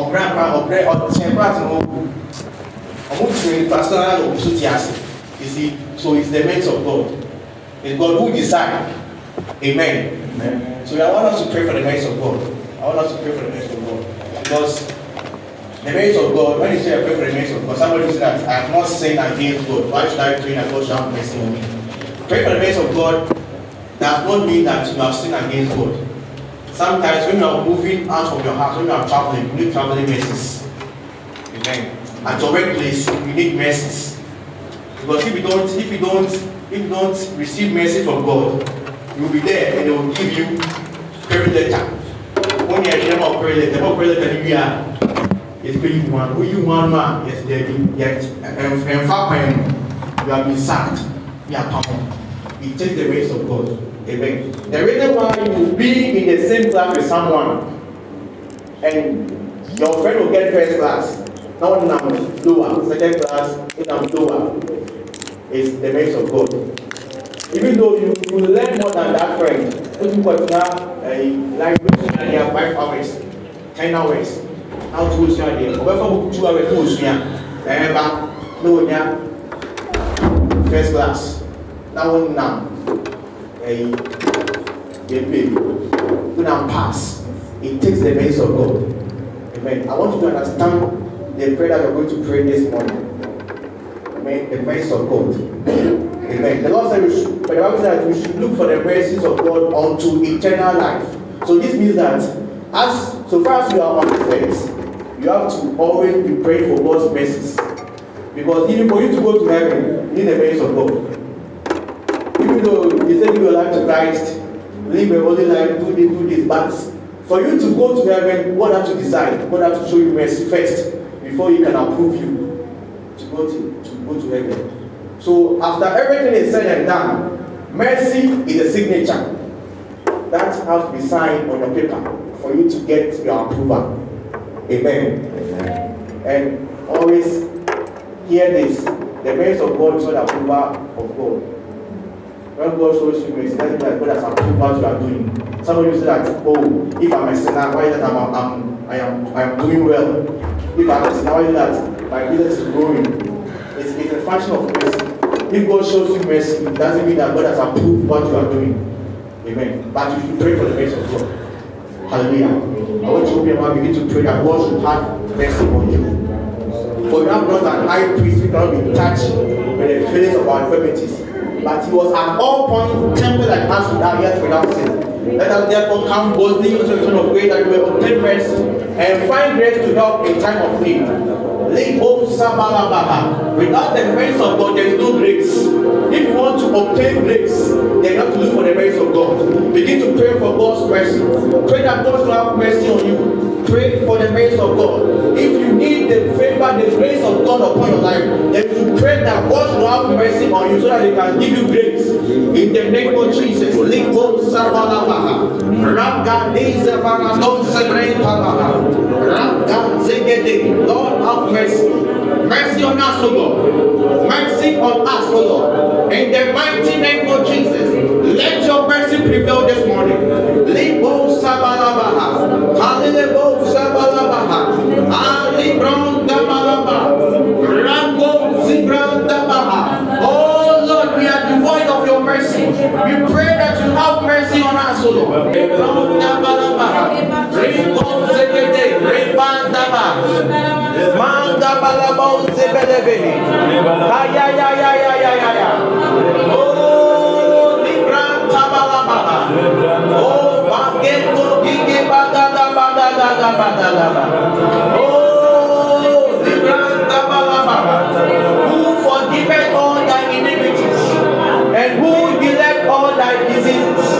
ọ̀gbẹ́rẹ́ àpá ọ̀gbẹ́rẹ́ ọ̀tẹ̀ ẹ̀kọ́ àti wọn kú ọmọ òṣèré pastor alan ogusotiasi you see so it's the merit of God it's God who decide amen. amen so I want us to pray for the merit of God I want us to pray for the merit of God because the merit of God when you say I pray for the merit of God somebody say that I have not sinned against God why should I pray that God shall have mercy on me pray for the merit of God that does not mean that you have sinned against God. Sometimes when you are moving out of your house, when you are traveling, you need traveling mercies. Amen. At your workplace, you need mercies. Because if you don't, if you don't, if you don't receive mercy from God, you will be there and they will give you prayer letter. When you are there about prayer letter, about prayer letter, you are. Yes, but you want, who you want, man, yes, there be, yet and, far you have been sacked, you are common. You take the grace of God. Amen. The reason why you will be in the same class with someone and your friend will get first class, now when lower, second class, when I'm lower, is the grace of God. Even though you, you learn more than that friend, if you got a language and you have five hours, ten hours, how to use your day. However, two hours, two hours, remember, no, yeah, first class, now when when I pass. It takes the grace of God. Amen. I want you to understand the prayer that you are going to pray this morning. Amen. The grace of God. Amen. The Lord said, we should, but the that we should look for the mercies of God unto eternal life. So this means that as so far as you are on this earth, you have to always be praying for God's mercies. Because even for you to go to heaven, you need the grace of God. Even though you say give your life to Christ, live a holy life, do this, do this. But for you to go to heaven, God has to decide. God has to show you mercy first before He can approve you to go to, to go to heaven. So after everything is said and done, mercy is a signature. That has to be signed on your paper for you to get your approval. Amen. Amen. And always hear this. The grace of God is not approval of God. When God shows you mercy, doesn't mean God has approved what you are doing. Some of you say that, oh, if I'm a sinner, why that I'm, I'm, I am, I am doing well? If I'm a sinner, why that my business is growing? It's, it's a function of mercy. If God shows you mercy, it doesn't mean that God has approved what you are doing. Amen. But you should pray for the mercy of God. Hallelujah. I want you to begin to pray that God should have mercy on you. For you have not an high priest who cannot be touched with the feelings of our infirmities. But he was at all points tempted like us without yet without sin. Let us therefore come boldly into the throne of grace that we may obtain mercy and find grace to help in time of need. Without the grace of God, there is no grace. If you want to obtain grace, then you have to look for the grace of God. Begin to pray for God's mercy. Pray that God will have mercy on you. pray for the grace of God. If you need the favor, the grace of God upon your life, then you pray that God will have mercy on you so that He can give you grace. In the name of Jesus, Linko Sabalamaha, Raka Dizabara, Don Sebreitabaha, Raka Zegede, Lord have mercy. Mercy on us, O Lord. Mercy on us, O Lord. In the mighty name of Jesus mercy prevail this morning. Libo sabalabaha. Halilebo sabalabaha. Ali brown dabalaba. Rambo zibran dabaha. Oh Lord, we are devoid of your mercy. We pray that you have mercy on us, O Lord. Brown dabalabaha. Ribo zebede. Riban dabaha. Manda balabon zebedebe. Ay, ay, ay, ay, ay, ay, ay. Oh, Oh, Oh, who forgiveth all thy iniquities and who all thy diseases.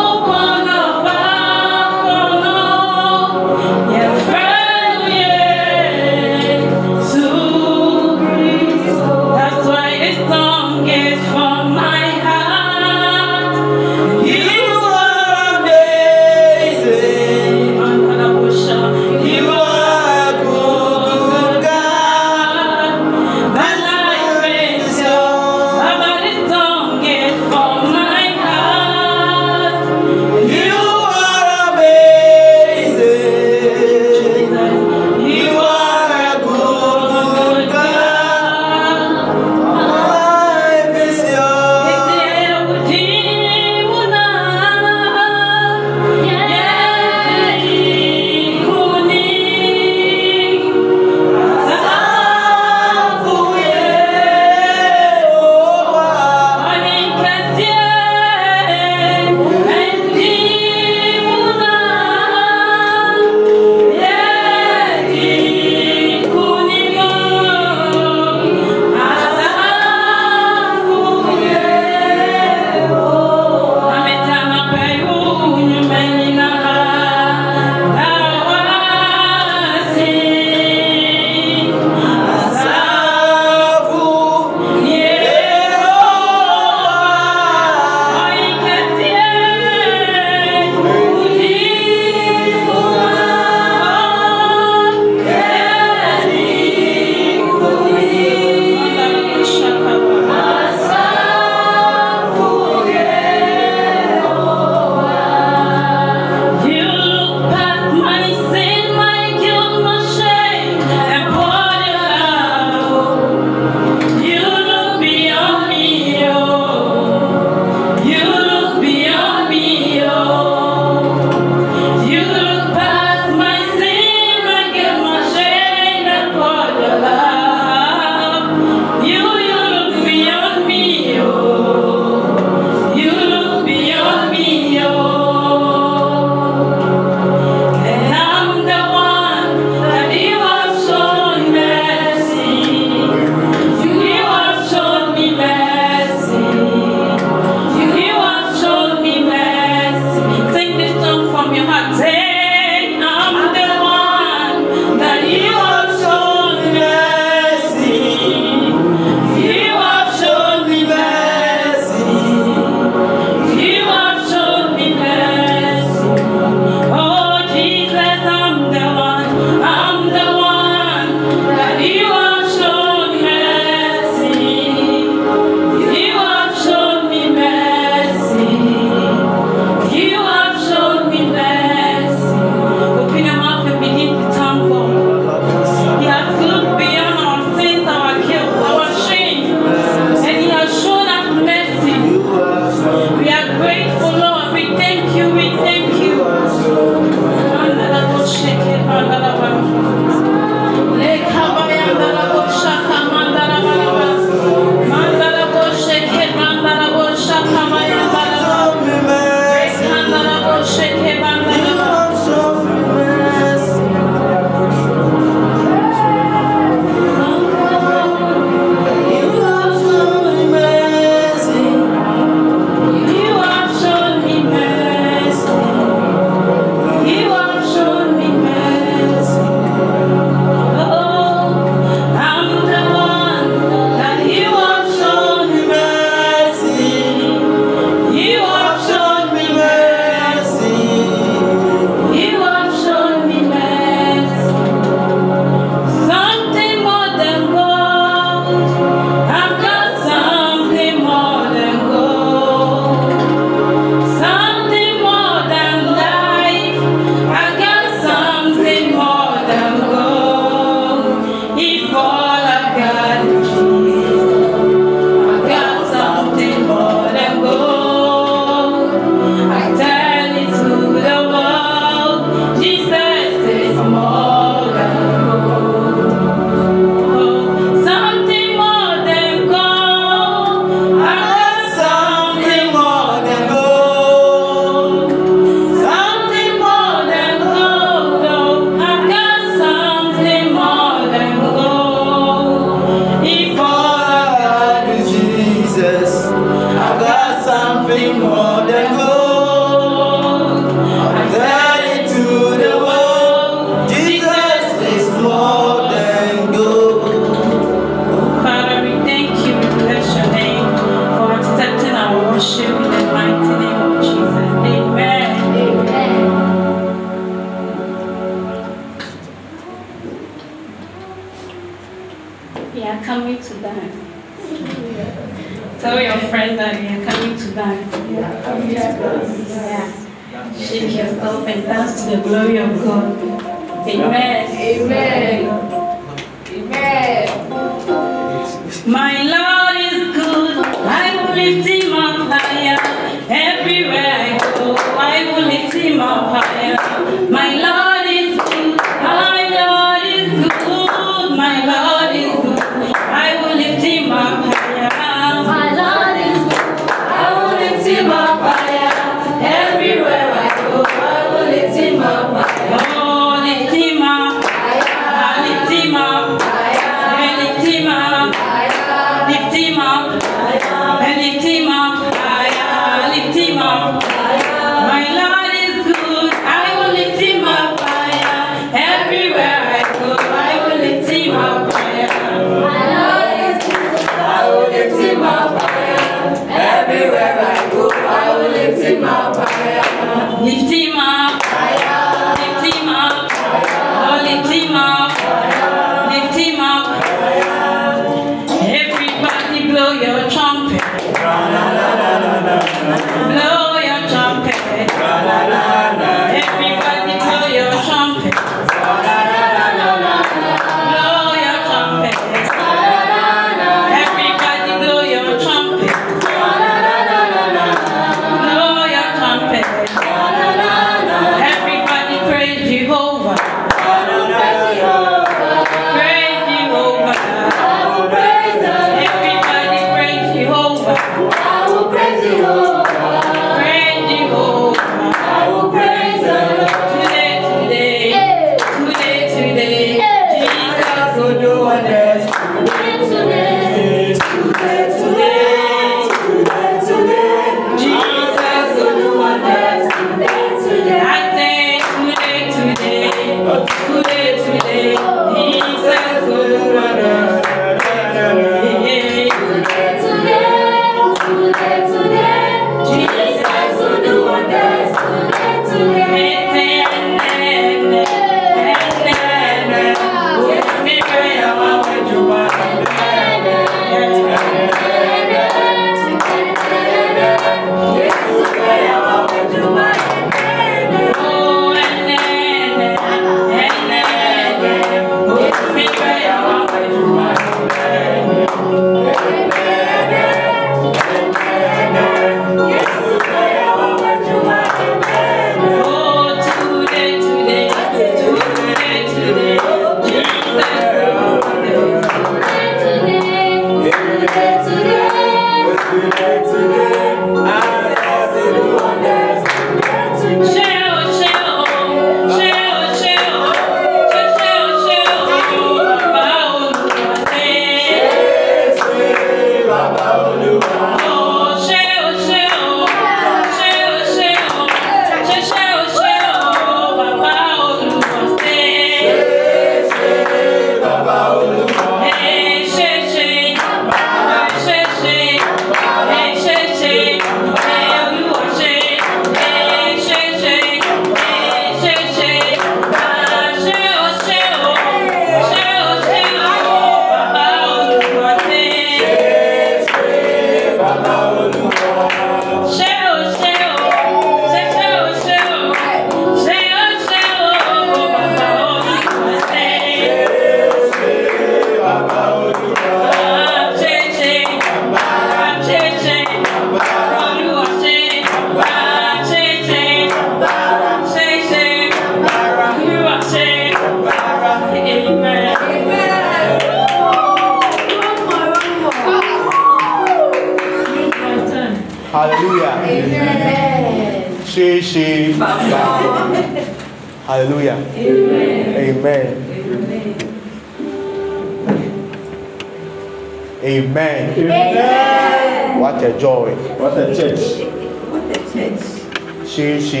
Amen. Amen. What a joy. What a church. What a church. She, she,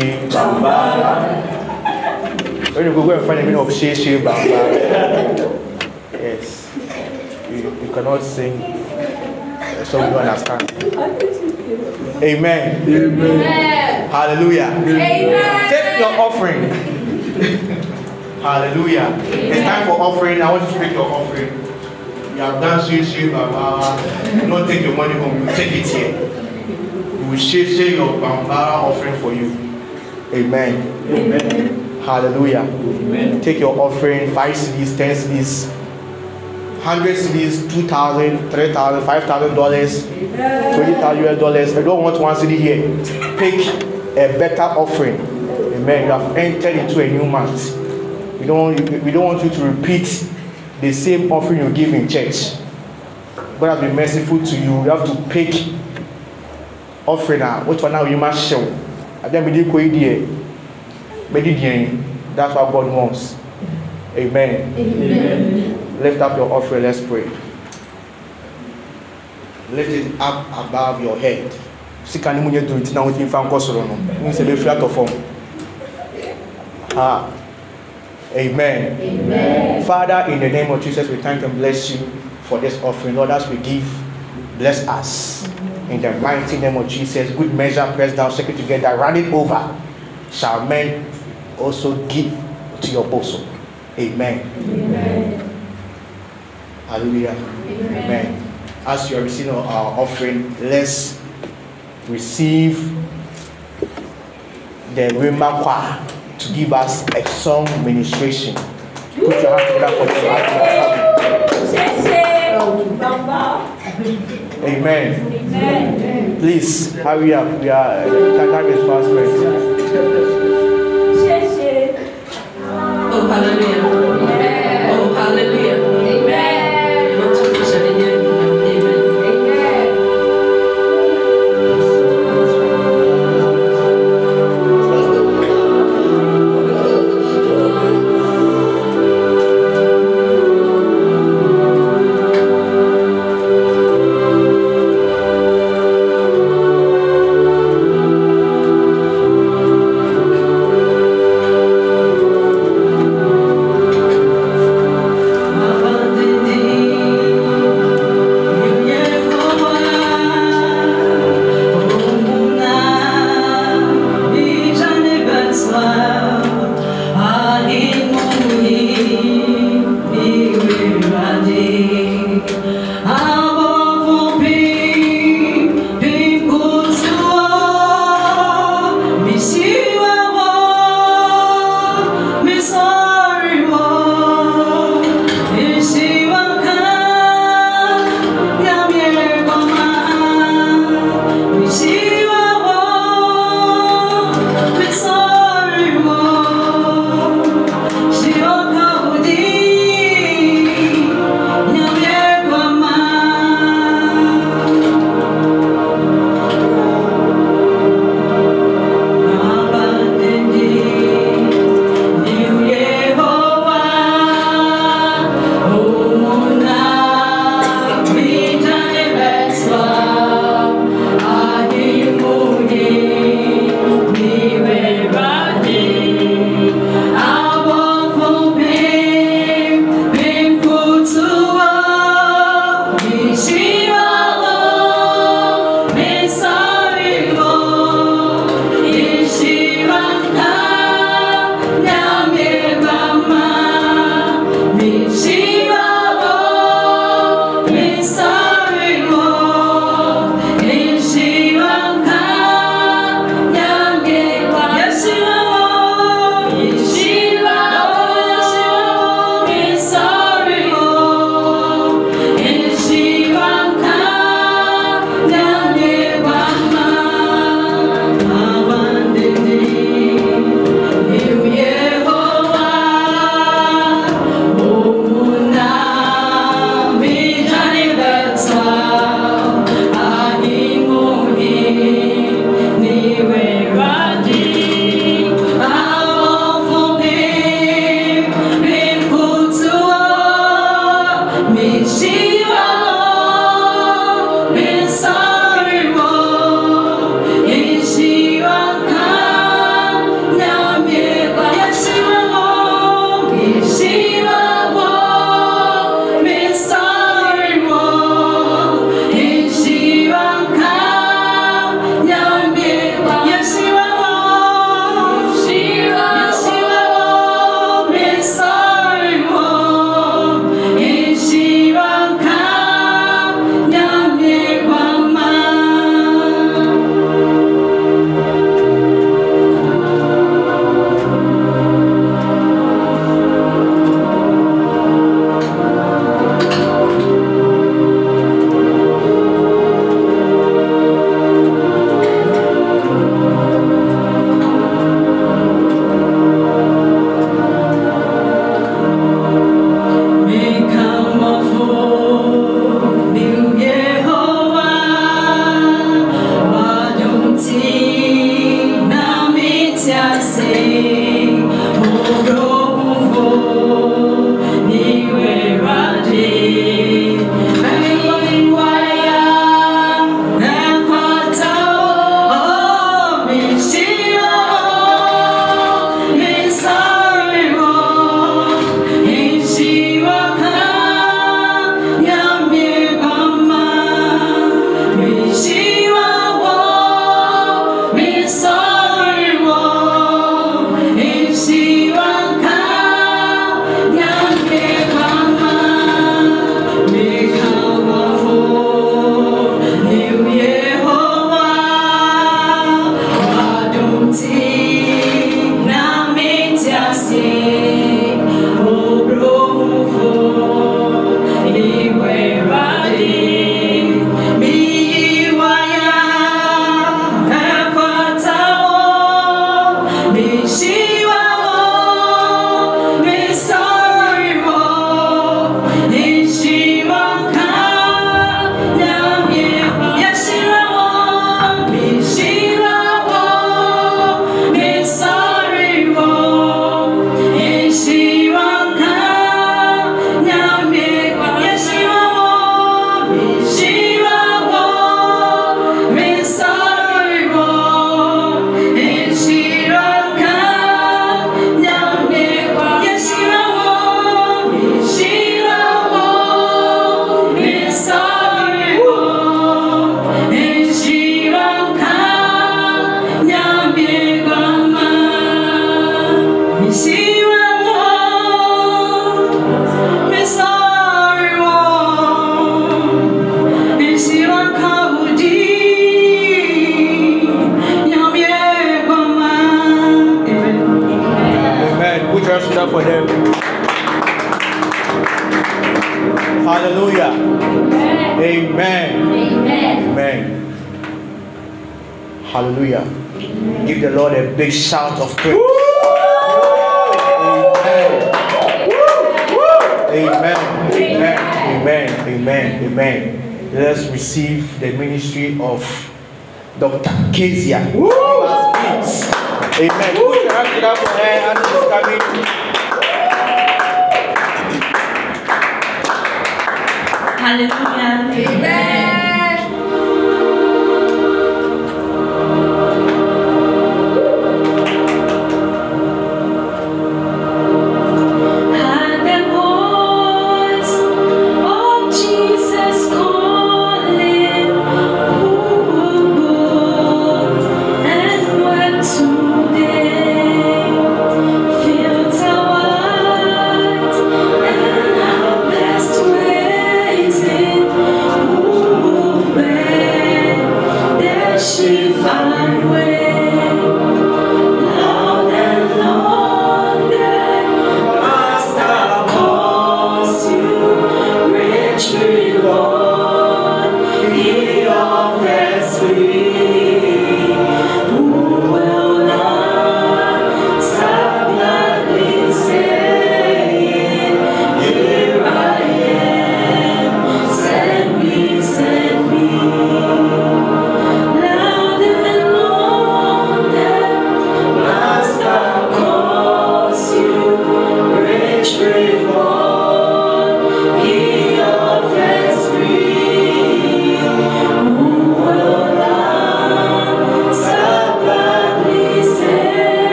When you go and find a meaning of she, she, Bambara. yes. You, you cannot sing so you understand. Amen. Amen. Amen. Hallelujah. Amen. Take your offering. Hallelujah. Amen. It's time for offering. I want you to take your offering. You have done so, so, Baba. Don't take your money home. take it here. We will share, share your Bambara offering for you. Amen. Amen. Hallelujah. Amen. Take your offering, five CDs, ten CDs, hundred CDs, two thousand, three thousand, five thousand dollars, twenty thousand US dollars. I don't want one CD here. Pick a better offering. Amen. You have entered into a new month. We don't, we don't want you to repeat the same offering you give in church. God has been merciful to you. You have to pick offering now. Which one now you must show? then we did That's what God wants. Amen. Amen. Lift up your offering. Let's pray. Lift it up above your head. See, can you do it now? ti nfa nkɔ soro no n sɛ bɛ fi atɔ fam ha Amen. Amen. Father, in the name of Jesus, we thank and bless you for this offering. Lord, as we give, bless us. In the mighty name of Jesus, good measure, press down, second together, run it over. Shall men also give to your bosom. Amen. Amen. Hallelujah. Amen. Amen. As you are receiving our offering, let's receive the Rima to give us a song ministration. Put your hands together for your heart. Amen. Amen. Please hurry up. We are uh, time is fast Oh, hallelujah.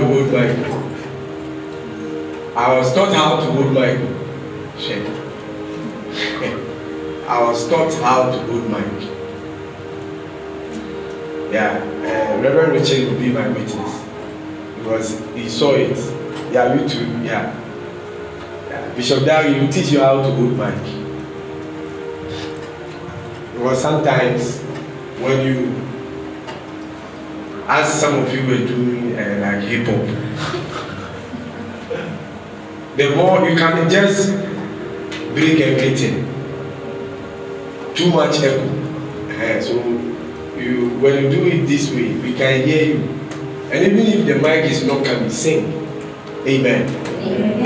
not the old I was taught how to hold my shit. I was taught how to hold my yeah. Uh, Reverend Richard will be my witness because he saw it. Yeah, you too. Yeah. yeah. Bishop Darry will teach you how to hold mic. Because sometimes when you, as some of you will do, People, the more you can just break everything. Too much echo. Uh, eh, so you when you do it this way, we can hear you. And even if the mic is not coming, sing. Amen.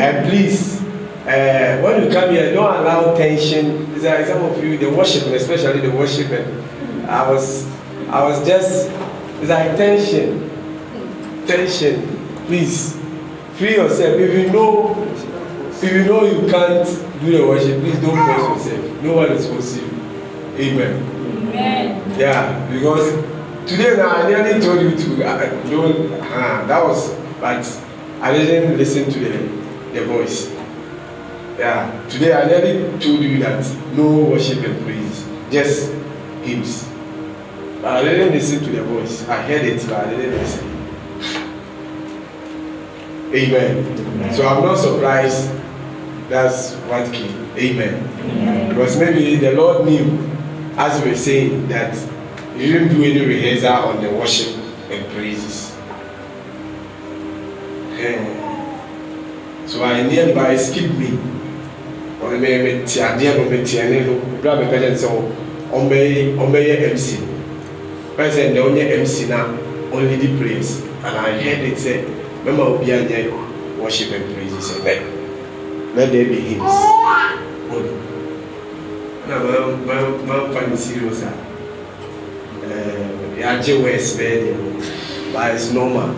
And please, uh, when you come here, don't allow tension. Like some of you, the worship, especially the worship, I was, I was just, it's like tension tension please free yourself if you know if you know you can't do the worship please don't force yourself no one is forcing you amen. amen yeah because today na i nearly told you to uh, uh, don't uh, that was but i didn't listen to the the voice yeah today i nearly told you that no worship and praise just hymns but i didn't listen to the voice i heard it but i didn't listen. Amen. Amen. So I'm not surprised that's what came. Amen. Amen. Because maybe the Lord knew, as we were saying, that He didn't do any rehearsal on the worship and praises. Yeah. So I nearby skipped me. Ɔno mɛ mɛ ti adeɛ no mɛ ti ɛne no ebira mɛ pɛtɛ sɛ ɔmɛyɛ ɔmɛyɛ MC. Pɛsɛ ndɛ ɔnyɛ MC only the praise and I heard it say mɛma obiara nyɛ worship and praise sɛ bɛ na there be hymns ɔno na mamfa ne serious a yɛagye wes bɛyɛ deɛ but it's normal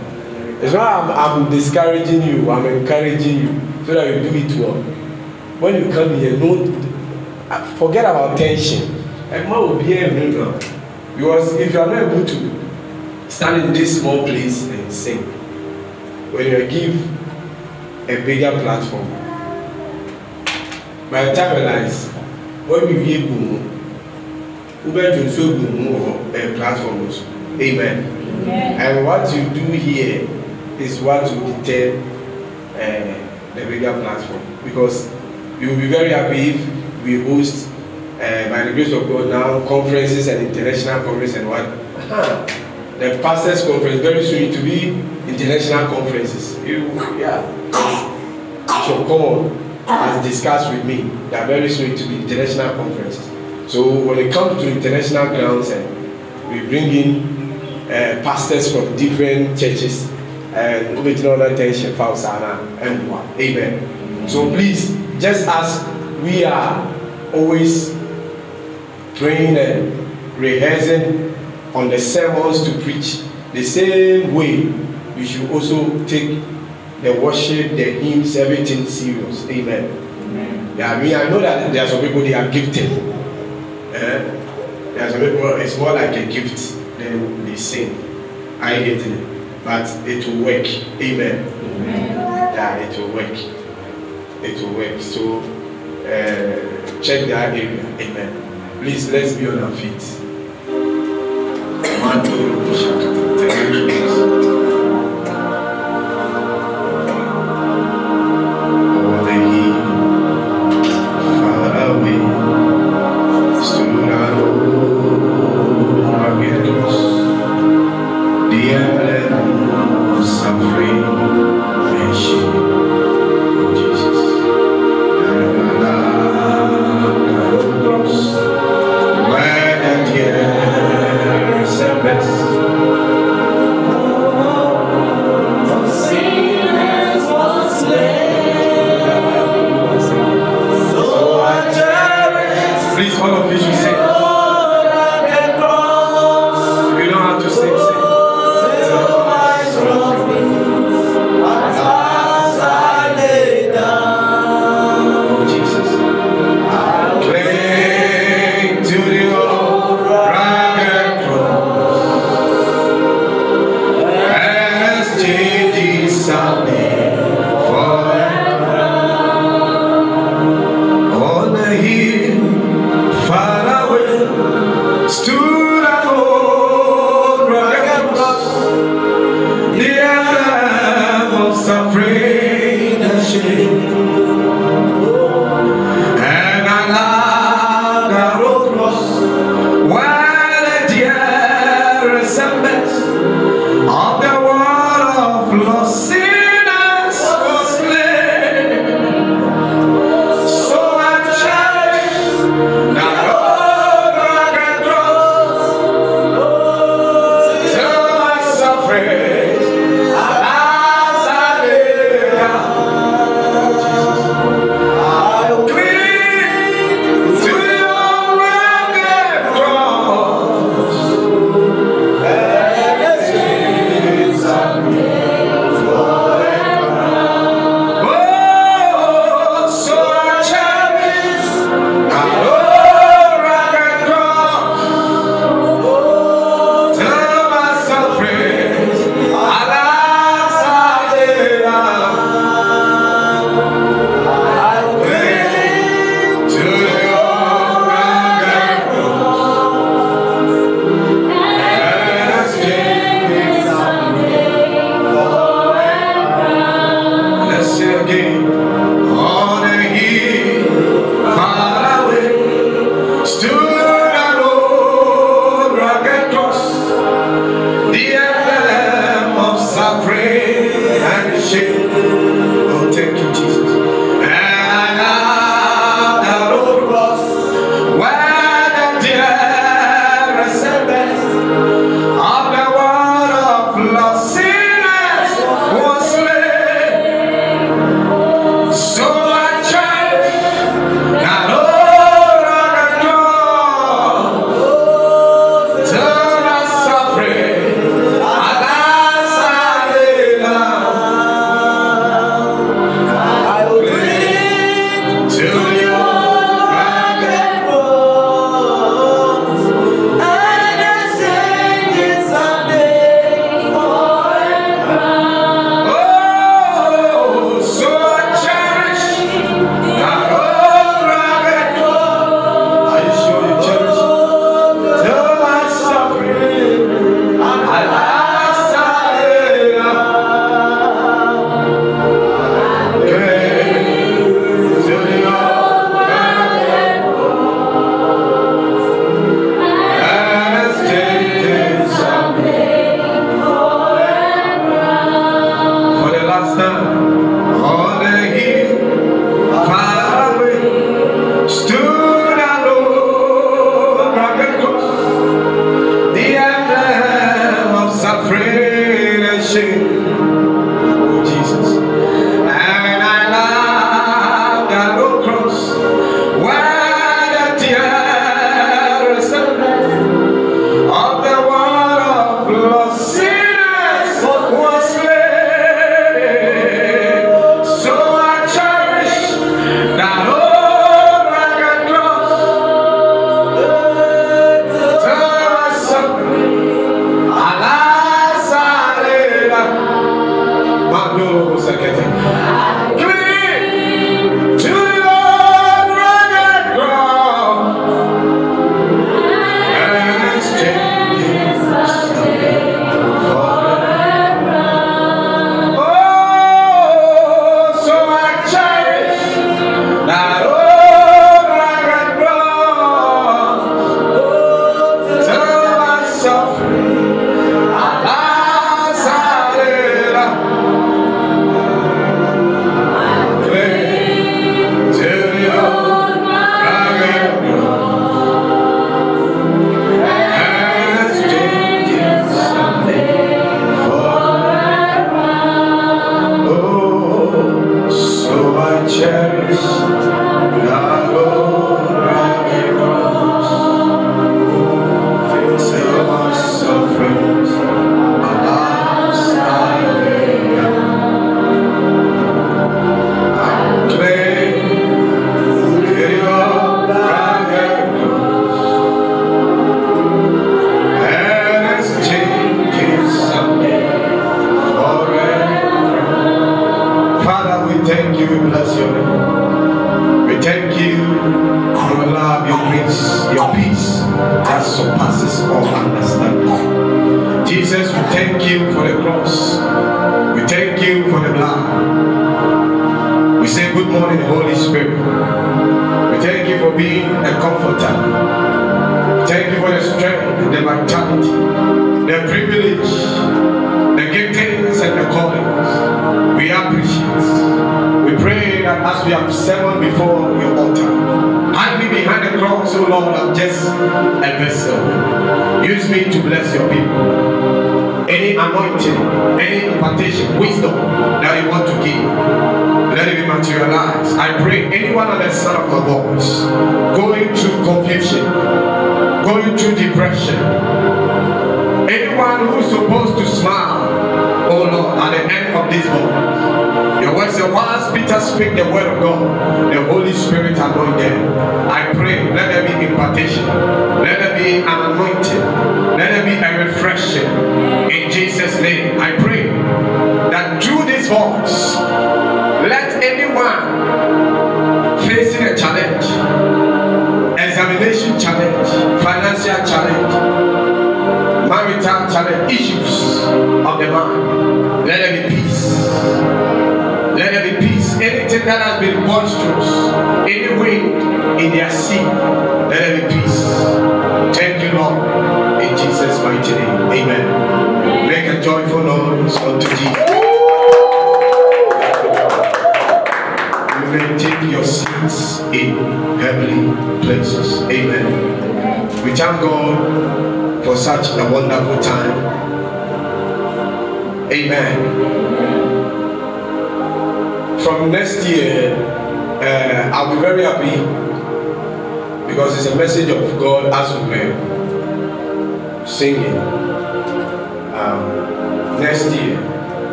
It's why I'm, I'm discouraging you, I'm encouraging you so that you do it well. When you come here, no, forget about tension. And man will be a miracle. Because if you are not able to stand in this small place and sing, when you give a bigger platform my time realize when we give egu mu uber to so egu or a platform also amen yeah. and what you do here is what will deter uh, the bigger platform because you will be very happy if we host uh, by the grace of God now conferences and international conferences and what. Uh-huh the pastors conference very soon to be international conferences you yeah so god and discuss with me They are very soon to be international conferences so when it comes to international grounds eh, we bring in uh, pastors from different churches and obetina attention tension fausana and amen so please just as we are always training and rehearsing on the sermons to preach. The same way, you should also take the worship, the hymns, everything serious. Amen. Amen. Yeah, I mean, I know that there are some people they are gifted. Eh? There are some people it's more like a gift than they sing. I get it, but it will work. Amen. Amen. Yeah, it will work. It will work. So uh, check that area. Amen. Please let's be on our feet. my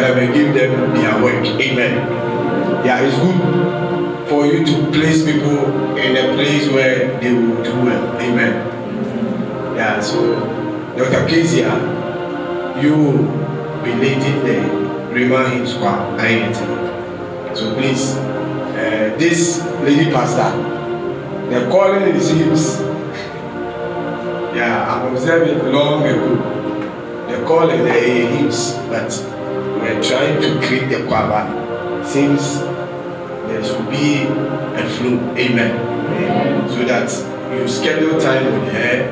and I will give them their work. Amen. Yeah, it's good for you to place people in a place where they will do well. Amen. Yeah, so Dr. Kezia, you will be leading the Rima Hymn Squad So please, uh, this lady pastor, the calling is hymns. yeah, I'm observing long ago. The calling, the hymns, but we're trying to create the quava since there should be a flow. Amen. So that you schedule time with her,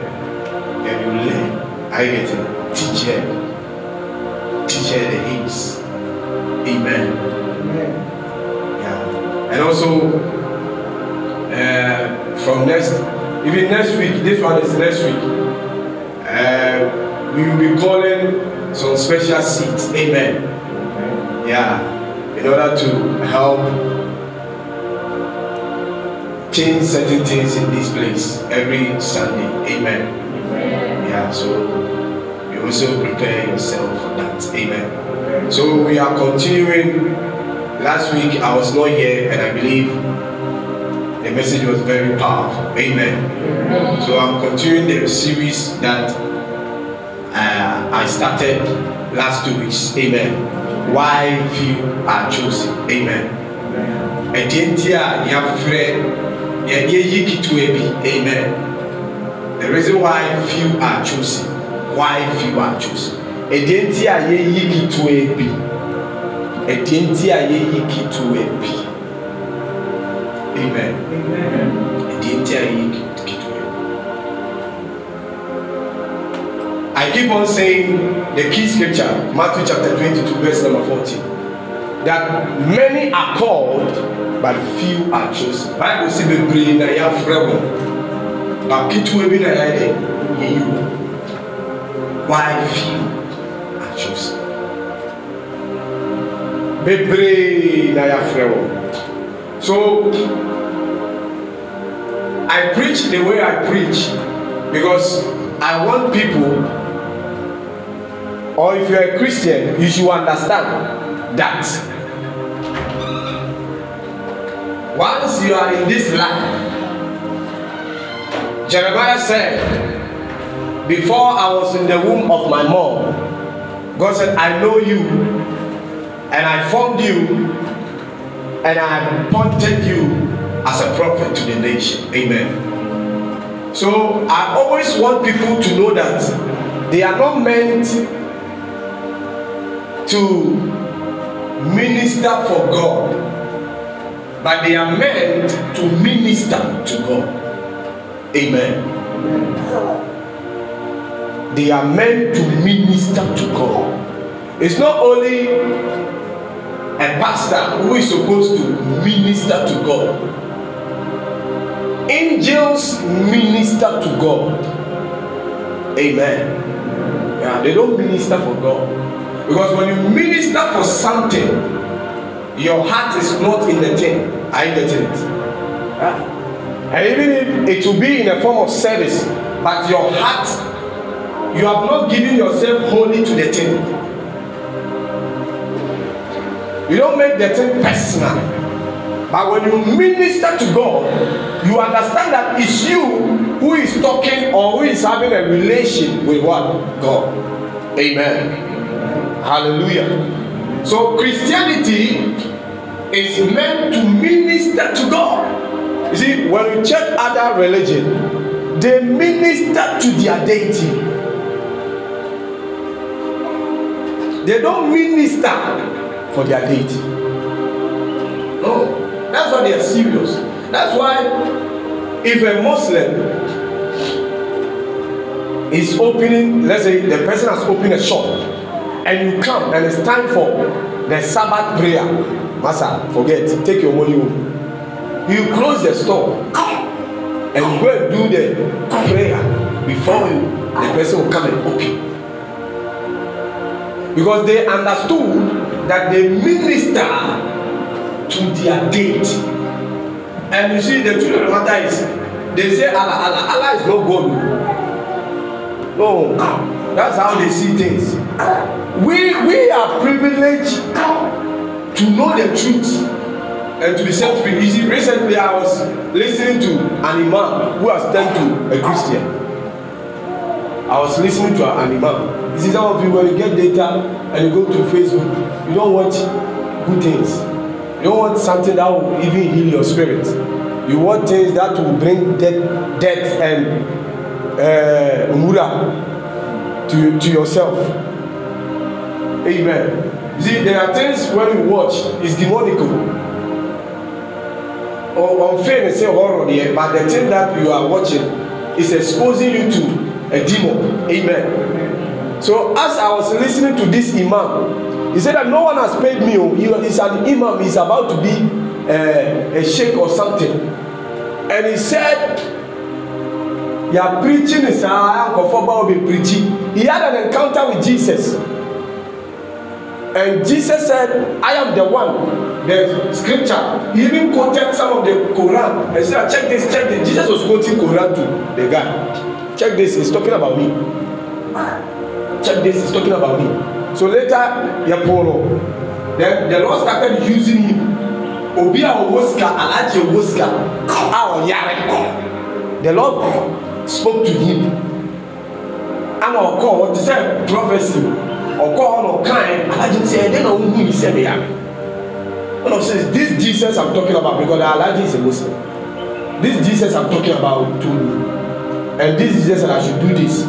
and you learn. I get it. Teach her. Teach her the hymns. Amen. Amen. Yeah. And also, uh, from next, even next week, this one is next week. Uh, we will be calling some special seats. Amen. Yeah. In order to help change certain things in this place every Sunday. Amen. Amen. Yeah, so you also prepare yourself for that. Amen. So we are continuing. Last week I was not here and I believe the message was very powerful. Amen. Amen. So I'm continuing the series that uh, I started last two weeks. Amen. why few are chosen amen ɛdeɛ nti a yɛafrɛ yɛde ayi ketewa bi amen the reason why few are chosen why few are chosen ɛdeɛ nti a yɛyi ketewa bi ɛdeɛ nti a yɛyi ketewa bi amen ɛdeɛ nti a yɛyi I keep on saying the key scripture, Matthew chapter 22, verse number 14, that many are called, but few are chosen. Bible says, bebree na ya frɛ wɔn, bi na ya de yɛ yi wɔn. Why few are chosen? Bebree na ya frɛ So I preach the way I preach because I want people or if you're a Christian, you should understand that once you are in this life, Jeremiah said, Before I was in the womb of my mom, God said, I know you, and I formed you, and I appointed you as a prophet to the nation. Amen. So I always want people to know that they are not meant to minister for God, but they are meant to minister to God. Amen. They are meant to minister to God. It's not only a pastor who is supposed to minister to God. Angels minister to God. Amen. Yeah, they don't minister for God Because when you minister for something, your heart is not in the thing. Are you getting it? Huh? Ah. And even if it will be in a form of service, but your heart, you have not given yourself wholly to the thing. You don't make the thing personal. But when you minister to God, you understand that it's you who is talking or who is having a relation with what? God. Amen. Hallelujah. So Christianity is meant to minister to God. You see, when you check other religion, they minister to their deity. They don't minister for their deity. No, that's why they are serious. That's why if a Muslim is opening, let's say the person has opened a shop and you come and it's time for the sabbath prayer masa forget take your money home you close the store and go and do the prayer before you the person will come and open because they understood that the minister to their date and you see the truth of the matter is they say allah allah allah is no god no that's how they see things we we are privileged to know the truth and to be set free you see recently i was lis ten ing to an imam who has turned to a christian i was lis ten ing to an imam you see some of you when you get data and you go to facebook you don watch good things you don want something that will even heal your spirit you want things that will bring death death and uh, wura to to yourself Amen. You see, there are things when you watch, it's demonical. Or unfair say horror here, but the thing that you are watching is exposing you to a demon. Amen. So as I was listening to this imam, he said that no one has paid me. Oh, he He's an imam. He's about to be a, eh, a sheikh or something. And he said you preaching is how ah, preaching he had an encounter with jesus And Jesus said, I am the one. The scripture he even quoted some of the Quran. I said, check this, check this. Jesus was quoting Quran to the guy. Check this, he's talking about me. Check this, he's talking about me. So later, yeah, Apollo. Then the Lord started using him. Obi a owó sika, alaji owó sika, a ɔyare. The Lord spoke to him. call? ɔkɔ, ɔte sɛ prophesy ɔkɔɔ hɔ na ɔkae alagye sɛ ɛdɛ na ɔhu mi sɛ bea one of says this jesus i'm talking about because alagye is a muslim this jesus i'm talking about told me and this jesus said i should do this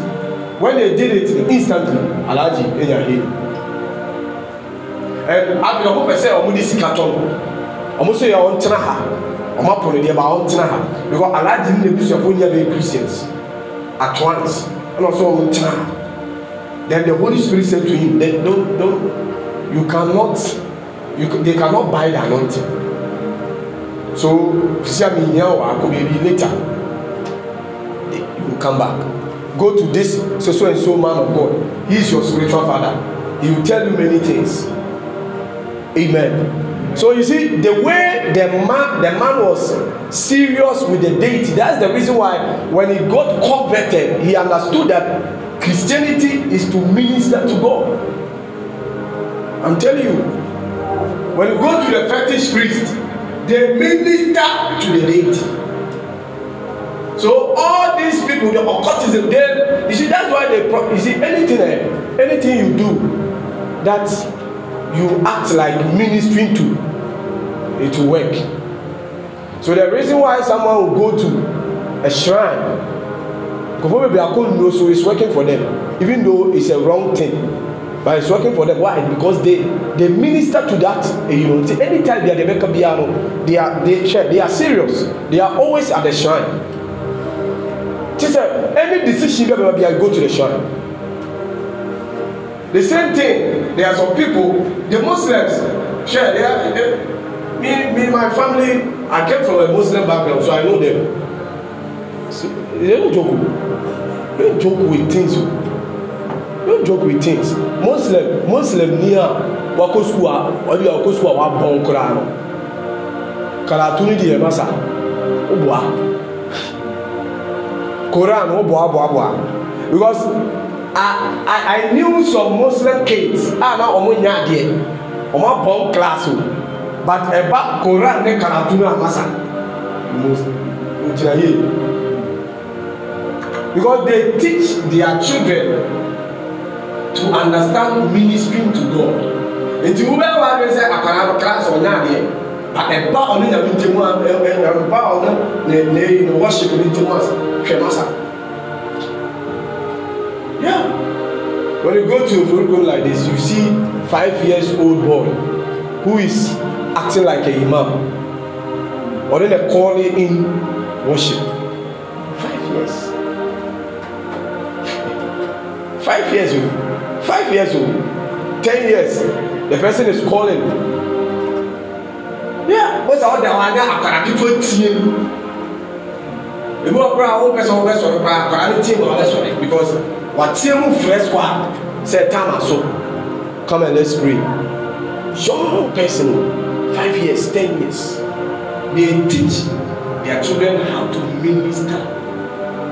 when they did it instantly alagye ɛnya he and after ɔmo pɛ sɛ ɔmo de sika tɔ no ɔmo so yɛ ɔntena ha ɔmo apɔ ne deɛ ba ɔntena ha because alagye ne n'ebusuafo nyɛ bɛ christians at once ɛna ɔsɛ ɔmo ntena ha. Then the Holy Spirit said to him, that don't, don't, you cannot, you, they cannot buy the anointing. So, see, I mean, yeah, could later. You will come back. Go to this so so and so man of God. He is your spiritual father. He will tell you many things. Amen. So you see, the way the man the man was serious with the deity, that's the reason why when he got converted, he understood that Christianity is to minister to God. I'm telling you, when you go to the fetish priest, they minister to the deity. So all these people, the occultism, they you see that's why they you see anything eh, anything you do that you act like ministering to, it will work. So the reason why someone will go to a shrine Conforming Biakon knows so it's working for them, even though it's a wrong thing. But it's working for them. Why? Because they they minister to that eh, You know, anytime they are the Biano, they are they they are serious. They are always at the shrine. Just uh, any decision they go to the shrine. The same thing, there are some people, the Muslims, share. they are, they, me, me, my family, I came from a Muslim background, so I know them they eh, don't joke. They don't joke with things. They don't joke with things. Muslim Muslim ni a wakɔ sukuu a ɔbi a wakɔ sukuu a wabɔn koraa no karatu ni deɛ ɛma saa ɔboa koran ɔboa boa boa because I, I knew some Muslim kids a ah, na wɔn nya adeɛ wɔn abɔn class o but ɛba koran ne karatu ni ama saa ɔmo gyina yie because they teach their children to understand ministering to God nti wo bɛyɛ wa bɛ sɛ akwadaa no kra sɔ nya adeɛ ba ɛba ɔno nyame ntɛm a ɛba ɔno ne ne ne worship ne ntɛm a hwɛ yeah when you go to a oforiko like this you see five years old boy who is acting like a imam ɔno na call in worship five years five years old oh. five years old oh. ten years the person is calling yeah wọ́n sọ ọ́ da wọn aná àkàrà kíkọ́ tiẹ̀ èmi ọ̀pọ̀ àwọn pẹ̀sẹ̀ wọn bẹ sọ̀rọ̀ pa àkàrà ní tiẹ̀ wọn bẹ sọ̀rọ̀ because wà tiẹ̀ mú fresh kwa sẹ̀ tam àso come and let's pray young person five years ten years dey teach their children how to minister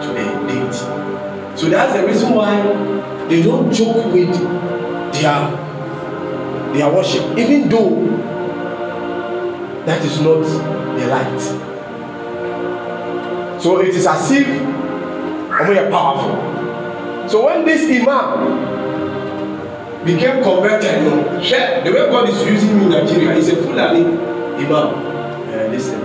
to their deity so that's the reason why. They don't joke with their their worship, even though that is not the light. So it is as if we are powerful. So when this imam became converted, you know, the way God is using me in Nigeria is a Fulani imam. Uh, listen.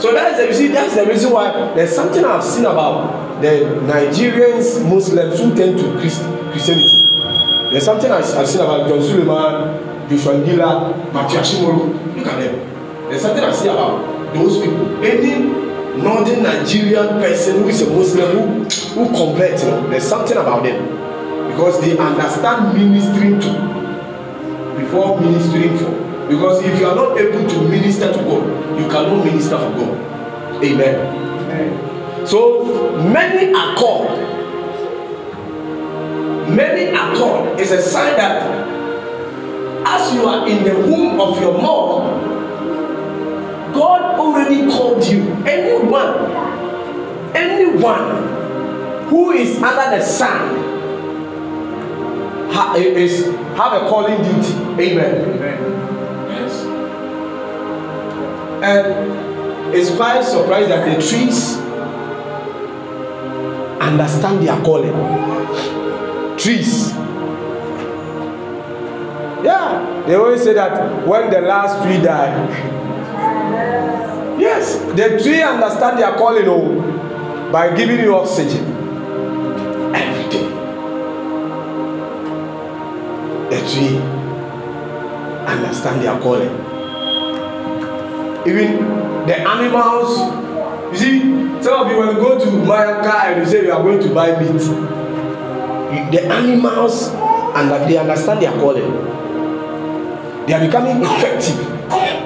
So that's the you see that's the reason why there's something I've seen about the Nigerians Muslims who tend to Christian Christianity. There's something I, I've seen about John Suleiman, Joshua Ngila, Matthew Ashimoro. Look at them. There's something I see about those people. Any northern Nigerian person who is a Muslim who, who converts, you know, there's something about them. Because they understand ministering to before ministering for. Because if you are not able to minister to God, you cannot minister for God. Amen. Amen. So many are called Many are called is a sign that as you are in the womb of your mom, God already called you. Anyone, anyone who is under the sun ha- is have a calling duty. Amen. Amen. Yes. And it's quite surprised that the trees understand their calling. trees. Yeah, they always say that when the last tree died. Yes, the tree understand their calling oh, by giving you oxygen every The tree understand their calling. Even the animals, you see, some of you when you go to buy a car and you say you are going to buy meat the animals and that they understand their calling they are becoming effective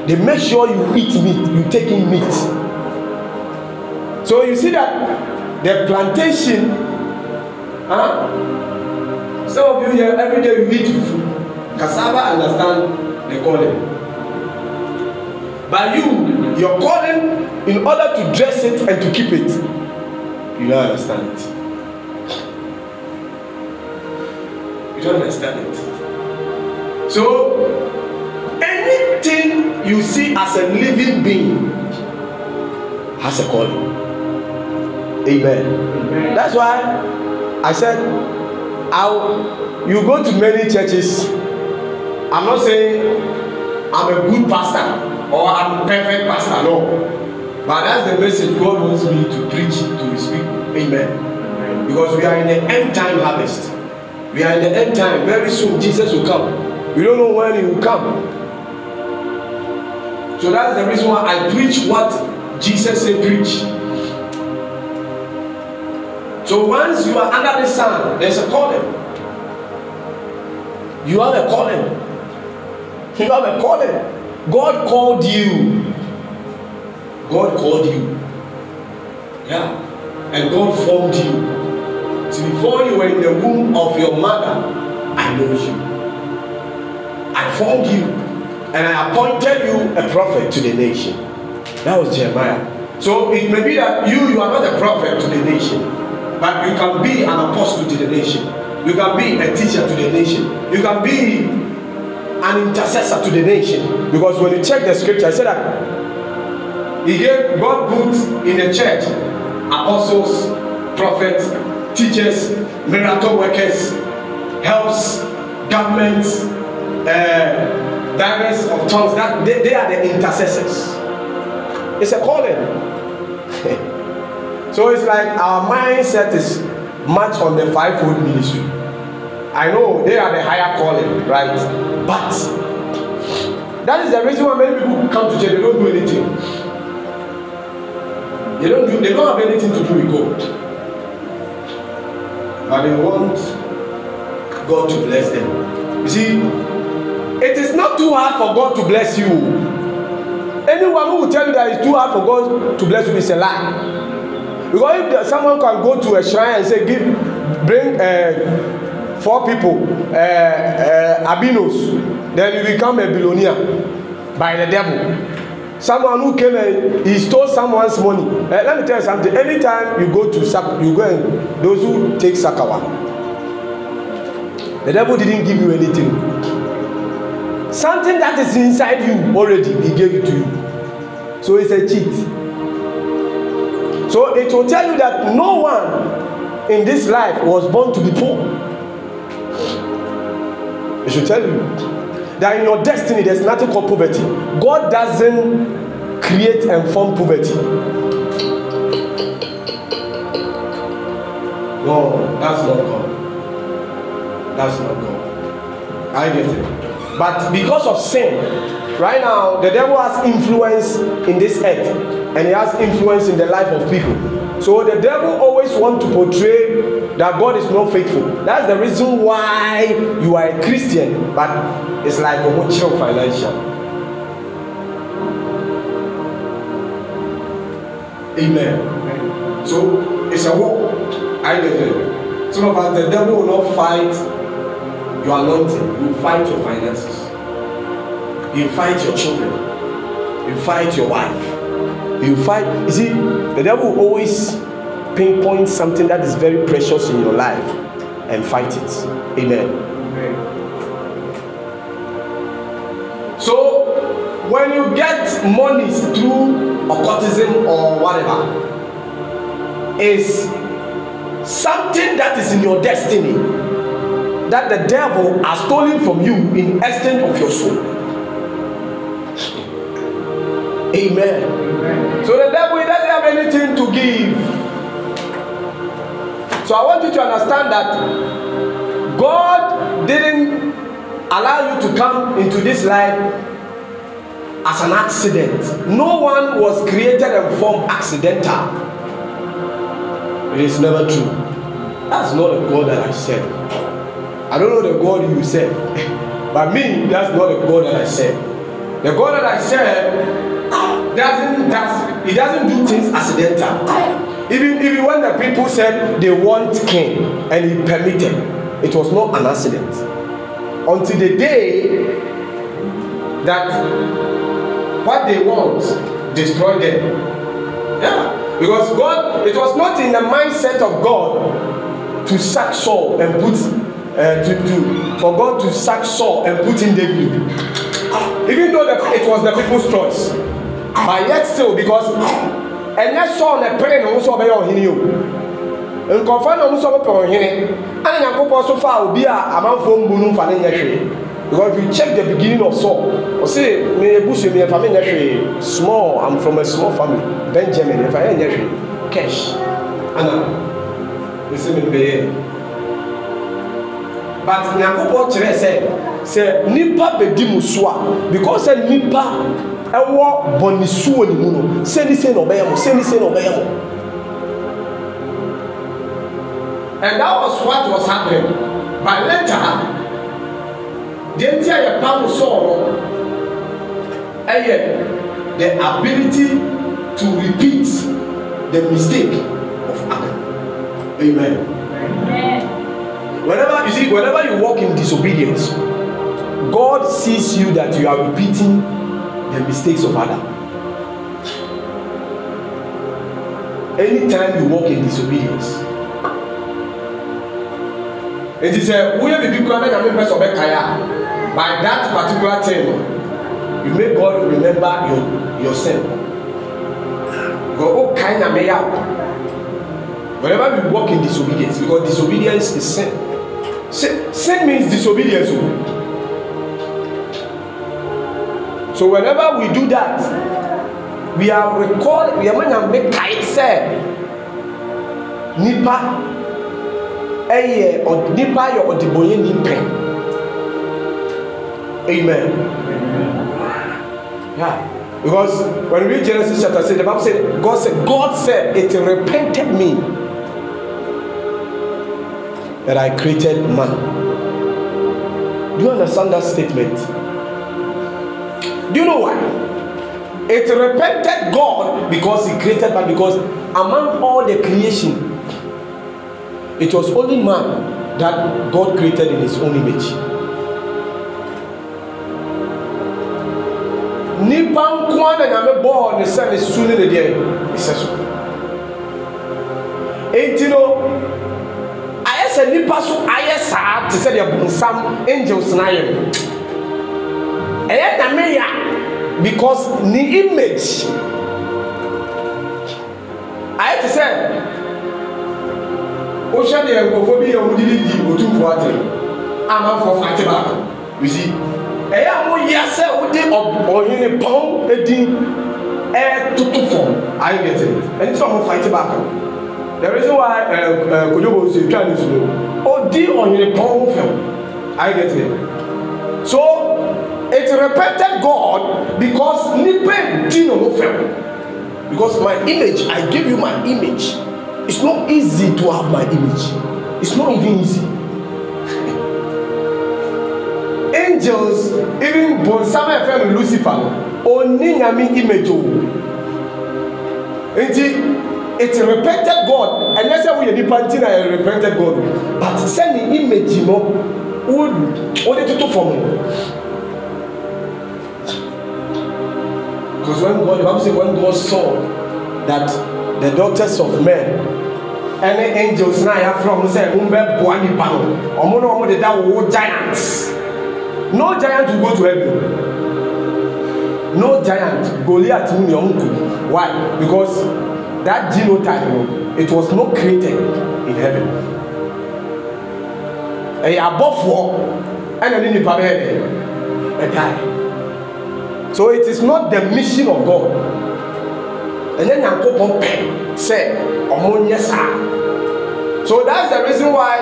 they make sure you eat meat you take in meat so you see that the plantation huh? some of you here every day you eat food cassava understand the calling but you your calling in order to dress it and to keep it you don't understand it Do you understand it? So, anything you see as a living being has a calling. Amen. Amen. That's why I said, I'll, you go to many churches. I'm not saying I'm a good pastor or I'm a perfect pastor, no. But that's the message God wants me to preach to his people. Amen. Amen. Because we are in the end time harvest. We are in the end time. Very soon Jesus will come. We don't know when he will come. So that's the reason why I preach what Jesus said preach. So once you are under the sun, there's a calling. You have a calling. You have a calling. God called you. God called you. Yeah. And God formed you before you were in the womb of your mother, I know you. I formed you and I appointed you a prophet to the nation. That was Jeremiah. So it may be that you, you are not a prophet to the nation, but you can be an apostle to the nation. You can be a teacher to the nation. You can be an intercessor to the nation. Because when you check the scripture, I said that he gave God put in the church apostles, prophets, teachers, miracle workers, helps, governments, uh, divers of tongues. That they, they are the intercessors. It's a calling. so it's like our mindset is much on the fivefold ministry. I know they are the higher calling, right? But that is the reason why many people come to church, they don't do anything. They don't do they don't have anything to do with God and they want God to bless them. You see, it is not too hard for God to bless you. Anyone who will tell you that it's too hard for God to bless you is a lie. Because if someone can go to a shrine and say, give, bring uh, four people, uh, uh, abinos, then you become a billionaire by the devil someone who came and he stole someone's money uh, let me tell you something anytime you go to sack you go and those who take sakawa the devil didn't give you anything something that is inside you already he gave it to you so it's a cheat so it will tell you that no one in this life was born to be poor it should tell you that in your destiny there's nothing called poverty god doesn't create and form poverty. No, that's not God. That's not God. I get it. But because of sin, right now the devil has influence in this earth and he has influence in the life of people. So the devil always want to portray that God is not faithful. That's the reason why you are a Christian, but it's like a mutual financial. Amen. So it's a war. I believe. Some of us, the devil will not fight your anointing. He will fight your finances. He will fight your children. He will fight your wife. He will fight. You see, the devil will always pinpoint something that is very precious in your life and fight it. Amen. So when you get money through occultism or whatever is something that is in your destiny that the devil has stolen from you in extent of your soul amen, amen. so the devil doesn't have anything to give so i want you to understand that god didn't allow you to come into this life as an accident. No one was created and formed accidental. It is never true. That's not the God that I serve. I don't know the God you serve, but me, that's not the God that I serve. The God that I serve doesn't does he doesn't do things accidental. Even even when the people said they want king and he permitted, it was not an accident. Until the day that what they want, destroy them. Yeah. Because God, it was not in the mindset of God to sack Saul and put uh, to, to for God to sack Saul and put in David. Ah, even though the, it was the people's choice. But yet still, because ɛnyɛ Saul na pere ne ho sɛ ɔbɛyɛ ɔhene o nkɔmfa na ɔmo sɛ ɔbɛpɛ ɔhene ɛna nyankopɔn so fa obi a amanfoɔ mbu no mfa ne nyɛ because if you check the beginning of Saul o say me ebusu mi efa mi small i'm from a small family benjamin efa yɛ nyɛ hwee cash ana esi mi bɛyɛ but nyakubɔ kyerɛ sɛ sɛ nipa bɛdi mu so a because sɛ nipa ɛwɔ bɔnisuo ne mu no sɛni sɛni ɔbɛyɛ mo sɛni sɛni ɔbɛyɛ mo. and that was what was happening but later deɛ nti a yɛ pa no sɔɔ ɛyɛ the ability to repeat the mistake of Adam. amen. whenever you see whenever you walk in disobedience god sees you that you are repeating the mistakes of other anytime you walk in disobedience it is a wúyẹ́ bíbí kúrẹ́ mẹ́ta mi pẹ́ sọ bẹ́ẹ̀ by that particular thing you make God remember your your sin God oh kind na out. whenever we walk in disobedience because disobedience is sin sin sin means disobedience o oh. so whenever we do that we are recalled we are meant to make kind say nipa ɛyɛ nipa yɛ ɔdibɔnyɛ nipa. Amen. Amen. Yeah. Because when we read Genesis chapter 6, the Bible said, God said, God said, it repented me that I created man. Do you understand that statement? Do you know why? It repented God because He created man, because among all the creation, it was only man that God created in His own image. nipa nko ara na nyame bɔɔ ne sɛ ne su ne ne deɛ ne sɛ so enti no ayɛ sɛ nipa so ayɛ saa te sɛ deɛ bonsam angels na ayɛ no ɛyɛ nyame ya because ne image ayɛ te sɛ wohyɛ deɛ nkurɔfoɔ bi yɛ wɔn didi di otumfoɔ ate amanfoɔ fa baako you see ɛyɛ a wia sɛ wode ɔhene pɔn edin ɛtoto fam are you getting it ɛni sɛ ɔmo fight back the reason why ɛɛ ɛɛ kojobo nsu etwa ne nsu no odi ɔhene pɔn fam are you getting it so it repented god because nipa di na ɔmo fam because my image i give you my image it's not easy to have my image it's not even easy. angels even bonsam a yɛfrɛ no lucifer Oni nyame image o nti it repented god ɛnyɛ sɛ woyɛ nipa nti na yɛ repented god but sɛ ne image no wo wode toto fam because when god the bible say when god saw that the daughters of men ɛne angels na yɛafrɛ ɔmo sɛ ɔmo bɛ boa nipa no ɔmo na ɔmo deda wo giants no giant will go to heaven no giant goliath mu ni ọ̀hún kù why because that genotype no it was not created in heaven ẹ̀yẹ abọ́fọ́ ẹ̀nà ní nípa bẹ́ẹ̀ dẹ̀ ẹ̀ die so it is not the mission of God ẹ̀yẹ nyanko pọ̀ pẹ̀ sẹ́ ọmọ nyẹ sáà so that's the reason why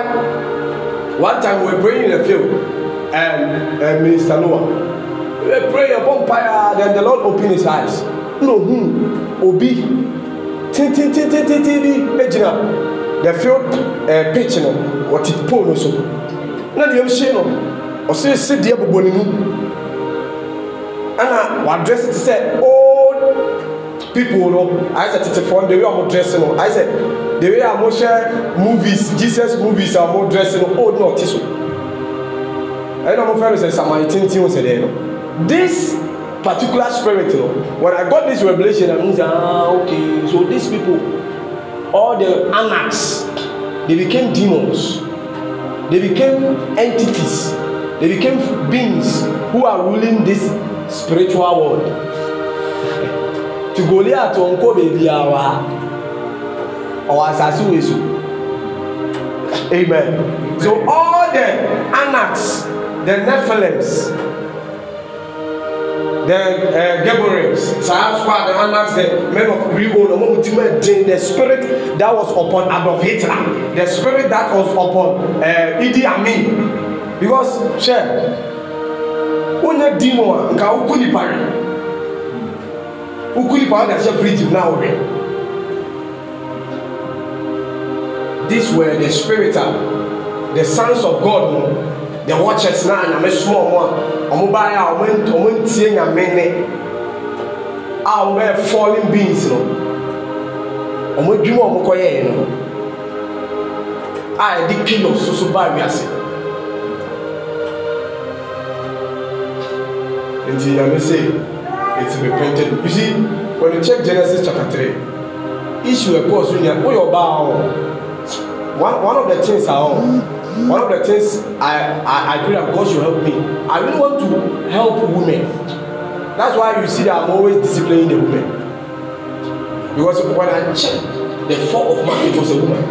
one time we were praying in the field um, uh, Minister Noah. We pray upon fire, then the Lord opened his eyes. No, hmm, Obi, tin tin tin tin tin tin, Ejina, the field uh, eh, pitch no, what it pull also. Now the MC no, or say sit there bobo ni mu. Ana, uh, we address it say, old people no, I said it's from the way I'm dressing no, I said the way I'm watching movies, Jesus movies, I'm dressing oh, no, old not so ɛna ɔmo fɛn no sɛ samani tenten sɛ deɛ no this particular spirit no when i got this revolution i mean say ah okay so these people all the anarchs they became demons they became entities they became beings who are ruling this spiritual world to goliath onko baby awa our asasi wesu amen so all the anarchs the Nephilims, the uh, Gaborites, Sahaswa, the Anas, the men of Rion, oh, the spirit that was upon Adolf Hitler, the spirit that was upon uh, Idi Amin. Because, share, wonye dimo mu a nka woku nipa re woku nipa wo de ahyɛ na wo these were the spirit uh, the sons of god no the watchers na nyame soma ɔmo a ɔmo baayɛ a ɔmo ɔmo ntie nyame ne ah, a ɔmo bɛyɛ fallen beings no ɔmo adwuma ɔmo kɔyɛɛ no ah, a yɛde kilos soso baa wiase nti nyame se it's painted. you see when you check genesis chapter three issue ɛkɔɔ so nyɛ woyɛ ɔbaa ɔ one one of the things are all one of the things I I I pray that God should help me. I really want to help women. That's why you see that I'm always disciplining the women. Because when I check the fall of man, it was a woman.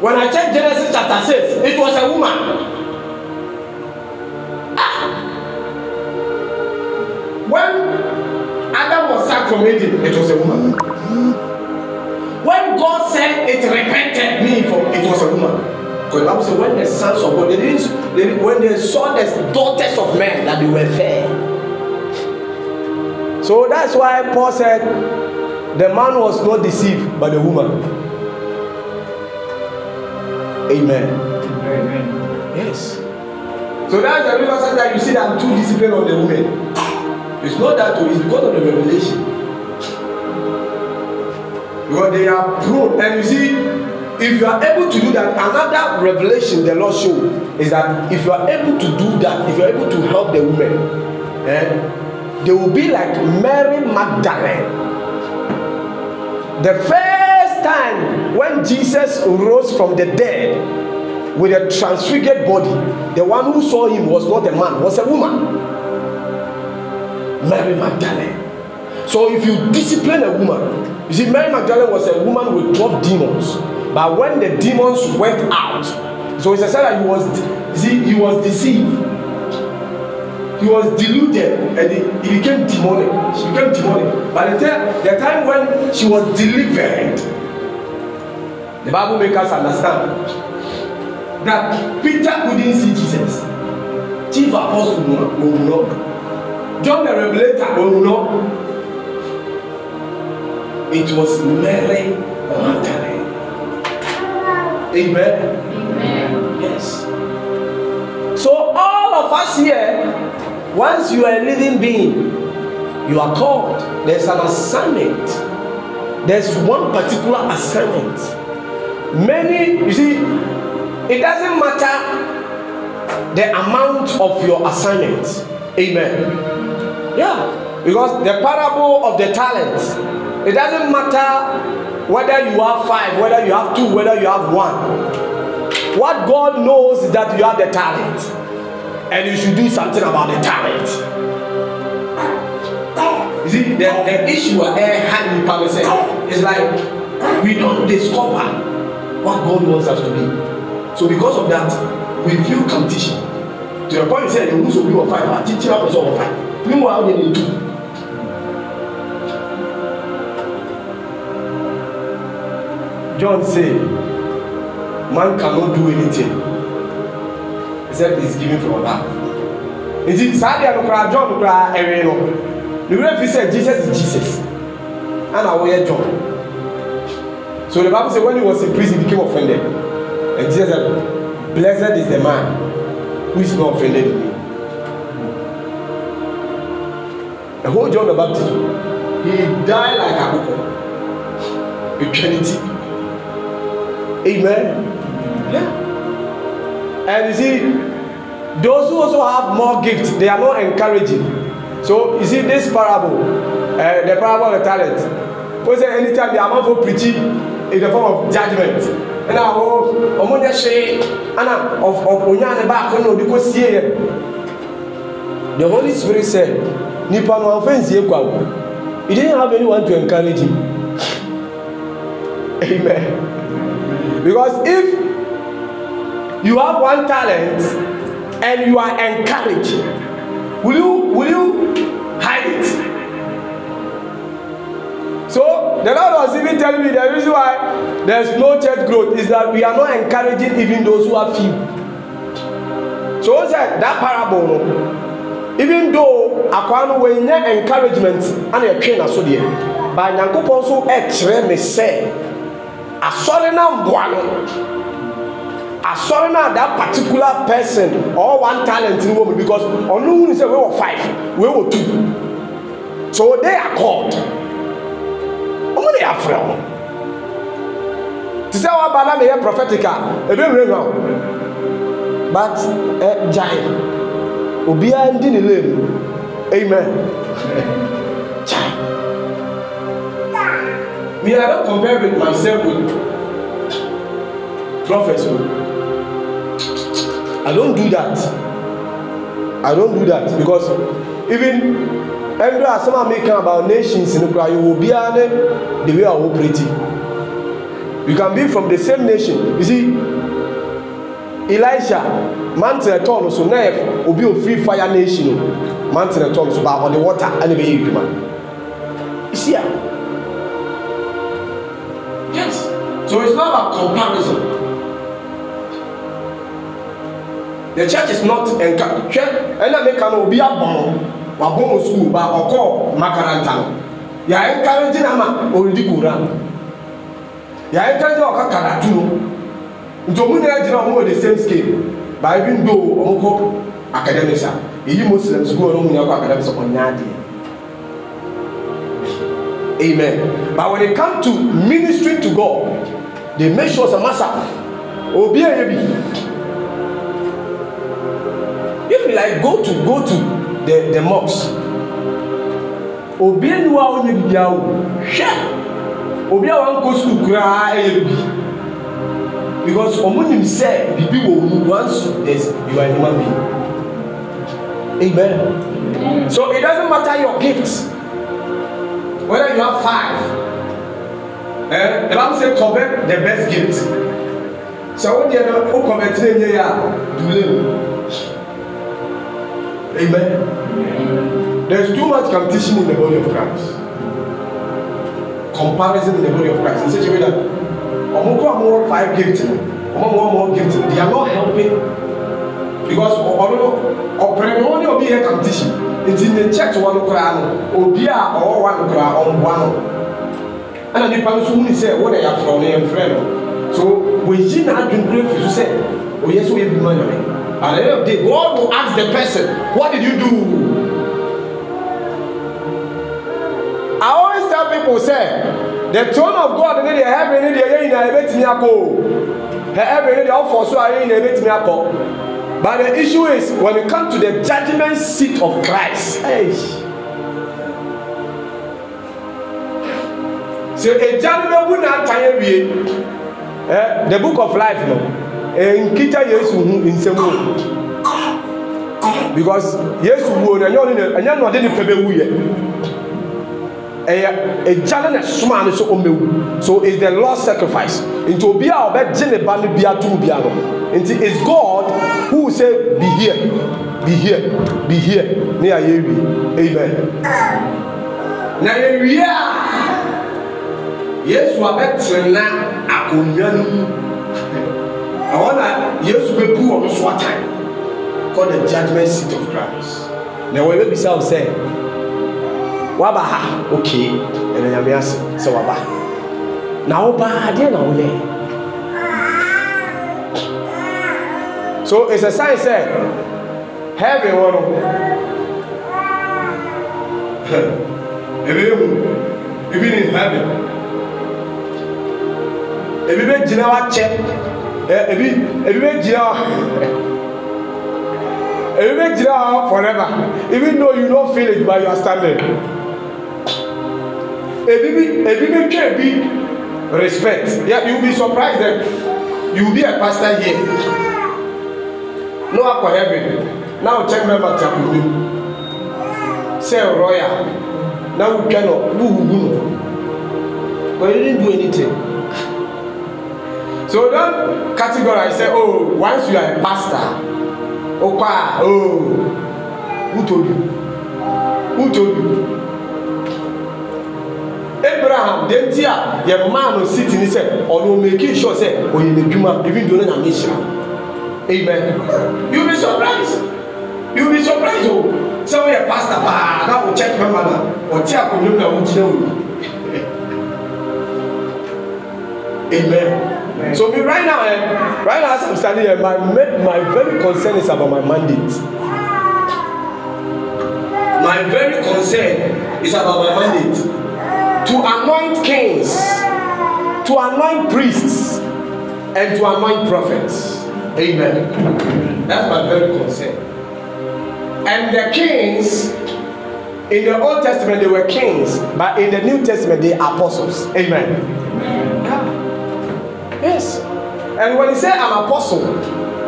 When I check Genesis chapter six, it was a woman. Ah. When Adam was sacked from Eden, it was a woman. Because Bible says when the sons of God, they didn't, they, when they saw the daughters of men that they were fair. So that's why Paul said the man was not deceived by the woman. Amen. Amen. Yes. So that's the reason that you see that I'm too disciplined on the woman. It's not that too, it's because of the revelation. Because they are prone, and you see, if you are able to do that another revelation the lord show is that if you are able to do that if you are able to help the women eh, they will be like mary magdalene the first time when jesus rose from the dead with a transfigured body the one who saw him was not a man was a woman mary magdalene so if you discipline a woman you see mary magdalene was a woman with 12 demons But when the demons went out, so he said that he was de- see, he was deceived. He was deluded and he, he became demonic. She became demonic. But the time the time when she was delivered, the Bible makes us understand that Peter couldn't see Jesus. Chief apostle Onunok. John the Revelator Onunok. It was Mary Magdalene. Amen. Amen. Yes. So all of us here, once you are a living being, you are called. There's an assignment. There's one particular assignment. Many, you see, it doesn't matter the amount of your assignment. Amen. Yeah. Because the parable of the talents, it doesn't matter whether you have five, whether you have two, whether you have one. What God knows is that you have the talent, and you should do something about the talent. You see, the, the issue I had with Pablo is like we don't discover what God wants us to be. So because of that, we feel competition. To the point, say said, "Who's will you of five? teaching Teacher, person of five. Meanwhile, they need two. John said, Man cannot do anything except is given from above. Nti saa deɛ no koraa John no koraa ɛwee no, ne wura fi sɛ Jesus is Jesus ɛna wɔyɛ John. So the Bible says when he was in prison he became offended and Jesus said blessed is the man who is not offended in me. The whole John the Baptist he die like a etwa ne ti. Amen. Yeah. And you see, those who also have more gifts, they are more encouraging. So you see, this parable, uh, the parable of the talent, was there anytime the amount for preaching in the form of judgment? ɛna ɔmo ɔmo nyɛ hwee ɛna ɔf ɔnya ne baako na ɔde kɔ sie yɛ the holy spirit said, nipa no anfa nsie kwa wo didn't have anyone to encourage him amen because if you have one talent and you are encouraged will you will you hide it so the lord was even telling me the reason why there is no church growth is that we are not encouraging even those who are few so o sɛ that parable no even though akwa no wɔn nyɛ encouragement ɛna ɛtwe na so deɛ ba nyankopɔn nso ɛkyerɛ ne sɛ asɔre na mboa no asɔre na that particular person or one talent ni wɔn because ɔno wuli sɛ wei wɔ five wei wɔ two so they are called wɔn de afrɛ wɔn te sɛ waba na meyɛ prophetic a ebe wura wura but ɛ eh, gyan obiara ndi ne lane amen. me I don't compare with myself with prophets I don't do that I don't do that because even ẹnudọ asọmọ amekan about nations in ni kura yowo bia ne the way I operate you can be from the same nation you see Elisha mantle tọ no so na obi free fire nation o mantle tọ no so ba ọ de water ẹni you yẹ edwuma. we it's not about comparison. The church is not encouraged. Ẹna mi kan obi abọ wa bọ wọn school ba ọkọ makaranta yà á encourage na ma oridi koran yà á encourage na ọka karatu nti ọmọ nyinaa gyina ọmọ the same scale by even ndo ọmọ kọ academics a èyí muslims gbọ́ ọ̀nà ọmọ nyinaa kọ academics ọ̀nyá adìyẹ. Amen. But when it come to ministry to God, they make sure sɛ masa obi a yɛ bi if you like go to go to the the mosque obi a niwa a ɔnyɛ bibi awo hwɛ obi a wankɔ sukuu koraa yɛ bi because wɔn nim sɛ bibi wɔ wɔn once there's you are human being amen so it doesn't matter your gift whether you have five the eh, bible say covet the best gift sɛ wo deɛ no wo covet ne nye yɛ a dule mu amen there is too much competition in the body of christ comparison in the body of christ in such a way that ɔmo kɔ ɔmo wɔ five gift no ɔmo wɔ ɔmo gift no they are not helping because ɔno no ɔpere no wɔn ne obi yɛ competition nti ne church wɔ no koraa no obi a ɔwɔ wa no koraa ɛna nipa nso mu ni sɛ wo na yafra ɔno yɛn frɛ no so woyi na adwendere fi so sɛ oyɛ sɛ oyɛ bima nyame at the the day god will ask the person what did you do. I always tell people say the throne of God ni the heaven ni deɛ yɛn nyinaa ebetumi akɔ o heaven ni deɛ ɔfɔ so a yɛn nyinaa ebetumi akɔ but the issue is when you come to the judgement seat of Christ. Hey. sɛ ɛgya no bɛbu n'atan awie ɛ eh, the book of life no eh, nkita yesu ho nsɛm o because yesu wuo no ɛnyɛ ɔne no ɛnyɛ no ɔde ne pɛ bɛwu yɛ ɛyɛ ɛgya no na ɛsoma eh, no so ɔmɛwu so it's the lord sacrifice nti obi a ɔbɛgye ne ba no bi atum bia no nti it's god who say be here be here be here ne a yɛ wie amen na yɛ wie a yesu abɛtena akonnwa no mu ɛhɔ na yesu bɛbu wɔn so atan called the judgment seat of christ na wɔn ebisa wo sɛ waba ha okay ɛna nyame ase sɛ waba na wo ba adeɛ na woyɛ so it's a sign sɛ heaven wɔ no ebi ehu ebi ni heaven ebi bɛ gyina hɔ akyɛ ɛ ebi ebi bɛ gyina hɔ ebi bɛ gyina hɔ forever even though you no feel it but you are standing ebi bi ebi bɛ twɛ ebi respect yeah you be surprised then you be a pastor here no akɔ heaven now check member chapel bi sɛ royal na wotwa no wuhuhu no but you didn't do anything. so don't categorize say oh once you are a pastor okwa oh who told you who told you abraham denti a yɛ maa no siti ni sɛ ɔno making sure sɛ ɔyɛ n'adwuma even though na ne amen you be surprised you be surprised o sɛ woyɛ pastor paa na o church member na ɔte akonnwa mu na o gyina o amen. So me right now, eh, right now as I'm standing here, my my very concern is about my mandate. My very concern is about my mandate. To anoint kings, to anoint priests, and to anoint prophets. Amen. That's my very concern. And the kings in the Old Testament they were kings, but in the New Testament they are apostles. Amen. Amen. And when you say an apostle,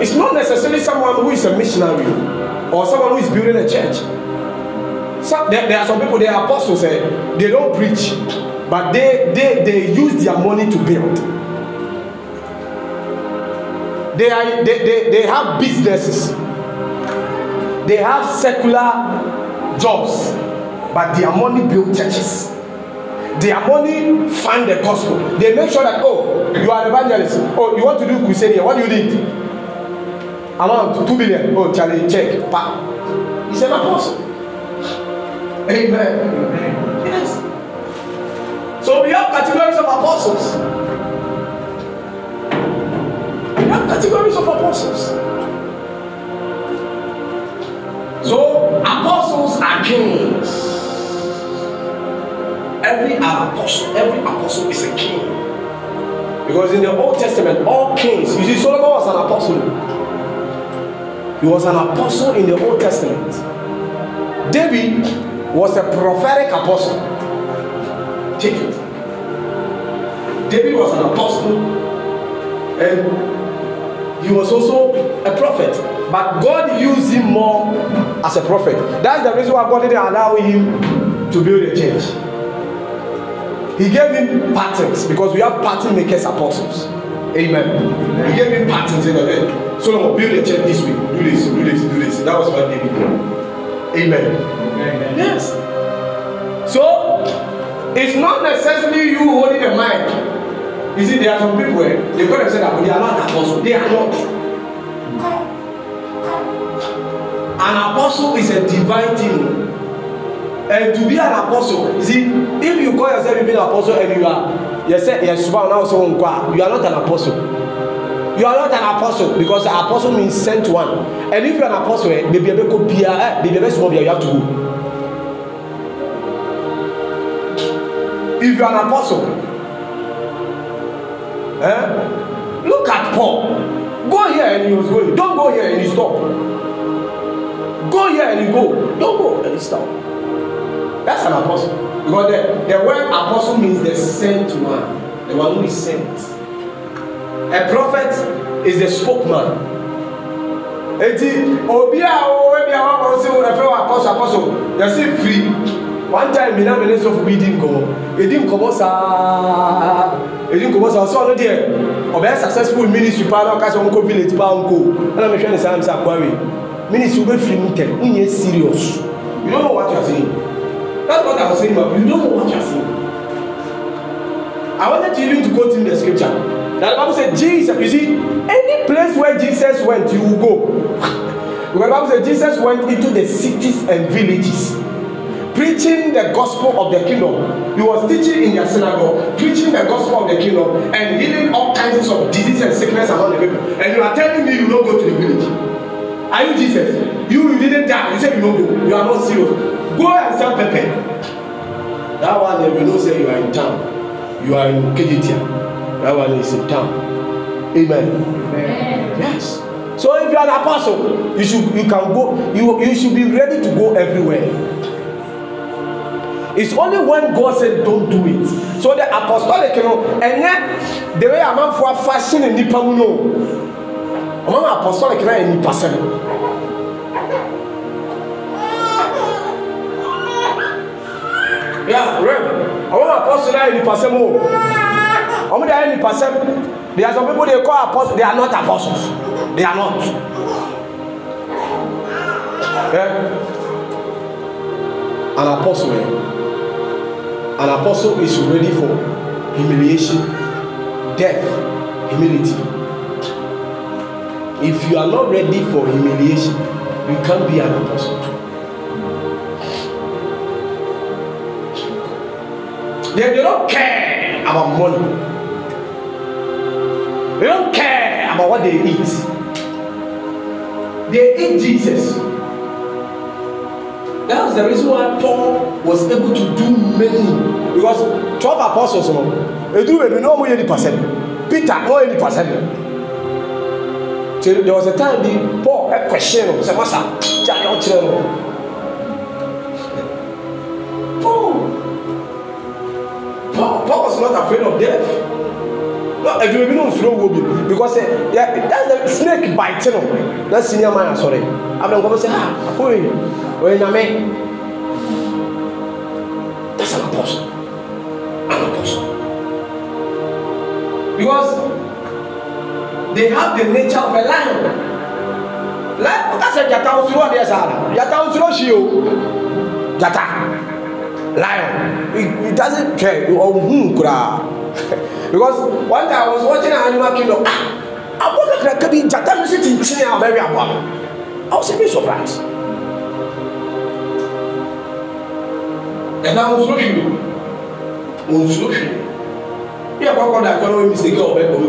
it's not necessarily someone who is a missionary or someone who is building a church. there, there, are some people, they are apostles, eh? they don't preach, but they, they, they use their money to build. They, are, they, they, they have businesses, they have secular jobs, but their money build churches. Their money fund the gospel. They make sure that, oh, You are an evangelist. Oh, you want to do crusade here. What do you need? Amount two billion. Oh, Charlie, check. Pa. He's an apostle. Amen. Amen. Yes. So we have categories of apostles. We have categories of apostles. So apostles are kings. Every apostle, every apostle is a king. Because in the Old Testament, all kings, you see, Solomon was an apostle. He was an apostle in the Old Testament. David was a prophetic apostle. Take it. David was an apostle and he was also a prophet. But God used him more as a prophet. That's the reason why God didn't allow him to build a church. He gave him patterns because we have pattern makers apostles. Amen. Amen. He gave him patterns. Amen. Eh? Solomon, build a church this way. Do this, do this, do this. That was what David did. Amen. Amen. Yes. So, it's not necessarily you holding the mic. You see, there are some people where eh, they go and say that, but they are not apostles. They are not. An apostle is a divine thing and to be an apostle you see if you call yourself being an apostle and you are yẹsẹ yẹsùpá ọ̀nà ọ̀sán now kọ́ a you are not an apostle you are not an apostle because an apostle means sent one and if you are an apostle ẹ bèbí ẹbẹ kó bíà ẹ bèbí ẹbẹ sùnmọ́ you have to go if you are an apostle eh? look at Paul go here and you go. going don't go here and you stop go here and you go don't go and you stop. That's an apostle. Because the, the word apostle means the sent one, the one who is sent. A prophet is the spokesman. Eti obi a owe bi a wakɔ se wo ɛfɛ wa akɔsɔ akɔsɔ yasi firi one time mina mele sɔfo bi di nkɔmɔ edi nkɔmɔ saa edi nkɔmɔ saa ɔsɛ ɔno deɛ ɔbɛyɛ successful ministry paa na ɔka sɛ ɔnkɔ village paa nko ɛna mehwɛ ne saa mi sɛ akɔ awie ministry wo bɛ firi mu tɛ n yɛ serious you don't know what you are saying. That's what I was saying about you don't know what you're saying. I wanted you even to quote in the scripture. That the Bible said, Jesus, you see, any place where Jesus went, you will go. the Bible said Jesus went into the cities and villages preaching the gospel of the kingdom. He was teaching in their synagogue, preaching the gospel of the kingdom, and healing all kinds of diseases and sickness among the people. And you are telling me you don't go to the village are you jesus you you didn't die you say you no go you are not serious go and sell pepper that one dem you know say you are in town you are in kejitia that one is in town amen, amen. yes so if you are an apostle you should you can go you you should be ready to go everywhere it's only when God said don't do it so the apostolic you know ẹ̀yẹ the way amanfo afa sin nipa mu no ɔmama apostolic na yɛ nipa sɛm ya rem ɔmama apostolic apostle. yɛ nipa the o ɔmo de ayɛ the sɛm there are some people they call apostles they are not apostles they are not yeah. an apostle eh? an apostle is ready for humiliation death humility If you are not ready for humiliation, you can't be an apostle. They, they don't care about money. They don't care about what they eat. They eat Jesus. That was the reason why Paul was able to do many. Because twelve apostles, you know, they do maybe no more than Peter, no any percent there was a time bi paul ɛkɔhyɛ no sɛ masa gya ne ɔkyerɛ no paul paul was not afraid of death no ɛdun bi no nfiri owó bi because ɛ yɛ that's the snake bite no na senior man asɔre abɛn nkɔmɔ sɛ ah oye oye nyame that's an apostle an apostle because they have the nature of a lion lion kásẹ̀ jata osoro ọ̀dẹ̀ ẹ̀sà jata osoro ṣi o oh. jata lion it, it doesn't care because one time I was watching an animal kingdom ah! I abúlé kankan bi jata mi sì ti n tiẹ̀ àwọn ẹ̀rí àbọ̀ I was even surprised. ẹ̀dá osoro ṣi o osoro ṣi bí ẹ̀kọ́ kọ́ da ẹ̀kọ́ náà mi ṣe kí ọ̀bẹ kọ́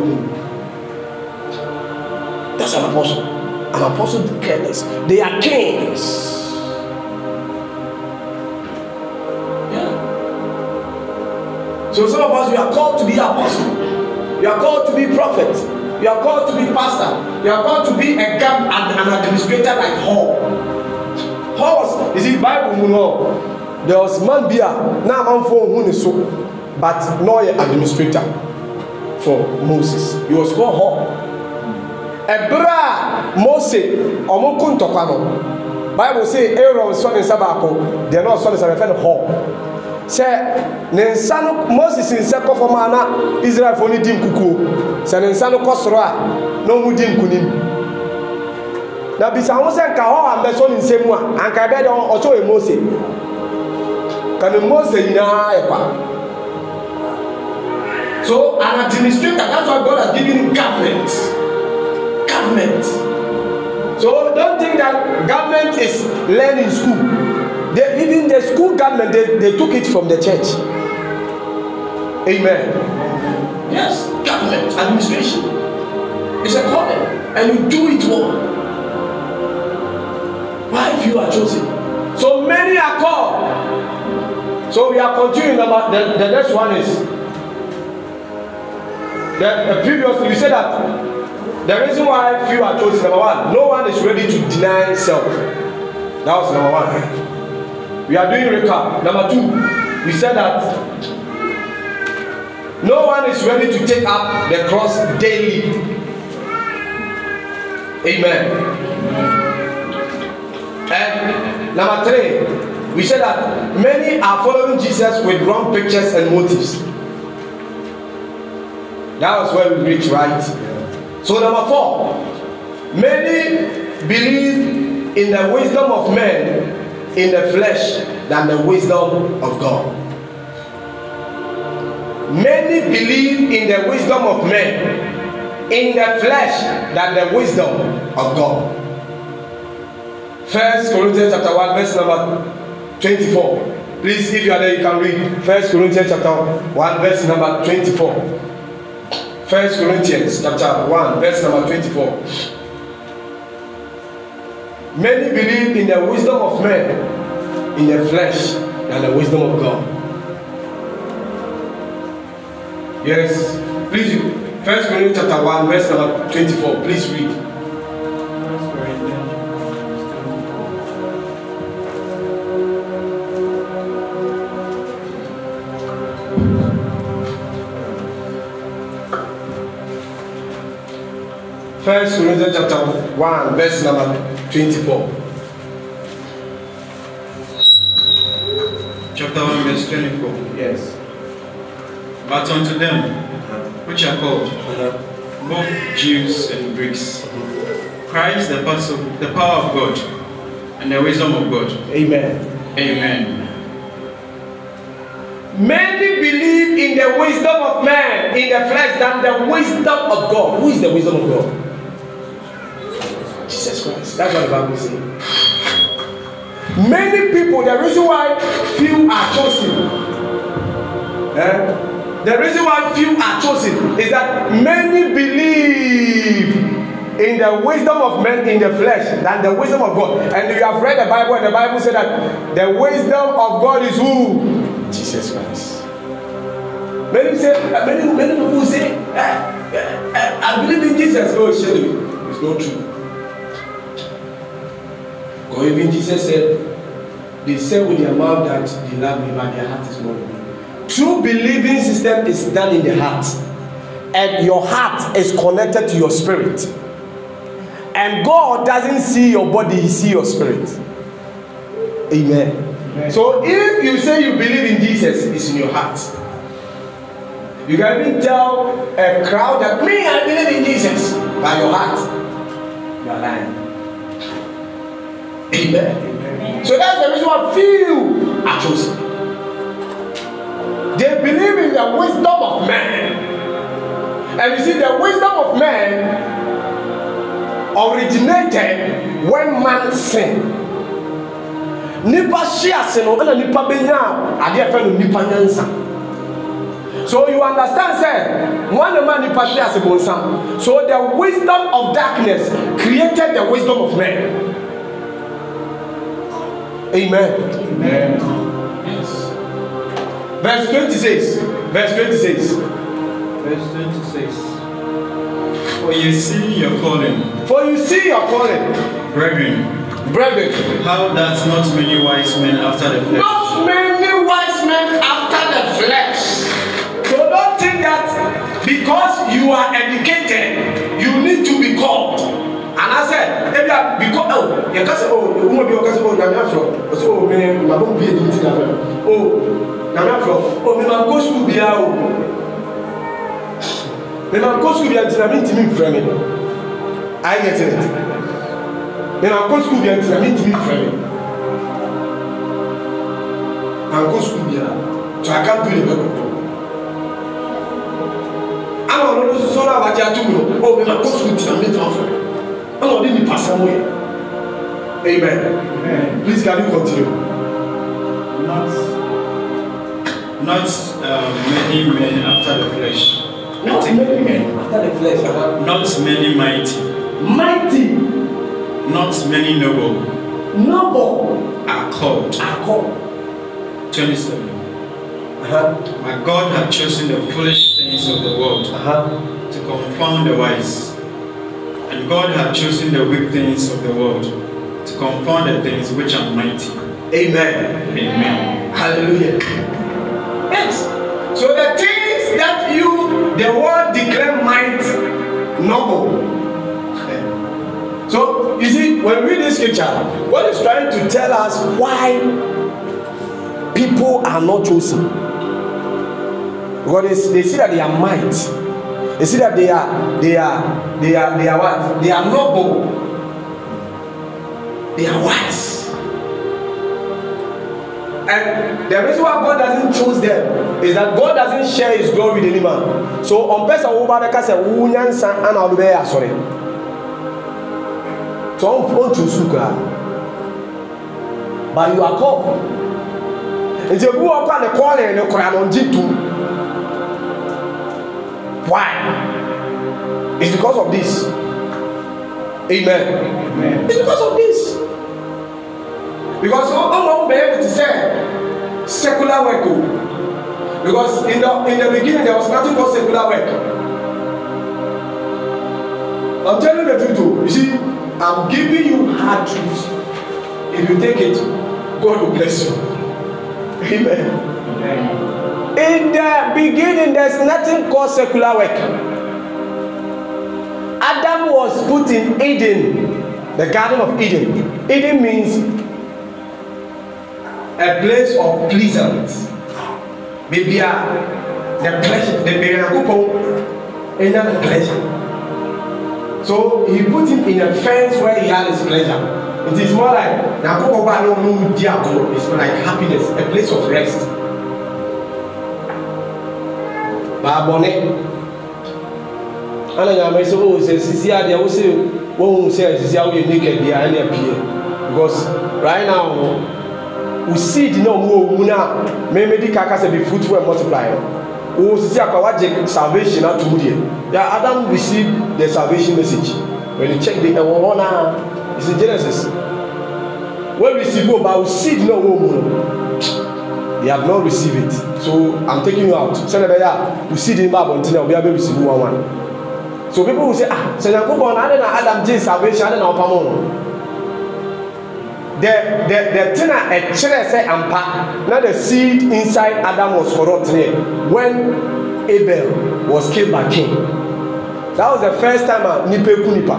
That's an apostle. An apostle is careless. They are kings. Yeah. So some of us we are called to be apostle. We are called to be prophet. We are called to be pastor. We are called to be a camp and an administrator like Paul. Paul was, is it Bible mu no. There was man beer. Now man phone who is so but no administrator for Moses. He was called Paul ɛberɛ a mose ɔmo ko ntɔkwa no bible se aaron sɔ ne nsa baako deɛ na ɔsɔ ne nsa bɛfɛ no hɔ sɛ ne nsa no moses nsa kɔ fam a israelfoɔ no di nkukuo sɛ ne nsa no kɔ soro a na ɔmo di nkunim na bisa ho sɛ nka hɔ ambɛsɔ ne nsɛm a anka ɛbɛyɛ dɛ ɔsɛ ɔyɛ mose ka mose nyinaa yɛ kwa so an administrator that's why god has given government government. So don't think that government is learned in school. They, even the school government, they, they took it from the church. Amen. Yes, government, administration. It's a calling, and you do it well. Why if you are chosen? So many are called. So we are continuing about the, the next one is the, the previous you said that The reason why few are chosen, number one, no one is ready to deny self. That was number one. We are doing recap. Number two, we said that no one is ready to take up the cross daily. Amen. And number three, we said that many are following Jesus with wrong pictures and motives. That was where we reached, right? So number four, many believe in the wisdom of men in the flesh than the wisdom of God. Many believe in the wisdom of men in the flesh than the wisdom of God. First Corinthians chapter one, verse number twenty-four. Please, if you are there, you can read First Corinthians chapter one, verse number twenty-four. First Corinthians chapter 1, verse number 24. Many believe in the wisdom of men, in the flesh, and the wisdom of God. Yes. Please, First Corinthians chapter 1, verse number 24. Please read. First Corinthians chapter 1, verse number 24. Chapter 1, verse 24. Yes. But unto them uh-huh. which are called, uh-huh. both Jews and Greeks, mm-hmm. Christ the, the power of God and the wisdom of God. Amen. Amen. Many believe in the wisdom of man, in the flesh, than the wisdom of God. Who is the wisdom of God? Jesus Christ. That's what the Bible says. Many people, the reason why few are chosen, eh? the reason why few are chosen is that many believe in the wisdom of men in the flesh than the wisdom of God. And you have read the Bible, and the Bible said that the wisdom of God is who? Jesus Christ. Many say, uh, many, many people say, eh, eh, eh I believe in Jesus. Oh, it's not true. Or even Jesus said, they said with their mouth that they love me, but their heart is not with me. True believing system is done in the heart. And your heart is connected to your spirit. And God doesn't see your body, He sees your spirit. Amen. Amen. So if you say you believe in Jesus, it's in your heart. You can even tell a crowd that me, I believe in Jesus by your heart. You are lying. Amen. So that's the reason why few are chosen. They believe in the wisdom of man. And you see, the wisdom of man originated when man sinned. nipa si ase no ɛna nipa benya adeɛ fɛ no nipa nyansa so you understand sɛ one of my nipa si ase bonsam so the wisdom of darkness created the wisdom of men. Amen. Amen. Yes. Verse 26. Verse 26. Verse 26. For you see your calling. For you see your calling. Brethren. Brethren. How that not many wise men after the flesh. Not many wise men after the flesh. So don't think that because you are educated, you need to be called anaasɛ ebi a bikɔ ɛw yɛka sɛ o ewuma bi ɔka sɛ o nyame afrɔ ɔsɛ o oh, mi ma bɔ bie di ti na fɛ o nyame afrɔ o oh, mi ma nkɔ sukuu bia o oh. mi ma nkɔ sukuu bia ntina mi ntumi nfrɛ mi ayi yɛ tɛnɛ ti mi ma nkɔ sukuu bia ntina mi ntumi nfrɛ mi ma nkɔ sukuu bia tɔ a ka du de bɛ kɔ ama ɔno no soso no a wagye ato mu no o mi ma nkɔ sukuu ntina mi ntumi nfrɛ mi. ọlọ́ọ̀dẹ́ nípa sẹ́wọ̀n yẹn amen please can you continue. not not um, many men after the flesh. not many men after the flesh. not many mighty. mighty. not many noble. noble. are called. are called. 27. Uh-huh. But God has chosen the foolish things of the world uh-huh. to confound the wise. And God had chosen the weak things of the world to confound the things which are mighty. Amen. Amen. Amen. Hallelujah. Yes. So the things that you, the world declare might, noble. So, you see, when we read this scripture, what is trying to tell us why people are not chosen. God is. they see that they are might. You see that they are, they are, they are, they are what? They are noble. They are wise. And the reason why God doesn't choose them is that God doesn't share His glory with any man. So, on person who baraka say, "Wunyan san ana olube ya sorry." So, on on choose But you are called. It's a wɔ kɔ a ne kɔɔle ne kora no ngye tum. Why? It's because of this. Amen. Amen. It's because of this. Because all one man to say secular work. Oh. Because in the in the beginning there was nothing but secular work. I'm telling the truth. too. Oh. You see, I'm giving you hard truth. If you take it, God will bless you. Amen. Amen. In the beginning, there's nothing called secular work. Adam was put in Eden, the Garden of Eden. Eden means a place of pleasant. Maybe a, the pleasure, the miracle, another pleasure. So he put him in a fence where he had his pleasure. It is more like, it's more like happiness, a place of rest baabɔne ana nyame sɛ wohu sɛ sisi adeɛ wo se wohu sɛ sisi woyɛ naked deɛ ɛne apue because right now no wo seed na ɔmo wɔ mu no a memedi ka ka sɛ be fruitful and multiply no wo sisi akwa wagye salvation ato mu deɛ ya adam received the salvation message when he check the ɛwɔ hɔ no a it's in genesis wɔn receive o ba wo seed na ɔwɔ mu no they have not received it so i'm taking you out sẹ́ni bẹ́ẹ̀ yà receive the bible until now obi abẹ́ receive one one so people will say ah sẹ́ni àkókò ọ̀nà adé na adam jane salvation adé na ọ̀pá mọ́ the the the thing na ẹ̀kyerẹ́ sẹ́ ampa na the seed inside adam was corrupt there when abel was killed by king that was the first time ah nipa eku nipa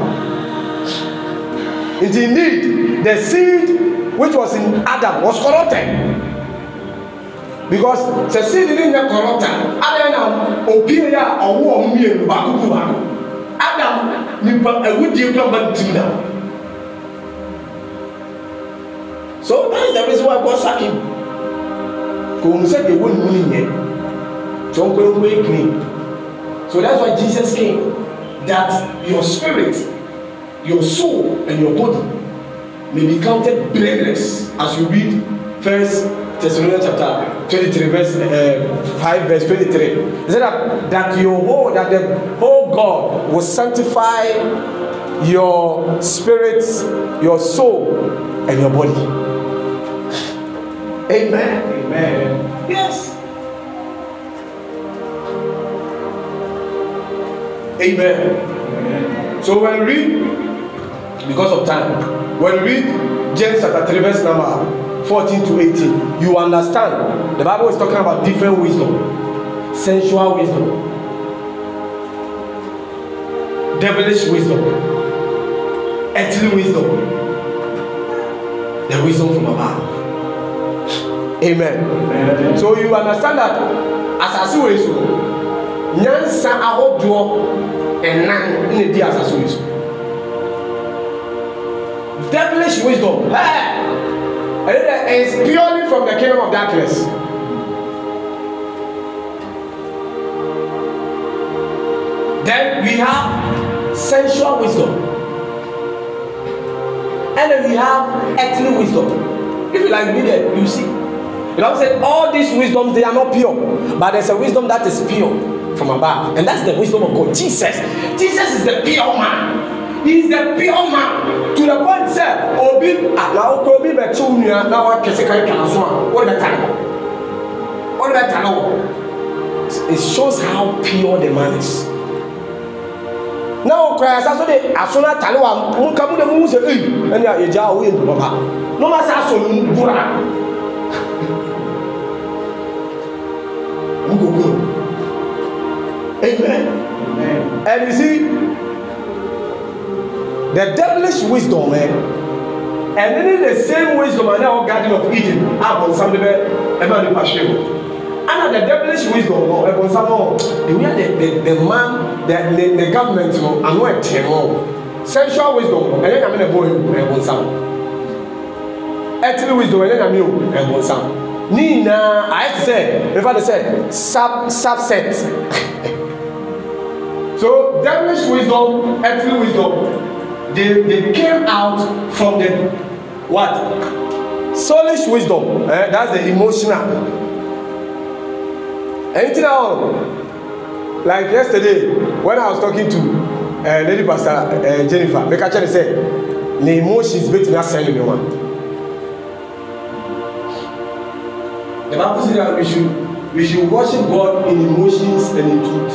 it indeed the seed which was in adam was corrupted because sɛ sin ne nyɛ kɔrɔta adan na obie a ɔwɔ ɔmo mmienu baako ku baako adam nipa awudie kura ba ntim na so that is the reason why God sack him kò n sɛ deɛ wɔn mu ni nyɛ tí wọn kɔyɛ kɔyɛ clean so that's why Jesus came that your spirit your soul and your body may be counted blameless as you read first. Thessalonians chapter 23 verse uh, eh, 5 verse 23 it said that that your whole that the whole God will sanctify your spirit your soul and your body amen amen yes amen, amen. so when we read because of time when we read James chapter 3 verse number 14 to 18, you understand the Bible is talking about different wisdom, sensual wisdom, devilish wisdom, earthly wisdom, the wisdom from above. Amen. Amen. So you understand that asase wei so nyansa ahodoɔ ɛnan na di asase wei so devilish wisdom. Hey! is purely from the kingdom of darkness. Then we have sensual wisdom. And then we have earthly wisdom. If you like me then you see. The Bible said all these wisdoms they are not pure, but there's a wisdom that is pure from above, and that's the wisdom of God. Jesus, Jesus is the pure man is a pure man to the point sɛ obi alawoko obi bɛ kyew nua na wakɛse kan kana so a o de bɛ ta o de bɛ ta ne it shows how pure the man is na o kura yasa so de aso na ta wa mu ka mu de mu sɛ eyi ɛni a yɛgya o yɛ ntoma n'o ma se aso nu bura n ko kun amen and you the devilish wisdom ẹ ẹni ni the same wisdom ẹni àwọn garden of eden abọnsam ni bẹ ẹ máa nípa o ana the devilish wisdom ọ ẹbọnsam ọ ewu yẹ the the man the the the government ọ àná ẹ tẹ sensual wisdom ọ ẹyẹ nyàmé na ẹbọ ẹ ẹbọnsam earthly wisdom ẹyẹ nyàmé o ẹbọnsam ní ìná àyẹ̀tì sẹ refer to sẹ sub subset so devilish wisdom earthly wisdom they, they came out from the what? Soulish wisdom. Eh? That's the emotional. Anything at all. Like yesterday, when I was talking to uh, Lady Pastor uh, Jennifer, make her say, the emotions between us selling me one. The Bible says that we should we should worship God in emotions and in truth.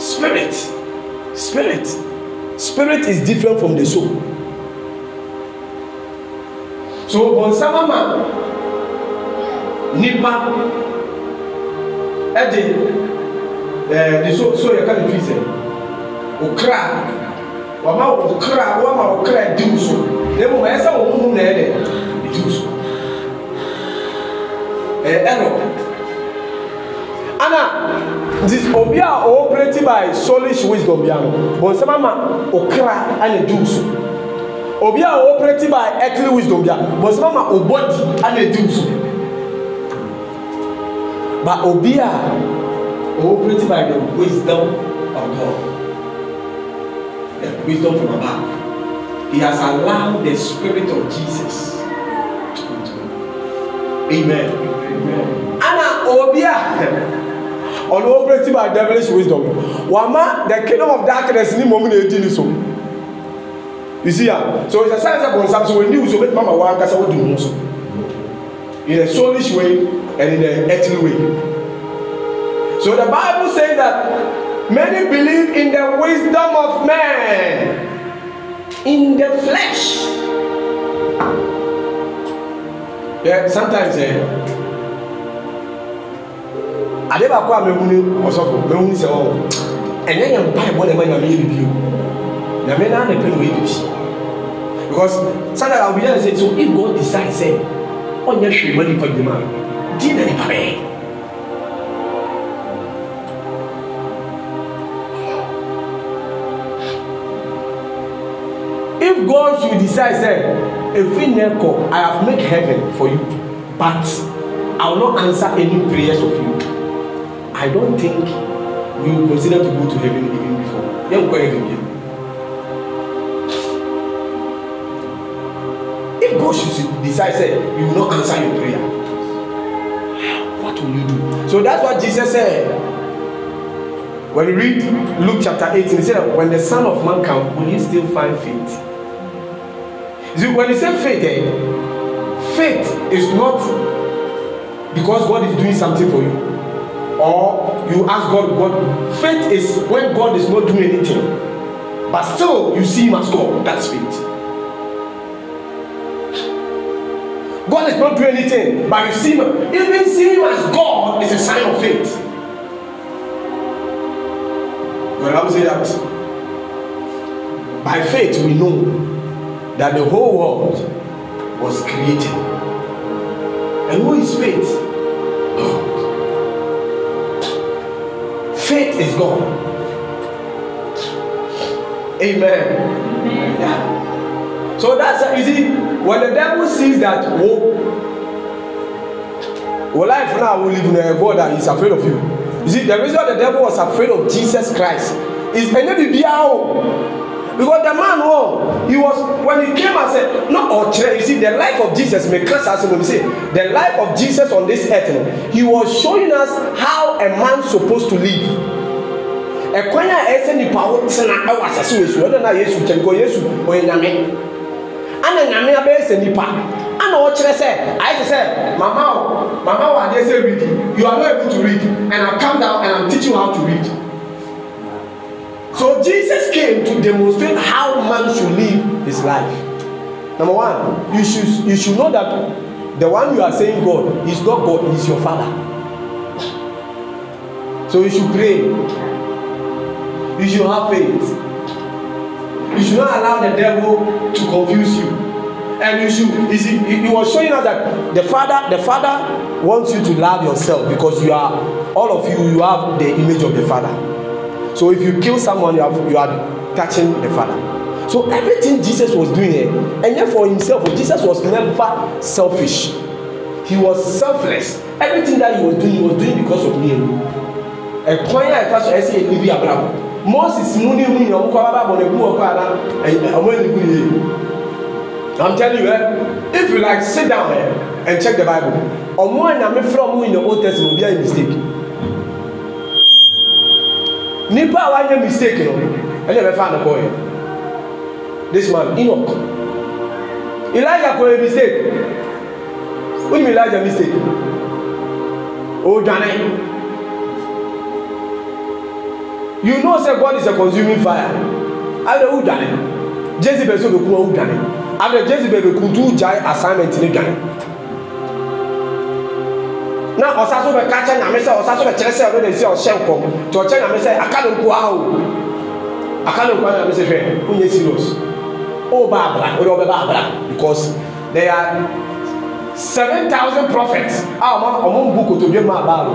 Spirit spirit spirit is different from the soul so bɔnsam ama nipa ɛde ɛɛ eh, de so so yɛ ka ne fi sɛ okra wama okra wama okra diw so na emu ɛsɛ wɔn mu na yɛ dɛ diw so ɛɛ ɛrɔ ana. This obi a ɔɔprɛti by solish wisdom bia no bɔnsɛm ama ɔkra ɛna duu so obi a ɔɔprɛti by earthly wisdom but bɔnsɛm ama ɔbɔdi ɛna duu But ba obi a ɔɔprɛti by the wisdom of God the wisdom from above he has allowed the spirit of Jesus to come to him amen ana obi a. ɔno operating by devilish wisdom wama the kingdom of darkness ni mɔmu na edi ni so you see ya so it's a sign of bonsam so when you so bet mama wa ankasa wo di mu so in a soulish way and in a earthly way so the bible says that many believe in the wisdom of man in the flesh yeah sometimes eh ade baako a mehu ne ɔsɔfo mehu ne sɛ ɔwɔ ɛnyɛ yɛn mpaebɔ na ɛma nyame yɛ bibio nyame naa na ɛpɛ na ɔyɛ bibi because sada awo bi yɛn sɛ so if god decide sɛ ɔnyɛ hwee ma nipa dwuma di na nipa bɛyɛ. if god should decide say efi nẹ kọ i have make heaven for you but i will not answer any prayers of you I don't think we will consider to go to heaven even before. Then go heaven again. If God should decide, say, you will not answer your prayer, what will you do? So that's what Jesus said. When you read Luke chapter 18, he said, When the Son of Man comes, will you still find faith? See, when you say faith, eh, faith is not because God is doing something for you or you ask God what faith is when God is not doing anything but still you see him as God that's faith God is not doing anything but you see him even seeing him as God is a sign of faith but I would say that by faith we know that the whole world was created and who is faith God faith is gone. Amen. Amen. Yeah. So that's you see, when the devil sees that, oh, well, life now we live in a world that is afraid of you. You see, the reason the devil was afraid of Jesus Christ is any because the man oh he was when he came and said no ọ̀kyerẹ́ oh, you see the life of Jesus may us as we say the life of Jesus on this earth no, oh, he was showing us how a man supposed to live ɛkwan a ɛsɛ nipa ho tena ɛwɔ asase wɔ esu ɛna na yesu nkyɛn nkɔ yesu ɔyɛ nyame ana nyame abɛyɛ sɛ nipa ana ɔkyerɛ sɛ ayɛ te sɛ mama o mama o adeɛ sɛ read you are not able to read and i come down and i am teaching you how to read. So Jesus came to demonstrate how man should live his life. Number one, you should you should know that the one you are saying God is not God, He is your Father. So you should pray. You should have faith. You should not allow the devil to confuse you. And you should you see you were showing us that the father the father wants you to love yourself because you are all of you you have the image of the father So if you kill someone, you, have, you are touching the Father. So everything Jesus was doing here, and yet for himself, Jesus was never selfish. He was selfless. Everything that he was doing, he was doing because of me. Ẹ̀kọ́ yẹn àìfà sọ ẹ sí ẹni bí Abraham. Moses mú ní ìhun yẹn ọmọkọ alábàbọ̀ ní ìhun ọkọ I'm telling you, eh, if you like sit down eh, and check the Bible, ọmọ ẹ̀nàmí from mú in the old testament, be a mistake nipa a wanyɛ mistake no ɛna ɛbɛfa no kɔɛ this man enoch elijah kɔɛ mistake wọnyi elijah mistake ɔdwane you know say God is a consuming fire abẹ ɔdwane jezebel so bɛ kun ɔdwane abẹ jezebel bɛ kun tu gya assignment ne dwane na ɔsa so bɛka kyɛ nyame sɛ ɔsa so bɛkyerɛ sɛ ɔno na si ɔhyɛ nkɔm nti ɔkyɛ nyame sɛ aka no nkoa o aka no nkoa nyame sɛ hwɛ wonyɛ serious ɔba abra wode ɔbɛba abra because there are seven thousand prophets a ɔmo ɔmo bu kotodwe mu aba o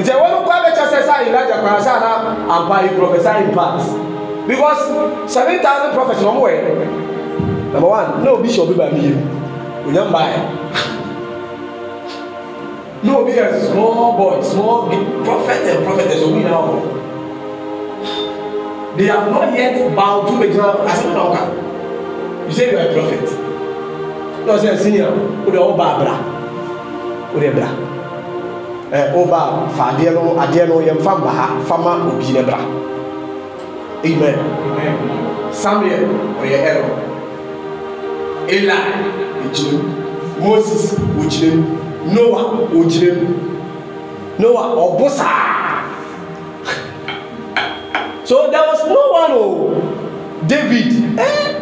nti ɛwɔ e no kɔ abɛkyɛ sɛ sɛ ayelagya kwan sɛ ana ampa yi prophesy in part because seven thousand prophets na ɔmo wɛ number one na obi hyɛ obi ba mi yie onyam baa yɛ. E. No, be a small boy, small prophet and prophetess will be now. They have not yet bowed to the ground as a walker. You say you are a prophet. No, say a senior, who the old barbara, who the bra. Eh, oba fa adeɛ no adeɛ no fama obi ne amen samuel ɔyɛ ɛrɔ eli moses okyir noa ogyina mu noa ɔbo saa so there was no one o oh. david eh?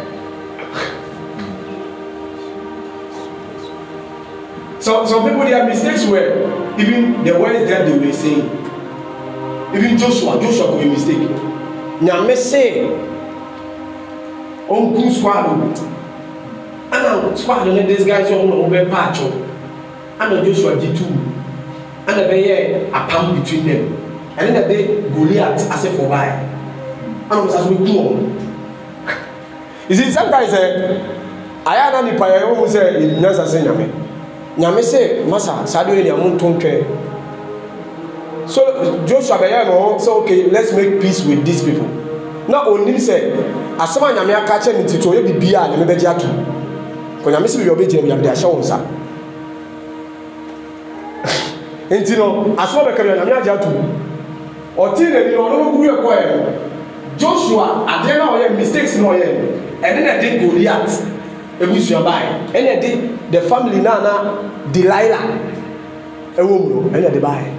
so some people their mistakes were even the words that they were saying even joshua joshua could be mistake nyame se onkun squad o ana squad ne this guy sọ ọhún ọhún bẹ pa àjọ ɛna joshua gye tu ɛna bɛyɛ apam between them ɛne na de goliath asefo bae ɛna ɔmo sa so eku wɔn. you see sometimes ɛ ayé aná nípa yẹ ɔmo sɛ nyansa sɛ nyame nyame sɛ masa sáadé yɛ ni àwọn tó ń twɛ so joshua bɛyɛ no ho sɛ okay let's make peace with these people na onim sɛ asɛm a nyame aka kyɛ ne ti to ɔyɛ biribi a nyame bɛgye ato kò nyame sɛ biribi a ɔbɛgyina mu nyame de ahyɛ wɔn nsa nti no asoɔ bɛkari ɔnyame agye ato ɔtí n'ani na ɔno no kuru ɛkɔ e yɛ e. joshua adeɛ na ɔyɛ mistakes na ɔyɛ ɛne na ɛde goliath ebusua baayɛ ɛne ɛde the family na na delilah ɛwɔ mu no ɛne ɛde baayɛ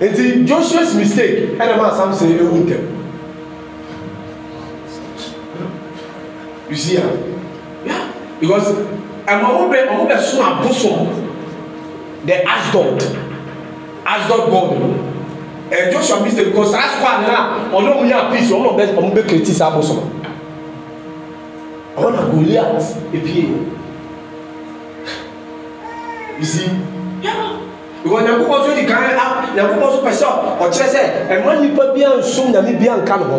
nti joshua's mistake ɛna maa sam sɛ ewu ntɛm you see ah yeah because ɛmɛ ɔmo bɛ ɔmo bɛ so abosom. They ask God, ask god God. ẹ eh, joshua mr because aspa now, ọ̀nà òun yà peace ọ̀nà ọ̀bẹ ọ̀mú bẹ kìrìtì sábò sọ̀rọ̀ ọ̀nà goliath epie you see because nyankopɔ so di kan a nyankopɔ so pɛ sɛ ɔkyerɛ sɛ ɛma nipa bi a nsum nyame bi a nka ne ho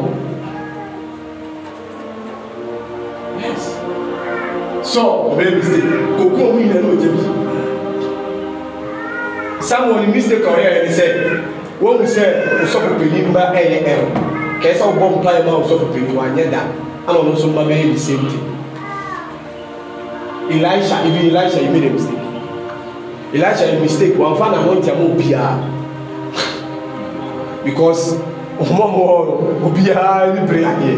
so ɔbɛyɛ mistake koko ɔmu nyina ne ɔgya bi samuel mistake ọ̀rẹ́ ẹ̀ ni sẹ́ wọ́n mu sẹ́ ọ̀sọ́fù pèlú bá ẹ̀ yẹ ẹ̀ kẹ́sẹ́ ọ̀bọ̀ mpa ẹ̀ bá ọ̀sọ́fù pèlú wà nyẹ́ dà ama ọ̀nà ọ̀sọ́fù bá yẹ the same thing elisha even elisha he made a mistake elisha he mistake wọ́n fa na wọ́n ti àmọ́ bíà because ọmọ ọmọ ọrọ obiá ní pray adìẹ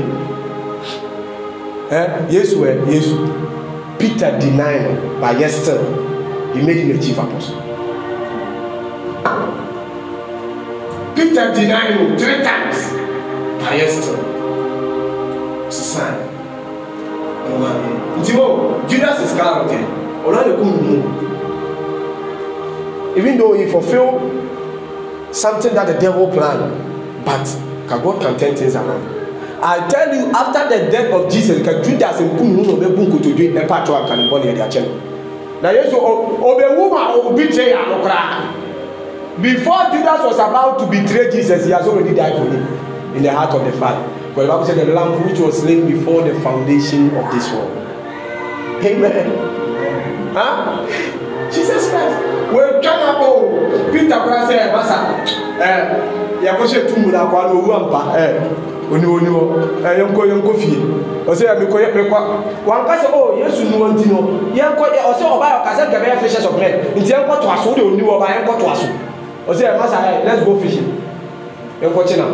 ẹ yéésù ẹ yéésù peter deny by yes still he made him a chief apostle. Peter denied him three times. But yet still, it's a sign. Nti wo Judas is yɛ ɔlọ́ọ̀ de ko nù. Even though he fulfil something that the devil planned, but can God can turn things around. I tell you after the death of Jesus ka Judas nku nù na ɔbɛ bu nkotodwe ɛpa atwa akanibɔ na yɛde akyɛ no. Na Yesu ɔbɛ wu woman obi tẹ yà lọ koraa. Before Judas was about to betray Jesus, he has already died for him in the heart of the Father. Because the Bible said the lamb which was slain before the foundation of this world. Amen. Huh? Jesus Christ. When China go, Peter Christ said, Master, eh, Yakoshe Tumura, Kwano, Wampa, eh. oniwoni hɔ ɛ yɛnkɔ yɛnkɔ fie ɔsɛ yɛ mekɔ yɛ mekɔ wanka sɛ o eh, oh, yesu nu wɔn ti no yɛnkɔ yɛ eh, ɔsɛ ɔba yɛ ɔka sɛ gɛbɛ yɛ fishes of men nti yɛnkɔ to aso o de oni wɔ ba yɛnkɔ to aso ɔsɛ masa ɛ let's go fishing nkɔkye na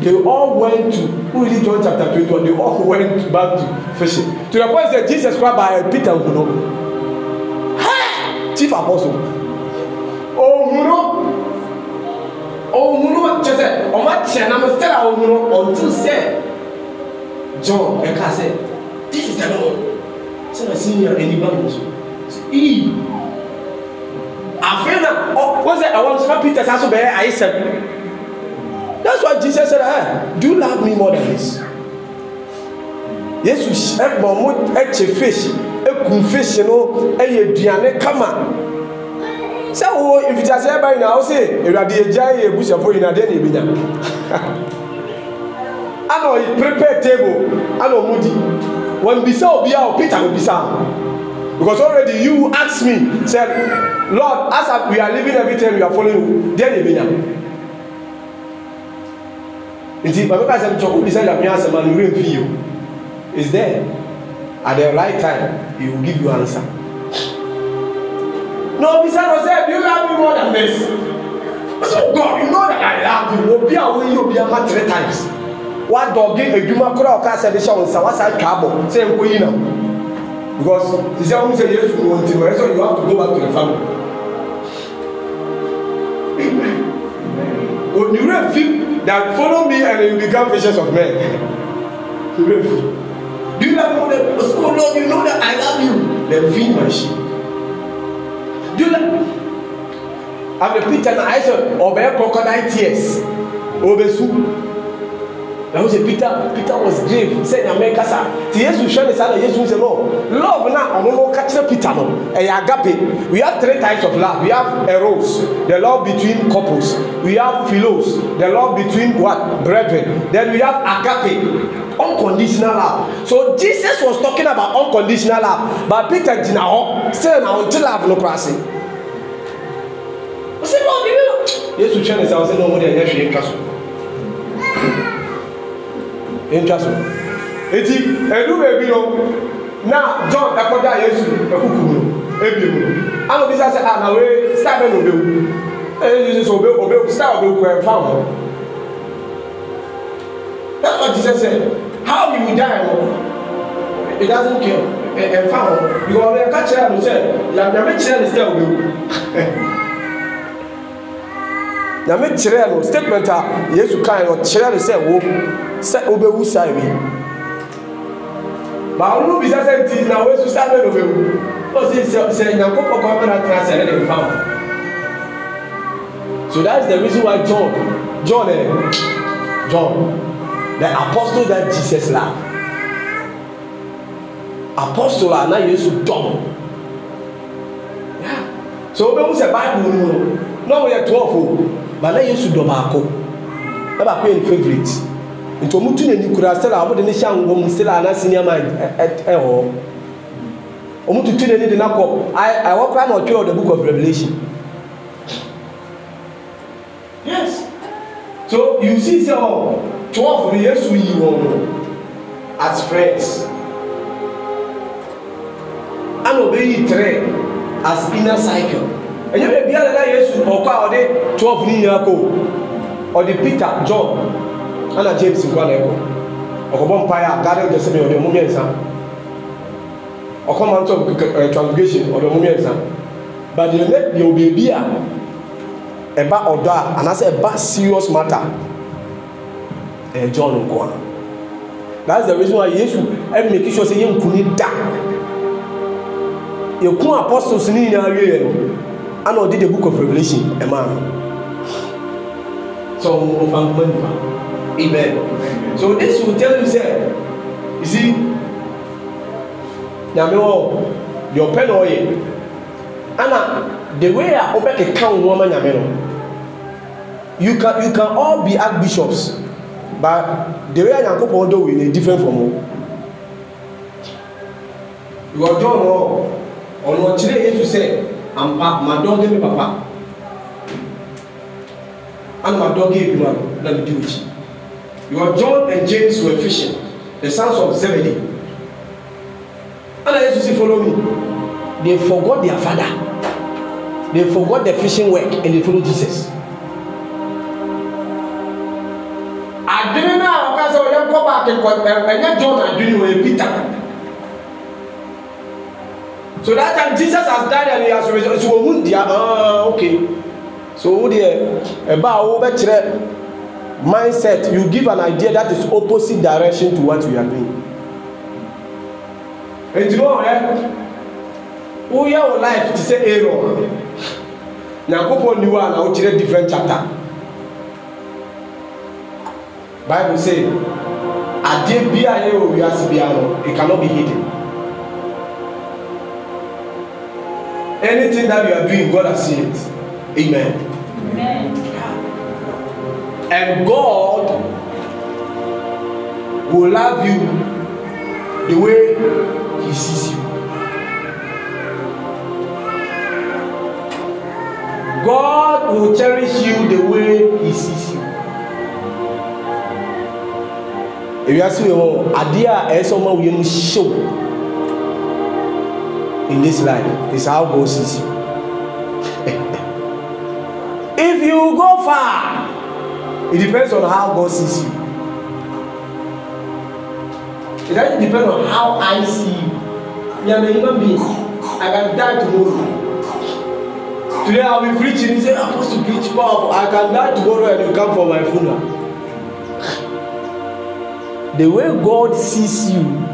they all went to who read john chapter twenty one they all went back to fishing to the point say jesus kura by peter nkuno hey! chief apostle ohunu ohunu kyɛ sɛ ɔmo akyɛ nam still a ohunu until sɛ john ɛka sɛ this is the law sɛ na senior ɛni ba mo so ee afei na wọn sẹ ẹwọn sọ peter saso bẹẹ ayé sẹm that's why jesus said hey, ah, do you love me more than this yesu ẹbọ mu ẹkyẹ fish ekun fish no ẹyẹ aduane kama sẹ wo nfitase ẹba yìí na ọsẹ ewurade ẹgya ẹyẹ ebusuafo yìí na adé na ebi nya ama ọ prepare table ama ọmọ di wọn bisa obi a ọ peter obisa. Because already you ask me, said, Lord, as we are living, every time, you are following. there Then you mean nti bàbá sẹ ntọ o bisẹ nyame asẹm a nwere nfi yi you." is there at the right time he will give you answer No, obi sẹ no sẹ do you love me more than this so god you know that i love you obi a woyi obi ama three times wadọọgi edwuma koraa ọka sẹ de hyẹ wọn nsa wasa atwa abọ sẹ nkoyi na because he said who say yes to one thing but so you have to go back to the family onire fit that follow me and you become patience of men onire fit do you like know that oh so lord you know that i love you then feed my sheep do you like i'm a preacher now i say ọbẹ crocodile tears obesu na wọn sɛ peter peter was grave sɛ nyame nkasa ti yesu hwɛ ne saa na yesu sɛ no love na ɔno no ka kyerɛ peter no ɛyɛ agape we have three types of love we have eros the love between couples we have philos the love between what brethren then we have agape unconditional love so jesus was talking about unconditional love but peter gyina hɔ sɛ na ɔnte love no kora se ɔsɛ no ɔbi bi no yesu hwɛ ne saa ɔsɛ no ɔmo de ɛnyɛ hwee twa so yɛntwa so eti edu ebi no na john ɛkɔda yesu ɛkuku no ebi mu ana obi sase a na wee star bɛ na obewu ɛyɛ yesu sɛ obe obe star obewu kɔ ɛfa ho that's why jesus say how you die no it doesn't care ɛfa ho because ɔbɛn ka kyerɛ no sɛ yamyame kyerɛ no sɛ obewu nyame kyerɛɛ no statement a yesu kae no ɔkyerɛ no sɛ wo sɛ wobɛwu sae bi ma ɔno no bisa sɛ nti na woasu sa bɛ no bɛwu ɔsɛ nyankopɔn kɔ bɛna tena sɛ ne ne mfa so that's the reason why john john eh, john the apostle that jesus loved apostle a na yesu dɔm so wobɛhu sɛ bible no no na woyɛ 12 o bana yesu dɔ baako ɛba ko yɛ ne favourite nti wɔn tu n'ani kura sɛ la wɔde ne hyɛ anwɔ mu sɛ la ana sinima ɛwɔ wɔn tutu n'ani de n'akɔ ɛwɔ kura na ɔtwerɛ the book of revelation yes so you see sɛ ɔ oh, twelve ni yesu yi wɔn as friends ana obeyi three as inner cycle ɛnyɛ baabiara na yesu ɔkɔ a ɔde twelve ne nyinaa kɔ ɔde peter john ɛna james nkɔ na ɛkɔ ɔkɔbɔ mpae a gade ɔde sɛbi ɔde ɔmo mmiɛnsa ɔkɔ mount of transfiguration ɔde ɔmo mmiɛnsa but deɛ ne deɛ ɔbɛ bi a ɛba ɔdɔ a anaasɛ ɛba serious matter ɛyɛ john nkɔ a that's the reason why yesu ɛmɛki sure sɛ yɛ nkuni da yɛ kun apostles ne nyinaa wie yɛ no ana ɔde the book of revelation ɛmaa So sɛ ɔfa nkoma nifa amen so this will tell you sɛ you see nyame wɔ deɛ ɔpɛ na ɔyɛ ana the way a ɔbɛkeka wo nneɛma nyame no you can you can all be archbishops but the way a nyankopɔn dɔ wɔ yɛ different from o wɔdɔn no ɔno ɔkyerɛ yesu sɛ ampa ma dɔ ge me papa and ma dɔ ge edwuma no na me di w'akyi your john and james were fishing the sons of zebedee And ana yesu si follow me they forgot their father they forgot the fishing work and they follow jesus. adwene no a ɔka sɛ ɔyɛ nkɔ baake nkɔ ɛnyɛ john adwene wɔ yɛ peter so that time jesus has died and he has risen so ohun dia ah okay so ohun dia ẹba awo bẹ kyerẹ mindset you give an idea that is opposite direction to what you are doing ètùnú ọ̀rẹ́ wúyẹ́ wọ life ti sẹ́ aaron nyankopɔn ni wa na wokyerɛ different chapter bible say adeɛ bi a yɛ wɔ wiase bi ano it cannot be hidden Anything that you are doing, God has seen it. Amen. Amen. And God will love you the way He sees you. God will cherish you the way He sees you. Ewiase wɔ adeɛ a ɛsɛ e ɔma wiemu hyew in this life is how God sees you. if you go far, it depends on how God sees you. It doesn't depend on how I see you. I are a human being. I can die tomorrow. Today I will be preaching. He said, I'm supposed to preach powerful. I can die tomorrow and you come for my funeral. The way God sees you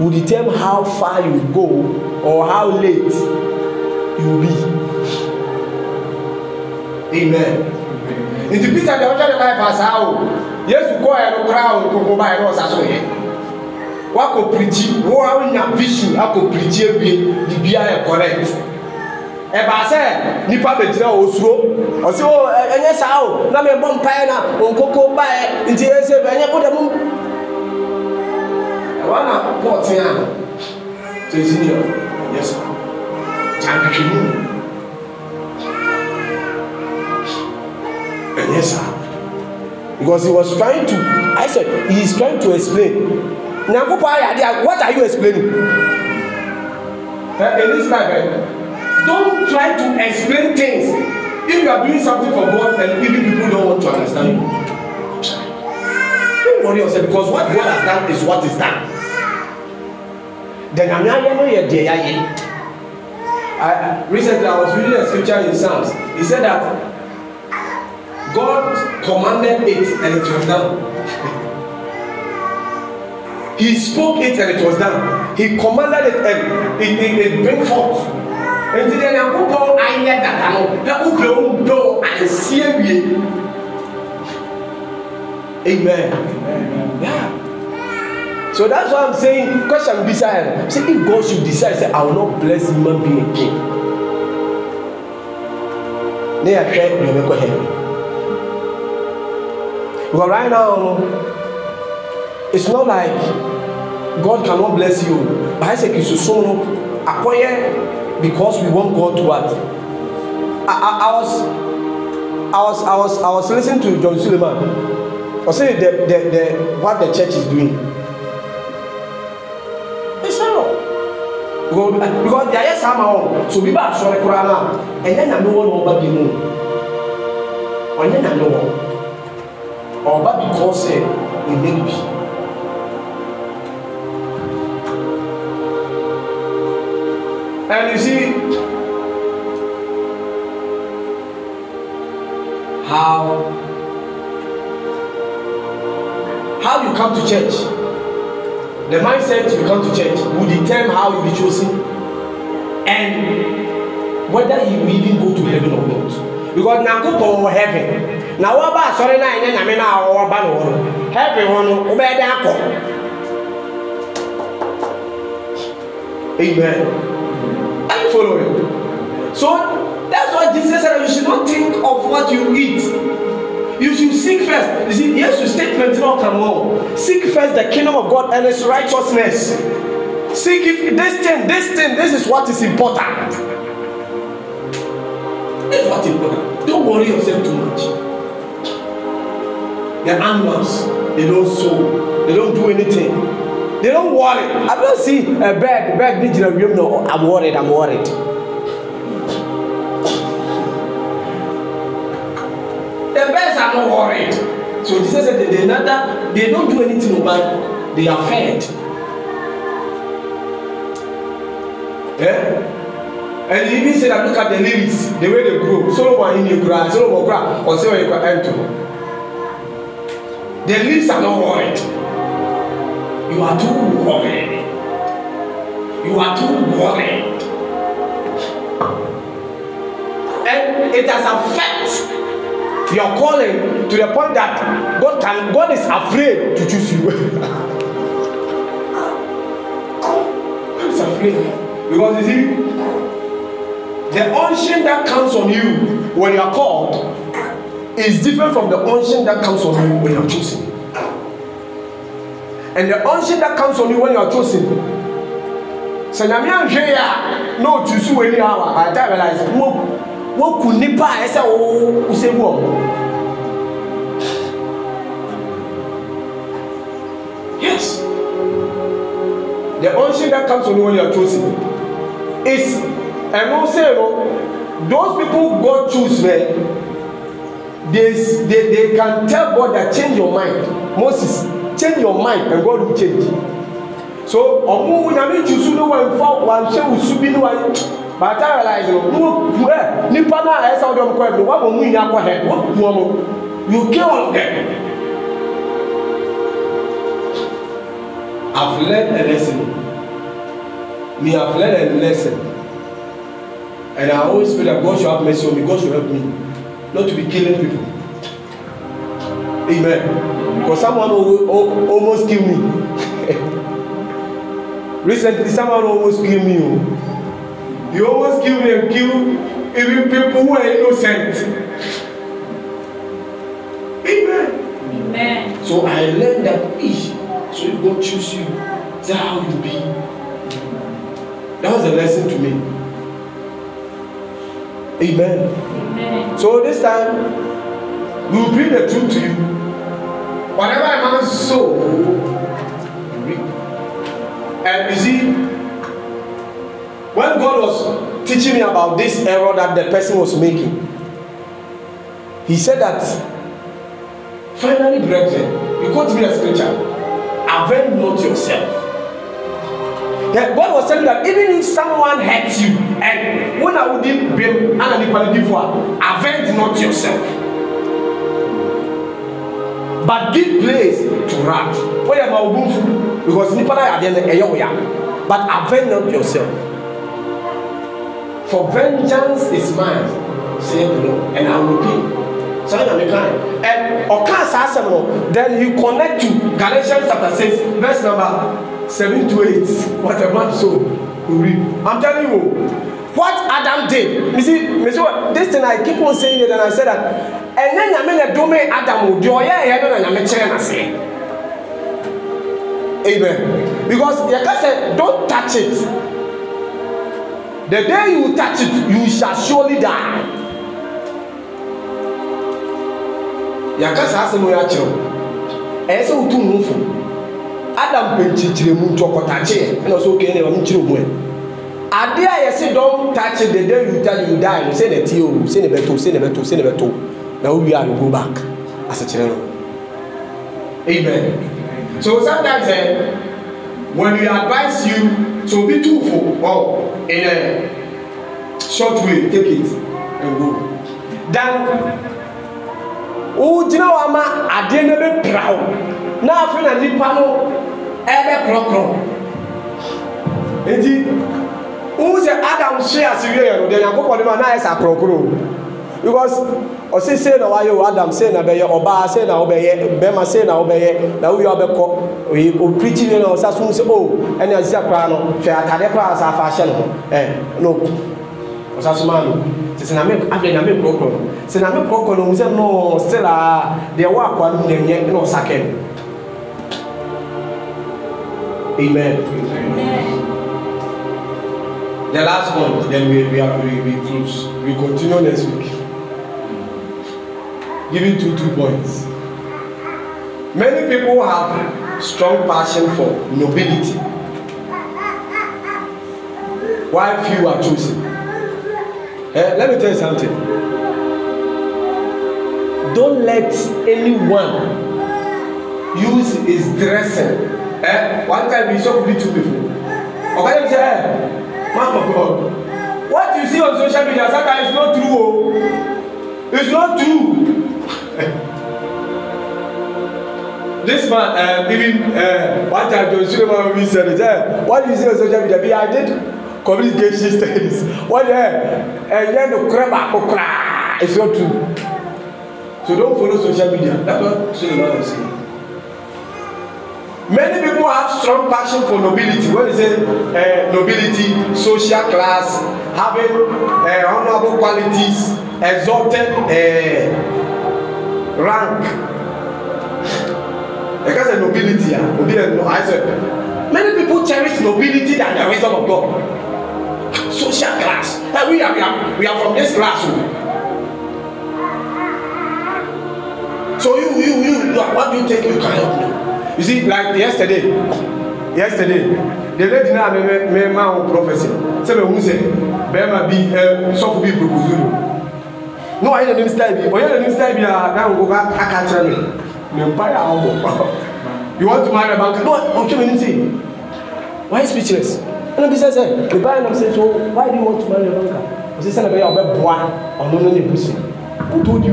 will determine how far you go or how late you be amen nti peter deɛ ɔkyɛ ne life asaa o yesu kɔ ɛno koraa o nkoko ba ɛno ɔsa so yɛ wakɔ pirikyi wo a wonya vision akɔ pirikyi ebie bibia yɛ correct ɛbaa sɛ nipa bɛgyina osuro ɔsi o ɛnyɛ saa o na mɛ bɔ mpaeɛ na nkoko ba yɛ nti ɛsɛ ɛnyɛ ko dɛm wana kɔɔte a tɛsineɛ yɛ so gyankahwɛni ɛnyɛ saa because he was trying to i said he is trying to explain nyankopɔ ayɛ adeɛ what are you explaining eh, in this life eh, don't try to explain things if you are doing something for god and even people don't want to understand you don't worry yourself because what god has done is what is done deɛ nyame ayɛ no yɛ deɛ yɛayɛ I, recently I was reading a scripture in Psalms. He said that God commanded it and it was done. he spoke it and it was done. He commanded it and it, it, it bring forth. Nti de nyankopɔn ayɛ dada no na wokura wo dɔ ansie wie. Amen. Amen. Yeah. So that's why I'm saying, question beside him. Say, if God should decide, say, I will not bless human being again. Ne yà make nyọmẹ kọ hẹn. Because right now, it's not like God cannot bless you. Báyìí sẹ́ kìí soso no, akọ́yẹ because we want God to what? I, I, I was I was I was I was listening to John Suleman. I was the, the, the, what the church is doing. because deɛ ayɛ saa ma wɔn so obi ba asɔre koraa na ɛnyɛ nyame wɔ na ɔba bi mu ɔnyɛ nyame wɔ ɔba bi kɔɔ sɛ ɛnyɛ bi and you see how how you come to church. The mindset you come to church will determine how you be chosen and whether you will even go to heaven or not. Because na kó pọ̀ heaven. Na wọ́n bá asọ́rẹ́ náà yẹn nàmí náà wọ́n bá nà wọ́n. Heaven wọn no, ó bẹ́ẹ̀ dán kọ̀. Amen. Are you following? So that's why Jesus said you should not think of what you eat you should seek first. You see, Yesu statement náà kàn wọ́n. Seek first the kingdom of God and his righteousness. Seek if this thing, this thing, this is what is important. This is what is important. Don't worry yourself too much. The animals, they don't sow, they don't do anything. They don't worry. I don't see a bird, bird need to be, you know, I'm worried, I'm worried. are not worried. So Jesus said that they neither they don't do anything, but they are fed. Yeah? And he even said that look at the lilies, the way they grow. Solomon in your Ukraine, Solomon grass, or say you can enter. The leaves are not worried. You are too worried. You are too worried. And it has affected your calling to the point that God can God is afraid to choose you. He's afraid because you see the unction that comes on you when you are called is different from the unction that comes on you when you are chosen. And the unction that comes on you when you are chosen sɛ nyame anhwɛ yɛ a na ɔtu so w'ani awa by the time realize mo woku nipa a ɛsɛ wo wosɛ ɔmo yes the only thing that comes to me when you are choosing is ɛno sɛ no those people God choose man they they they can tell God that change your mind Moses change your mind and God will change so ɔmo nyame ntusu no wa nfa wa nhyɛ wusu bi no wa by the time I realize no mo ku ɛ nipa na ayɛ sɛ ɔde ɔmo kɔ ɛbi no wa mo mu yi akɔ hɛ mo ku ɔmo you kill all of them. I've learned a lesson. Me, I've learned a lesson. And I always pray that God should have mercy on me, God should help me not to be killing people. Amen. Because someone almost killed me. Recently, someone almost killed me. Oh. He always killed and killed even people who are innocent. Amen. Amen. So I learned that each. So if God chooses you, that's how you be. That was a lesson to me. Amen. Amen. So this time, we bring the truth to you. Whatever a man sow, and you see, when God was teaching me about this error that the person was making, he said that finally, brethren, you quote me a scripture, avenge not yourself. That God was telling that even if someone hurts you, and when I would be an equality for avenge not yourself. But give place to wrath. Because nipa na yade na But avenge not yourself for vengeance is mine say Lord, and i will pay so na me kind and ọka saa asem no then he connect to galatians chapter six verse number seven to eight what a man sow go reap i'm telling you what adam did you see me see what this thing i keep on saying it and i say that ẹnẹ nyame na dome adam o deɛ ɔyɛ ɛyɛ no na nyame kyerɛ n'aseɛ amen because yɛ ka sɛ don touch it. The day you touch it, you shall surely die. yàka saa asɛm yɛ akyerɛw ɛyɛ sɛ wotu mu fo adam pɛnkyinkyire mu nti ɔkɔtakyeɛ ɛna ɔsɛ okɛ ne ɛwɔ nkyerɛ mu ɛ adeɛ a yɛsɛ dɔm takye the day you die you die no sɛnɛ tie o sɛnɛ bɛto sɛnɛ bɛto sɛnɛ bɛto na wowie a no go back asekyerɛ no amen so sometimes eh, when we advise you to be truthful or in a short way take it and go then wogyina hɔ ama adeɛ no e bɛpira wo na afei na nnipa no ɛbɛkorɔkorɔ enti wohu sɛ adam hye ase wieɛ no deɛ nyankopɔn de ma na ayɛ e sɛ akorɔkorɔ because ɔse sei na wayɛ adam sei na bɛyɛ ɔbaa sei na wobɛyɛ bɛrima sei na wobɛyɛ na wowie wobɛkɔ oyi opirikyi ne na ɔsa so mu sɛ o ɛne asisa koraa no hwɛ atade koraa sa afa ahyɛ no ho ɛ no ɔsa so maa no sɛ sɛ na me afei na me korɔkorɔ no sɛ na me no sɛ no still deɛ wɔ akoa no na nyɛ na ɔsa kɛ no amen the last one then we we are we we close we continue next week giving two two points. Many people have strong passion for nobility. Why few are chosen? Eh, let me tell you something. Don't let anyone use his dressing. Eh? One time we saw really too before. Okay, you say, eh, man of God, what you see on social media sometimes is not true. Oh. It's not true this man uh, even uh, one time John Suleman even said it eh what do you uh, say on social media be I did communication studies what the uh, ẹyẹ uh, no kura baako oh, cry. it's not true so don't follow social media that's what Suleman was saying many people have strong passion for nobility when you say uh, nobility social class having uh, honourable qualities exalted. Uh, rank ɛka sɛ nobility ah, obi yɛ no ayɛ sɛ many people cherish nobility than the wisdom of God social class that we are we are we are from this class o oh. so you you you what do you think you can help me you see like yesterday yesterday the lady na me me ma ho prophesy sɛ me hu sɛ bɛrima bi ɛ eh, sɔfo bi proposal o na ɔyɛ n'anim style bi ɔyɛ n'anim style bi a na nkokɔ aka kyerɛ mi mɛ mpa yɛ awɔbɔ you want to marry a banker no ɔtwe mi ni ti why speechless ɛna bi sɛ sɛ the bank nam sɛ so why do you want to marry a banker ɔsi sɛ na bɛyɛ ɔbɛ boa ɔno no ne busu who told you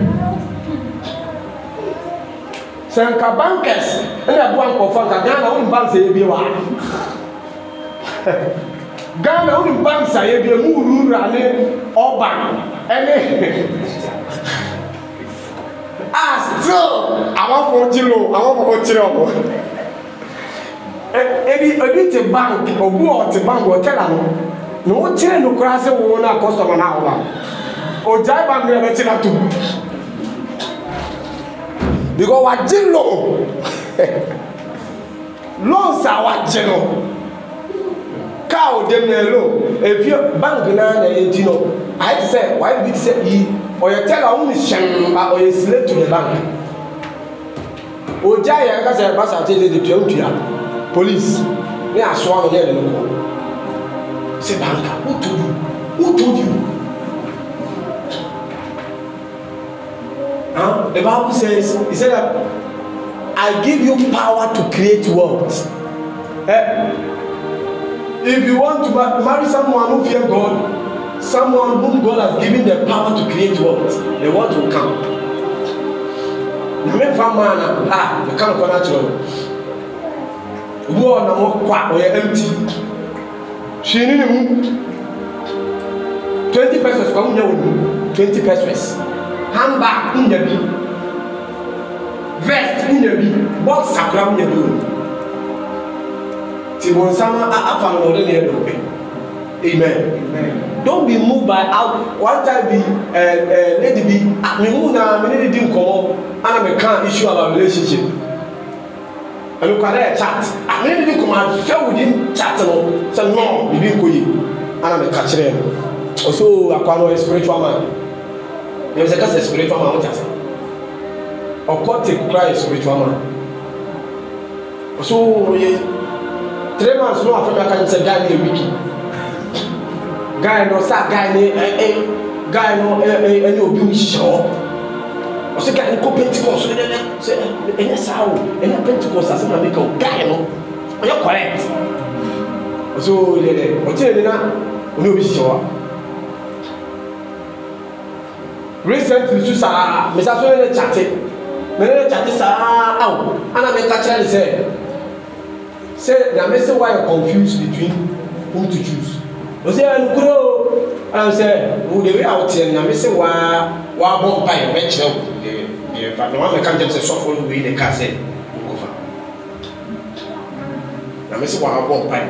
sɛ nka bankers ɛna ɛboa nkɔfɔ nka ghana wɔn banks yɛ bi wa. Ghana unu bansa ye bi mu uru ale ọba ẹni ah still àwọn fún jí lo àwọn fún jí lo ọmọ ebi ebi ti bank obu ọti bank ọtẹla no na o kyerɛ no koraa na wo no a customer no ahoba ogyae bank no ɛbɛkye no to because wagye lo loans a wagye no kaa ɔdɛm na ɛlo efie bank naa na eti no ayɛ ti sɛ wayɛ bi ti sɛ yi ɔyɛ tɛla ɔmo hyɛn a ɔyɛ sile to ne bank ogya yɛ nkasa yɛ basa ati ɛdi tua ntua polisi ne asoa no ne ɛdi no kɔ sɛ banka wotu yi wotu yi ah the bible says he said that i give you power to create wealth. Eh? If you want to marry someone who fear God, someone whom God has given the power to create what? The world will come. Nyame fa maa na a yɛka no kɔna kyerɛ wo. Obi wɔ nam ɔkwa ɔyɛ empty. Hwee ne ne mu. Twenty pesos kɔ nyɛ wɔn mu. Twenty pesos. Handbag nyɛ bi. Vest nyɛ bi. Box sakura nyɛ bi ti wọn sama afa na ọdẹ nìyẹn dọgbẹ amen Amen. don be moved by how one time be lady eh, eh, be me mu na me ne di nkɔmɔ ana me kan issue about relationship ɛnukwada yɛ chat me ne di nkɔmɔ afɛw di chat no sɛ nɔɔ bibi nkɔ yi ana me ka kyerɛ no ɔso akwa no spiritual man yɛ sɛ kasa spiritual man ɔkya sa ɔkɔ te kura yɛ spiritual man ɔso ɔyɛ three months no afɛ bɛka sɛ guy no yɛ wiki guy no sa guy no ɛ ɛ guy no ɛ ɛ ɛne obi mu hyehyɛ hɔ ɔsɛ guy no kɔ pentikɔs ɛ ɛ sɛ ɛnyɛ saa o ɛnyɛ pentikɔs asɛm na meka o guy no ɔyɛ correct ɔsɛ o yɛ dɛ ɔkyerɛ ni na ɔne obi hyehyɛ hɔ a recently so saa mesa so ne ne kyate ne ne kyate saa awo ana meka kyerɛ ne sɛ sɛ na me why wayɛ confused between who to choose ah, o sɛ ɛnukuro o ɛn sɛ o de wi a wɔteɛ na me sɛ waa wabɔ mpa yɛ bɛ kyerɛ o de de fa na wɔn mɛ ka n jɛm sɛ sɔfo no wei ne ka sɛ o ko fa na me sɛ wabɔ mpa yɛ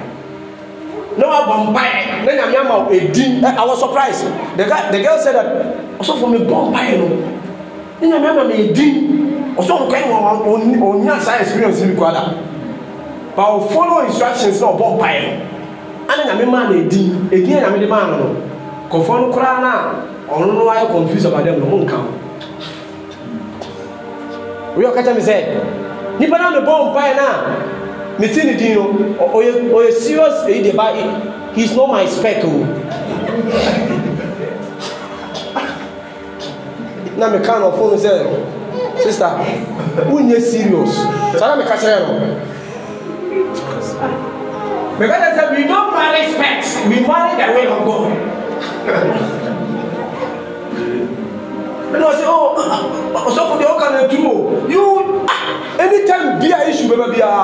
na wabɔ mpa yɛ na nyame ama edin ɛ eh, I was surprised the guy the girl said that ɔsɔfo mi bɔ mpa yɛ no na nyame ama mi edin ɔsɔfo kɔɛ wɔn wɔn wɔn nyina saa experience mi kɔ ada but o follow instructions na ɔbɔ mpaeɛ no ana nyame maa na edi edi na nyame de maa no no kɔfɔ no koraa na ɔno no ayɛ confused about them no mo nka ho oyɛ ɔka kyɛ mi sɛ nipa naa mi bɔ mpaeɛ na mi ti ni din no ɔyɛ ɔyɛ serious eyi de ba he is not my spec o. na mi ka na ɔfo no sɛ sista wunye serious saa na mi ka kyerɛ no. Because I said we don't marry specs, we marry the will of God. And I say, oh, uh, uh, so for the organ to know, you ah, anytime be a issue, baby, be a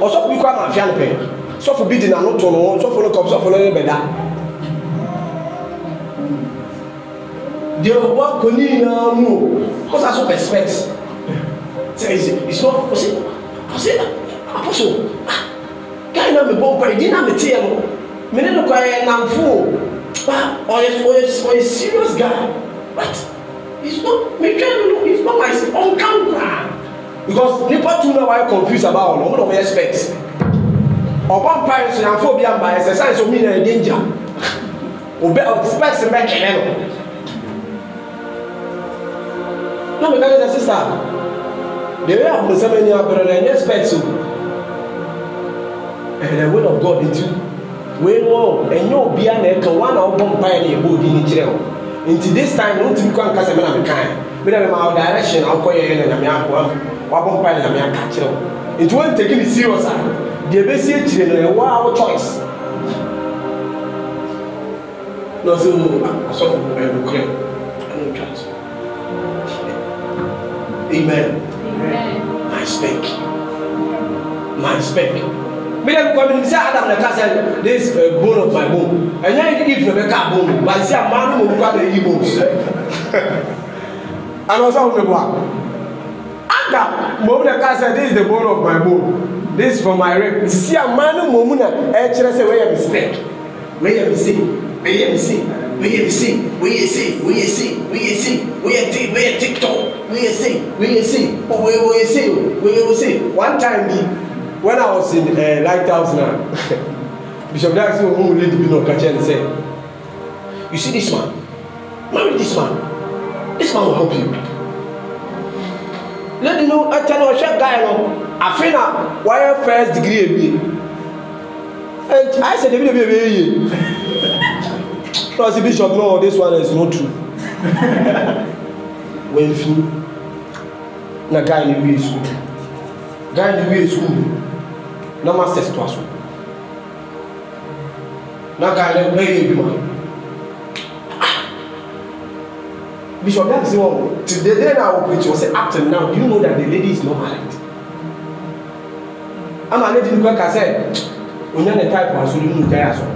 or so we come and find pay. So for bidding and not to know, so for the cops, so for the better. They will walk on you now, because that's what respects. It's not, I say, I say, apostle. Ah, ɛna mebɔ mpae di na meteɛ no mene no kɔ yɛ namfoo ba ɔyɛ ɔyɛ ɔyɛ serious guy but he's not metwa no no he's not my ɔnka nkora because nipa tun na wayɛ confused about ɔno ɔmo na ɔmo yɛ spɛt ɔbɔ mpae nso namfoo bi amba exercise omi na yɛ danger obɛ spɛt bɛ kɛlɛ no na meka kyerɛ sista deɛ ɔyɛ abosɛm ani abere no ɛnyɛ expect o and the will of god nti wei ah. no ɛnyɛ obia na ɛka wa na ɔbɔ mpaeɛ na ɛbɔ odi ne kyerɛ wo nti this time no ntumi kɔ anka sɛ mena mekae mena mema direction a wokɔyɛyɛ na nyame akoa wabɔ mpaeɛ na nyame aka kyerɛ wo nti wontaki ne serious a deɛ ɛbɛsi akyire no ɛwɔ a wo choice na ɔsɛ asɔfo ɛnokorɛ ɛno twa so amen my spec my spec mi dɛ kɔ mi ni sɛ adam na ka sɛ this bone of my bone ɛnyɛ if na bɛ ka bone ba si a maa no mo kura bɛ yi bones ana ɔsɛ ɔmo bɔ a adam mo na ka this is the bone of my bone this is for my rib sisi a maa no mo mu na ɛkyerɛ sɛ wɔyɛ mistake wɔyɛ mistake wɔyɛ mistake wɔyɛ mistake wɔyɛ mistake wɔyɛ mistake wɔyɛ mistake wɔyɛ tik wɔyɛ tiktok wɔyɛ mistake wɔyɛ mistake wɔyɛ mistake wɔyɛ mistake one time bi when I was in uh, lighthouse now, Bishop Daxon who will lead the no catch and say, You see this man? Marry this man. This man will help you. Let you know, I tell you, a guy, no, I feel now, why first degree? And I said, Baby, baby, baby. Trust the bishop, no, this one is not true. When you, na guy in the way school, guy in the way school na ma sɛ situaso na ka yɛrɛ bɛɛ yɛ edwuma bishop dad say well to the day na our preach was say up till now do you know that the lady is not married ama ne di nkɔ ka sɛ onya ne type aso ne mu gya aso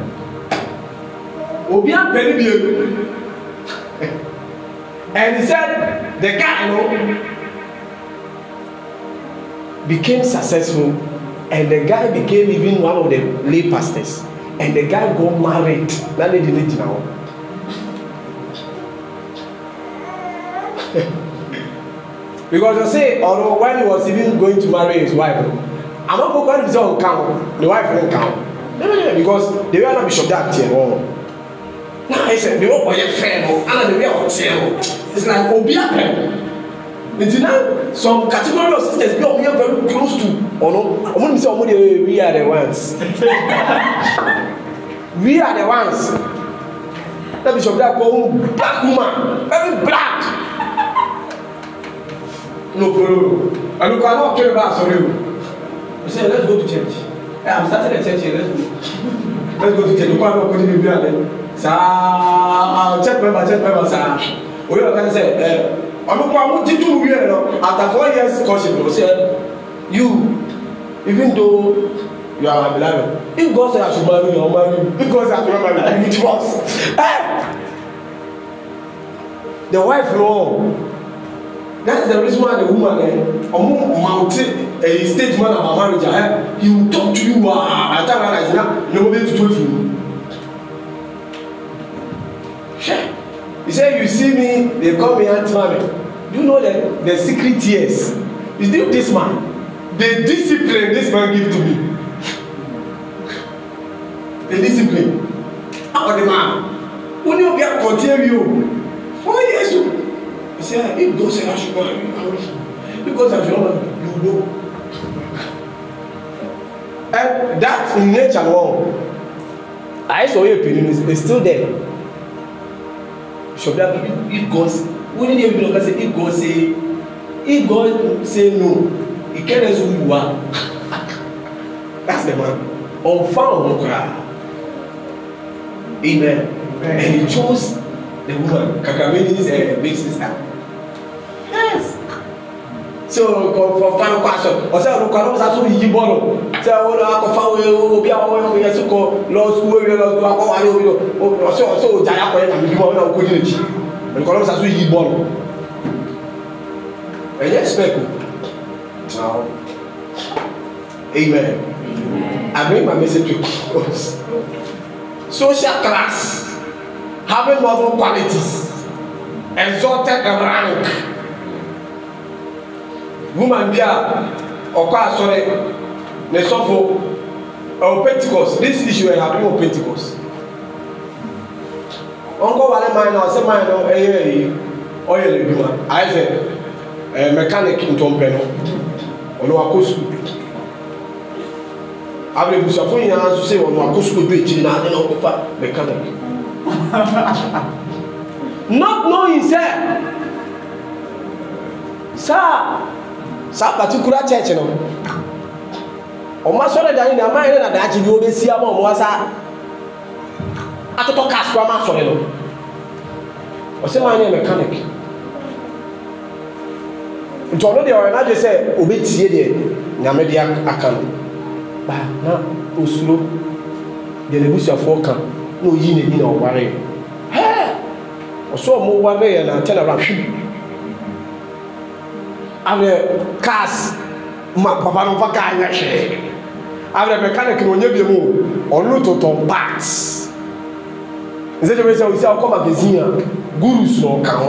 obi apɛ ne bie and he said the guy no became successful And the guy became even one of the lay pastors. And the guy got married. That lady did it now. because you say, or when he was even going to marry his wife, I'm not going to himself count. The wife didn't count. Because they were not bishop that year. Oh. Now I said, the one for your friend, and the way I was saying, it's like, Obiapem nti na some category of sisters bi a wɔn very close to ɔno wɔn nim sɛ wɔn de we are the ones we are the ones na bishop da call wɔn black woman very black no kuro ɛnu kwan náà kiri baa sɔrɔ ewu o say, let's go to church ɛ i'm starting a church here let's go let's go to church kwan náà kɔ ti bi bi alɛ saa church member church member saa oyè ɔkan sɛ ɛ ɔno a wogyegye wieɛ no after four years kɔhyɛ no sɛ you even though you are my beloved if God say I should marry you I marry you if God say I should not marry you I will divorce eh the wife no that is the reason why the woman eh ọmọ mount a eh, stage man about marriage eh, he will talk to you ah by the time i realize na na mo be tutu efi mu. He said, You see me, they come here Aunt Mammy. Do you know that the secret tears? Is this this man? The discipline this man give to me. The discipline. How the man? When you get continue, four years old. He said, ah, If those are you go, because I should not, you know. And that nature, wow. I saw your opinion is still there some people if God wouldn't even know say if God say if God say no he cares who you are that's the man ọ̀fà ọ̀hún kura amen and he chose the woman kakameni's uh, big sister yes so kò fọ fanu kwaso ọ̀sẹ̀ ọ̀rùn kwaso ọ̀sẹ̀ àtúntò yìí bọ́ọ̀lù tẹ wo lọ akọ fáwọn ewu bí àwọn ọmọ yẹn sọkọ lọ sukú wo yẹ lọ sukú akọ wà ní omi lọ ọsẹ ọsẹ ọjà yà kọ yẹ tàbí yíwọ ọmọ náà kó yìí nìyí ẹnìkan lọ́wọ́ sàtú yìí bọ́ọ̀lù ẹ̀yẹ spẹ́kù náà amen àmì ma message to us social class having noble qualities exalted rank woman bi a ọkọ asọrẹ ne sɔfo ɛwɔ pentikɔs this issue ɛyɛ abi wɔ pentikɔs ɔnkɔ wale man na ɔsɛ man no ɛyɛ ɛyi ɔyɛ lɛ duma ayɛ sɛ ɛɛ mɛkanik ntɔmpɛ no ɔno wakɔ sukuu abiri busuafo nyinaa nso sɛ ɔno akɔ sukuu do ekyir na adi na ɔkɔfa mɛkanik not knowing sɛ saa saa patikula church no ɔmo asɔre dan ne aman ne na daakye bi ɔbɛsi ama ɔmo asa atotɔ cars kura ama asɔre no ɔsɛ maa nyɛ mechanic nti ɔno deɛ ɔyɛ n'adwe sɛ ɔbɛtie deɛ nyame de aka no ba na osuro deɛ n'ebusuafoɔ ka na oyi n'ani na ɔware hɛɛ ɔsɛ ɔmo wa bɛyɛ na ten around hwim awɛ cars ma papa no fa kaa nyɛ hwee abirɛ mechanic na onye biemu ɔno totɔ parts nsɛsɛ bɛ sɛ osi akɔ magazine a gurus na ɔka ho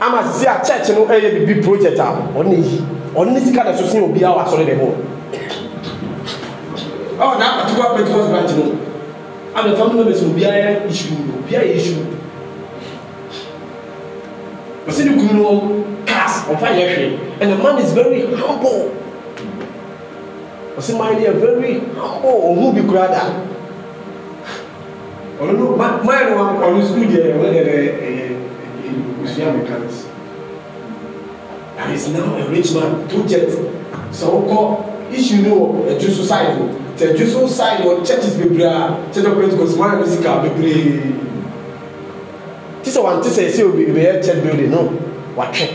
ama sisi a church no ɛyɛ bibi project a ɔne yi ɔne sika na so sin obi a wasɔre ne ho ɔ na apatuwa pentikɔs branch no abirɛ family members obi ayɛ issue obi ayɛ issue ɔsi ne kunu no cars ɔfa yɛ hwɛ and the man is very humble ɔsi man yɛ very oh, ɔhu bi kura da ɔno no man no ɔno sukuu deɛ ɔno deɛ ɛyɛ ɛyɛ osua mechanics and he is now a rich man two jet sɛ ɔkɔ issue no wɔ ɛdu so side o tɛ ɛdu so side wɔ churches bebree a church of pentikos man no sika bebree ti sɛ wɔn ti sɛ ɛsɛ obi ebe yɛ church building no wɔatwe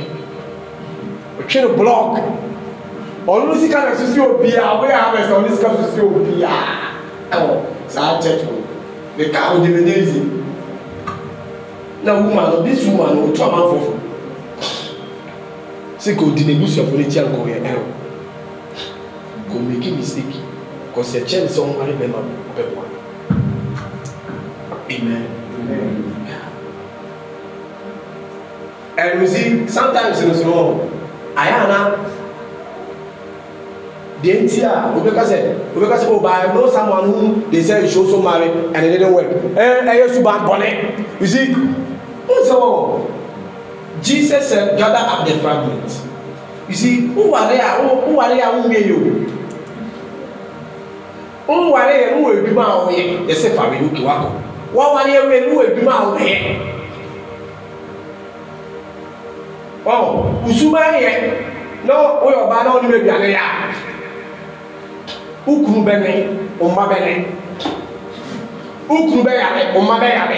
wɔtwe no block ɔno sika na ɛsosi obiara wɔyɛ harvest ɔno sika sosi obiara ɛwɔ saa church hɔ meka ɔde me n'ezi na woman no this woman no otu amanfo fo sika odi na ebusuafo ne kyɛn kɔ yɛ ɛrɔ kò make mistake kò sɛ kyɛn sɛ ɔmo ayɛ bɛrɛ ma ɔbɛ bɔ amen. amen. And you see, sometimes in the snow, I am not the ntia obeka sɛ obeka sɛ oh but i know someone who they say she so marry and it didn't work ɛɛ ɛyɛ suba bɔnɛ you see n sɛ jesus said gather up the fragment you see n ware a n ware a n wie yi o n ware yɛ n wɔ edwuma a wɔyɛ yɛ sɛ fari oke wakɔ wɔn ware yɛ wɛ n wɔ edwuma a wɔyɛ ɔ usuma yɛ na wɔyɛ ɔbaa na wɔn ni bɛ ukuru bɛ mɛ o bɛ nɛ ukuru bɛ yabɛ o bɛ yabɛ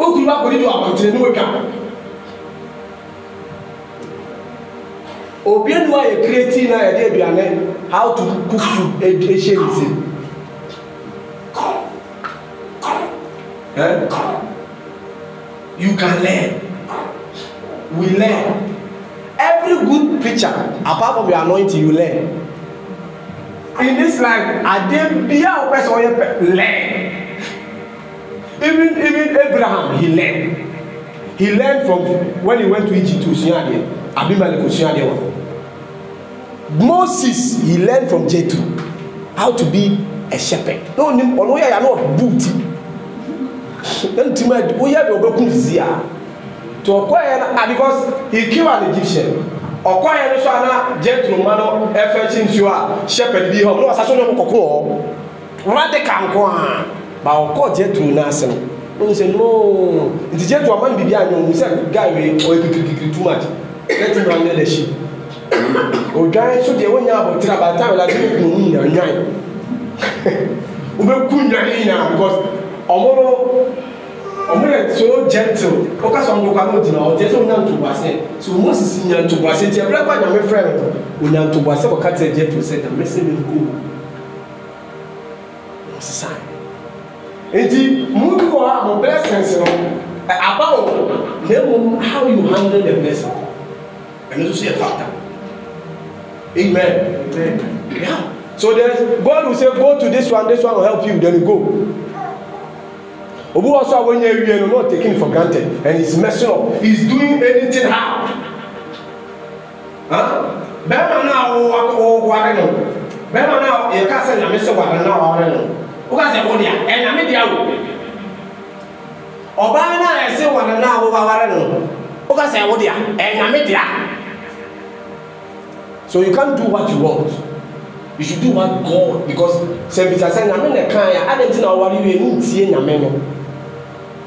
ukuru b'a kɔni jɔ a kɔntine n'o ye obi enu a yɛ kireti na yɛ de aduane how to cook food education is it. You can learn. We learn. Every good preacher, apart from your anointing, you learn. In this life, Adebia person learn. Even even Abraham, he learn. He learned from when he went to Egypt to Sunyade, Abimelech Sunyade one. Moses, he learned from Jethro how to be a shepherd. No, ọ̀nà oyè àyà náà bùtì. Ntìmọ̀ ẹ̀dùn oyè àbẹ̀ ọ̀bẹ̀kùn zìyà nti ɔkɔɛ no a because he kill an egyptian ɔkɔɛ no so ana gentleman no ɛfɛ kyi nsuo a shepherd bi hɔ na wasa so ne ɔkɔkɔ hɔ radical nko a ba ɔkɔ gentleman no ase no wọn sɛ nti gentleman man bibi a nyɔnmu sɛ guy wei ɔyɛ kikirikiri too much let him run the ship odwan so deɛ wonya abɔtire abaatan wɛlɛ ati ne mu nyina nwan wobɛku nwan nyinaa because ɔmo no ɔmo yɛ so gentle ɔkasa ɔmo kwa no gyina hɔ gyɛ sɛ ɔmo nya ntoboase so ɔmo sisi nya ntoboase ti ɛbrɛ kɔ nyame frɛ no ɔnya ntoboase ɔka kyerɛ gentle sɛ nyame sɛ ne nko ɔsesa eti mu bi wɔ ha mo blessings no ɛ aba wɔ na emu how you handle the blessing ɛno nso yɛ factor amen amen yeah so then God will say go to this one this one will help you then you go obi wɔ so a wɔnyɛ awie no no taking for granted and he's messing up he's doing anything hard bɛrima no a wɔware no bɛrima no a yɛka sɛ nyame sɛ ware no a wɔware no woka sɛ wo dea ɛnyame e dea wo ɔbaa no a ɛse e ware no a wowaware no woka sɛ wo dea ɛnyame e dea so you can't do what you want you should do what God because sɛ bisa sɛ nyame na kan ya adi ti na ɔware wie ne ntie nyame no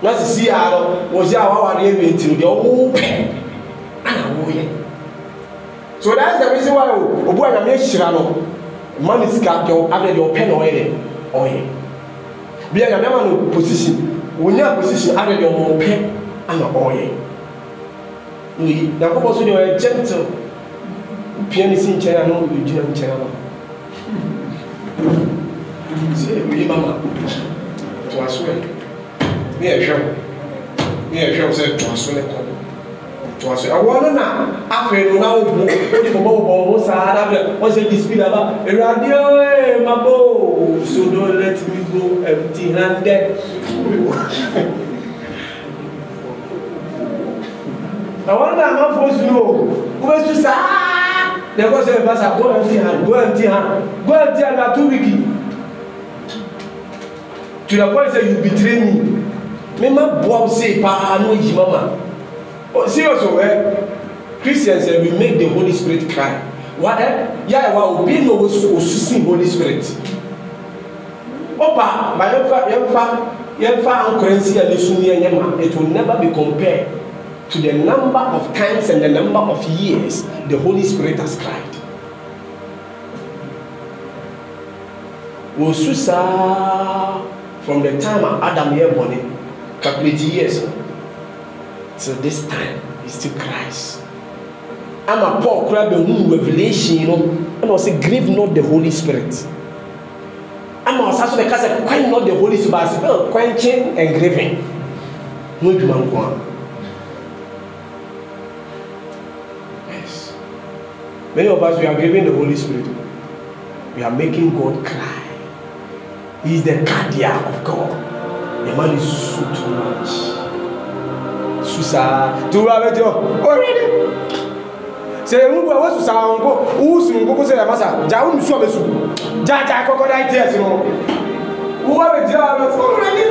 na sisi ya no wɔsi a wawadeɛ bi nti no deɛ ɔmo pɛ ana wɔyɛ so that's the reason why o obu anyame ahyira no mma ne sika deɛ abɛ deɛ ɔpɛ na ɔyɛ deɛ ɔyɛ bi anyame ama no position wonya position abɛ deɛ ɔmo pɛ ana ɔyɛ oyi na akokɔ so deɛ ɔyɛ gentle pia ne si nkyɛn a na gyina nkyɛn ama sɛ oyi mama to aso yɛ ne yɛhwɛ wo ne yɛhwɛ wo sɛ toa so ne kɔ toa so ɛwɔ no na afei no na wo bu wode mɔmɔ wo bɔ wo saa na bɛ ɔsɛ di speed aba awurade oe mabo so don't let me go empty handed ɛwɔ no na amanfoɔ su no o wobɛsu saa na ɛkɔ sɛ ɛba sa go empty hand go empty hand go empty hand na too wiki to the point say you betray me mema boam sei paa no yima ma oh, serious o oh, eh? christians eh, we make the holy spirit cry wa eh? yàrá wa obi na osusin holy spirit ọba ma yẹnfa yẹnfa yẹnfa ankoransi a nisun yẹn yẹn ma it will never be compared to the number of times and the number of years the holy spirit has cried. wosu saa from the time adam yẹ bọ ne как mediation. So this time is to Christ. I'm a poor kura bɛ who revelation you know, know, ɛna ɔsɛ grieve not the holy spirit I'm ɔsa so bɛ kasa kwan not the holy spirit but spell quenching and grieving no adwuma nko a yes many of us we are grieving the holy spirit we are making god cry he is the cardiac of god the man is so too much susaa tuura bɛ jɔ ɔrɛdi sɛyɛmu bɔ wo susaa wɔn ko wu sun koko sɛ yamasa ja wo nusu ɔbɛ su ja ja kɔkɔ da ite ɛsi wɔn wo bɛ jɛ wa bɛ fɔ ɔrɛdi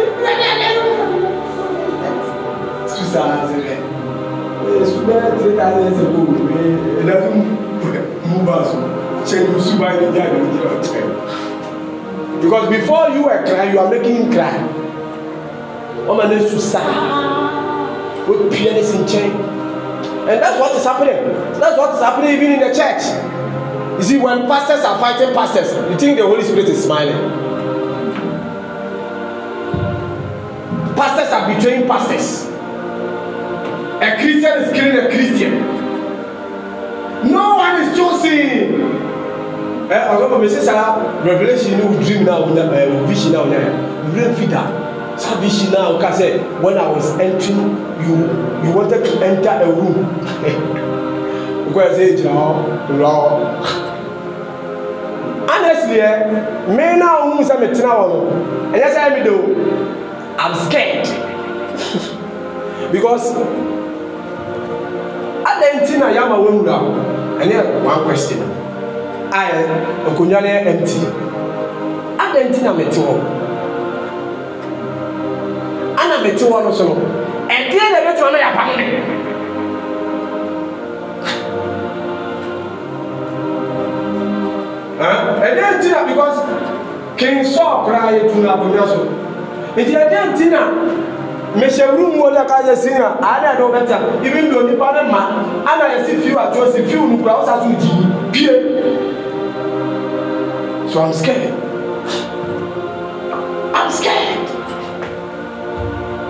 susaa sɛbɛ suba ti ta ni ɛsɛ ko wuli ɛdɛfu mu ba so cɛ ni suba yi ni ja ni o jɛ o cɛ because before you were crying you are making him cry wɔn ani su saa wɔpia ne si nkyɛn and that's what is happening that's what is happening even in the church you see when pastors are fighting pastors you think the holy spirit is smiling pastors are betraying pastors a christian is killing a christian no one is choosing ɛ eh, ɔsɔfo mi sisan revolution ni o dream na o na ɛ o vision na o na yɛ o dream fi da tabishi now ka sɛ when i was entering you you wanted to enter a room nkɔyɛ sɛ gyina hɔ wura hɔ honestly ɛ eh, me na ohun sɛ me tena hɔ no ɛnyɛ sɛ ɛmi de i'm scared because adanti na yaba wɔn wura ɛnyɛ one question a nkonnwa no yɛ empty adanti na me te hɔ na mete wɔ no so no ɛdeɛ na ɛbɛtuma no yɛapa no ne ɛdeɛ nti na because king saul koraa yɛtu no akonnwa so nti ɛdeɛ nti na mehyɛ wuru mu ɔda ka yɛ sin a ada na ɔbɛta ibi ndo nipa ne ma ana yɛsi fiw atuo si fiw nukura ɔsa so gyi pie so i'm scared.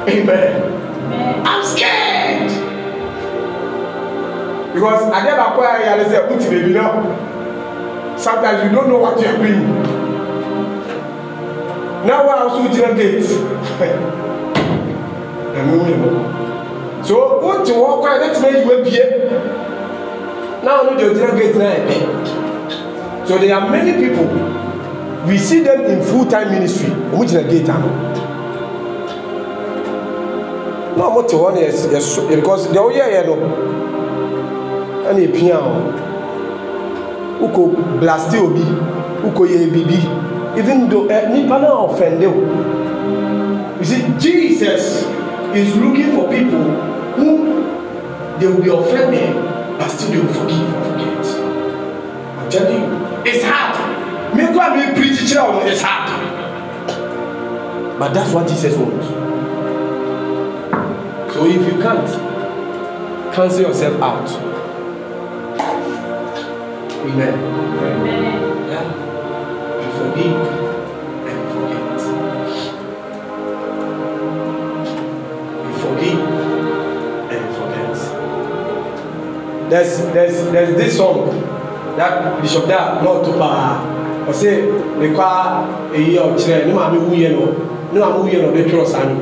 Amen. I'm scared. Because I never quite realize that put baby now. Sometimes you don't know what you're doing. Now I also generate. so wọ́n ti wọ́n kọ́ ẹ̀ lẹ́tí náà ìwé here. Now wọ́n ti ọ̀dínà gate náà ẹ̀ bẹ́ẹ̀ so there are many people we see them in full time ministry òun jìnnà gate àná na ɔmo te hɔ no. yɛso because deɛ woyɛeɛ no ɛna epia o wokɔ blasti obi wokɔ yɛ bibi even though ɛ nipa naa ɔfɛnde o you see jesus is looking for people who they will be offended but still they will forgive and forget i'm telling you it's hard me go and be preach kyerɛ wɔn it's hard but that's what jesus wants or if you can't, cancel yourself out. Amen. Amen. Yeah. You forgive and forget. You forgive and forget. There's there's there's this song that Bishop Dad not to power. ɔsɛ mekɔ a ɛyi ɔkyerɛ ne maame wuyɛ no ne maame wuyɛ no ɔde twerɛ saa no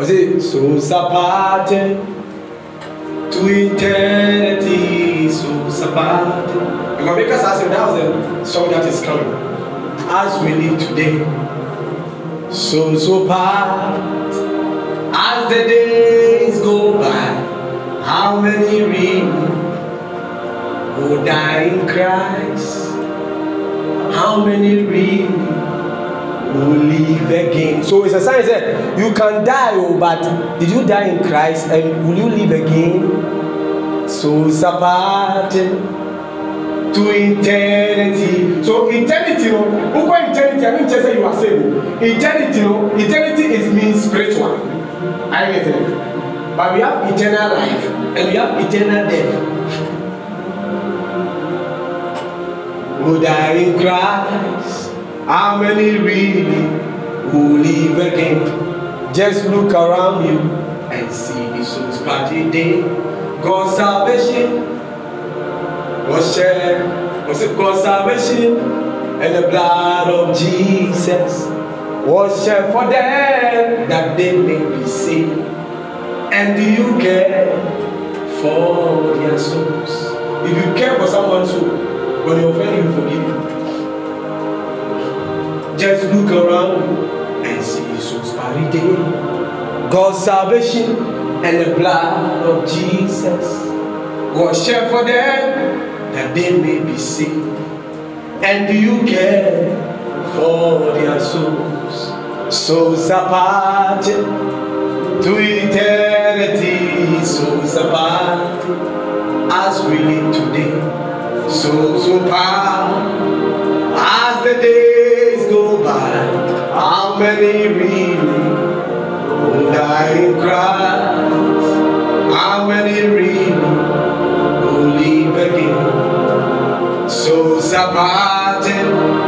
Or is it souls aparte to eternity? Souls aparte. You're going to make us ask if that was the song that is coming. As we live today. So so apart. As the days go by, how many remain? who die in Christ. How many really will live again. So it's a sign that you can die, oh, but did you die in Christ and will you live again? So sapate to eternity. So eternity, no, who eternity? I mean just say you are saved. Eternity, no, eternity is means spiritual. I get it. But we have eternal life and we have eternal death. Who die in Christ How many really will live again? Just look around you and see the souls party day. God's salvation was shared, was God's salvation, and the blood of Jesus was shed for them that they may be saved. And do you care for their souls? If you care for someone's soul, when you offend, you forgive. Just look around and see Jesus by day. God's salvation and the blood of Jesus was shed for them that they may be saved. And do you care for their souls? Souls apart to eternity, souls apart as we live today, souls apart as the day many really die in Christ? How many really believe again? So Sabbath,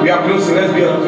we are closing. Let's be honest.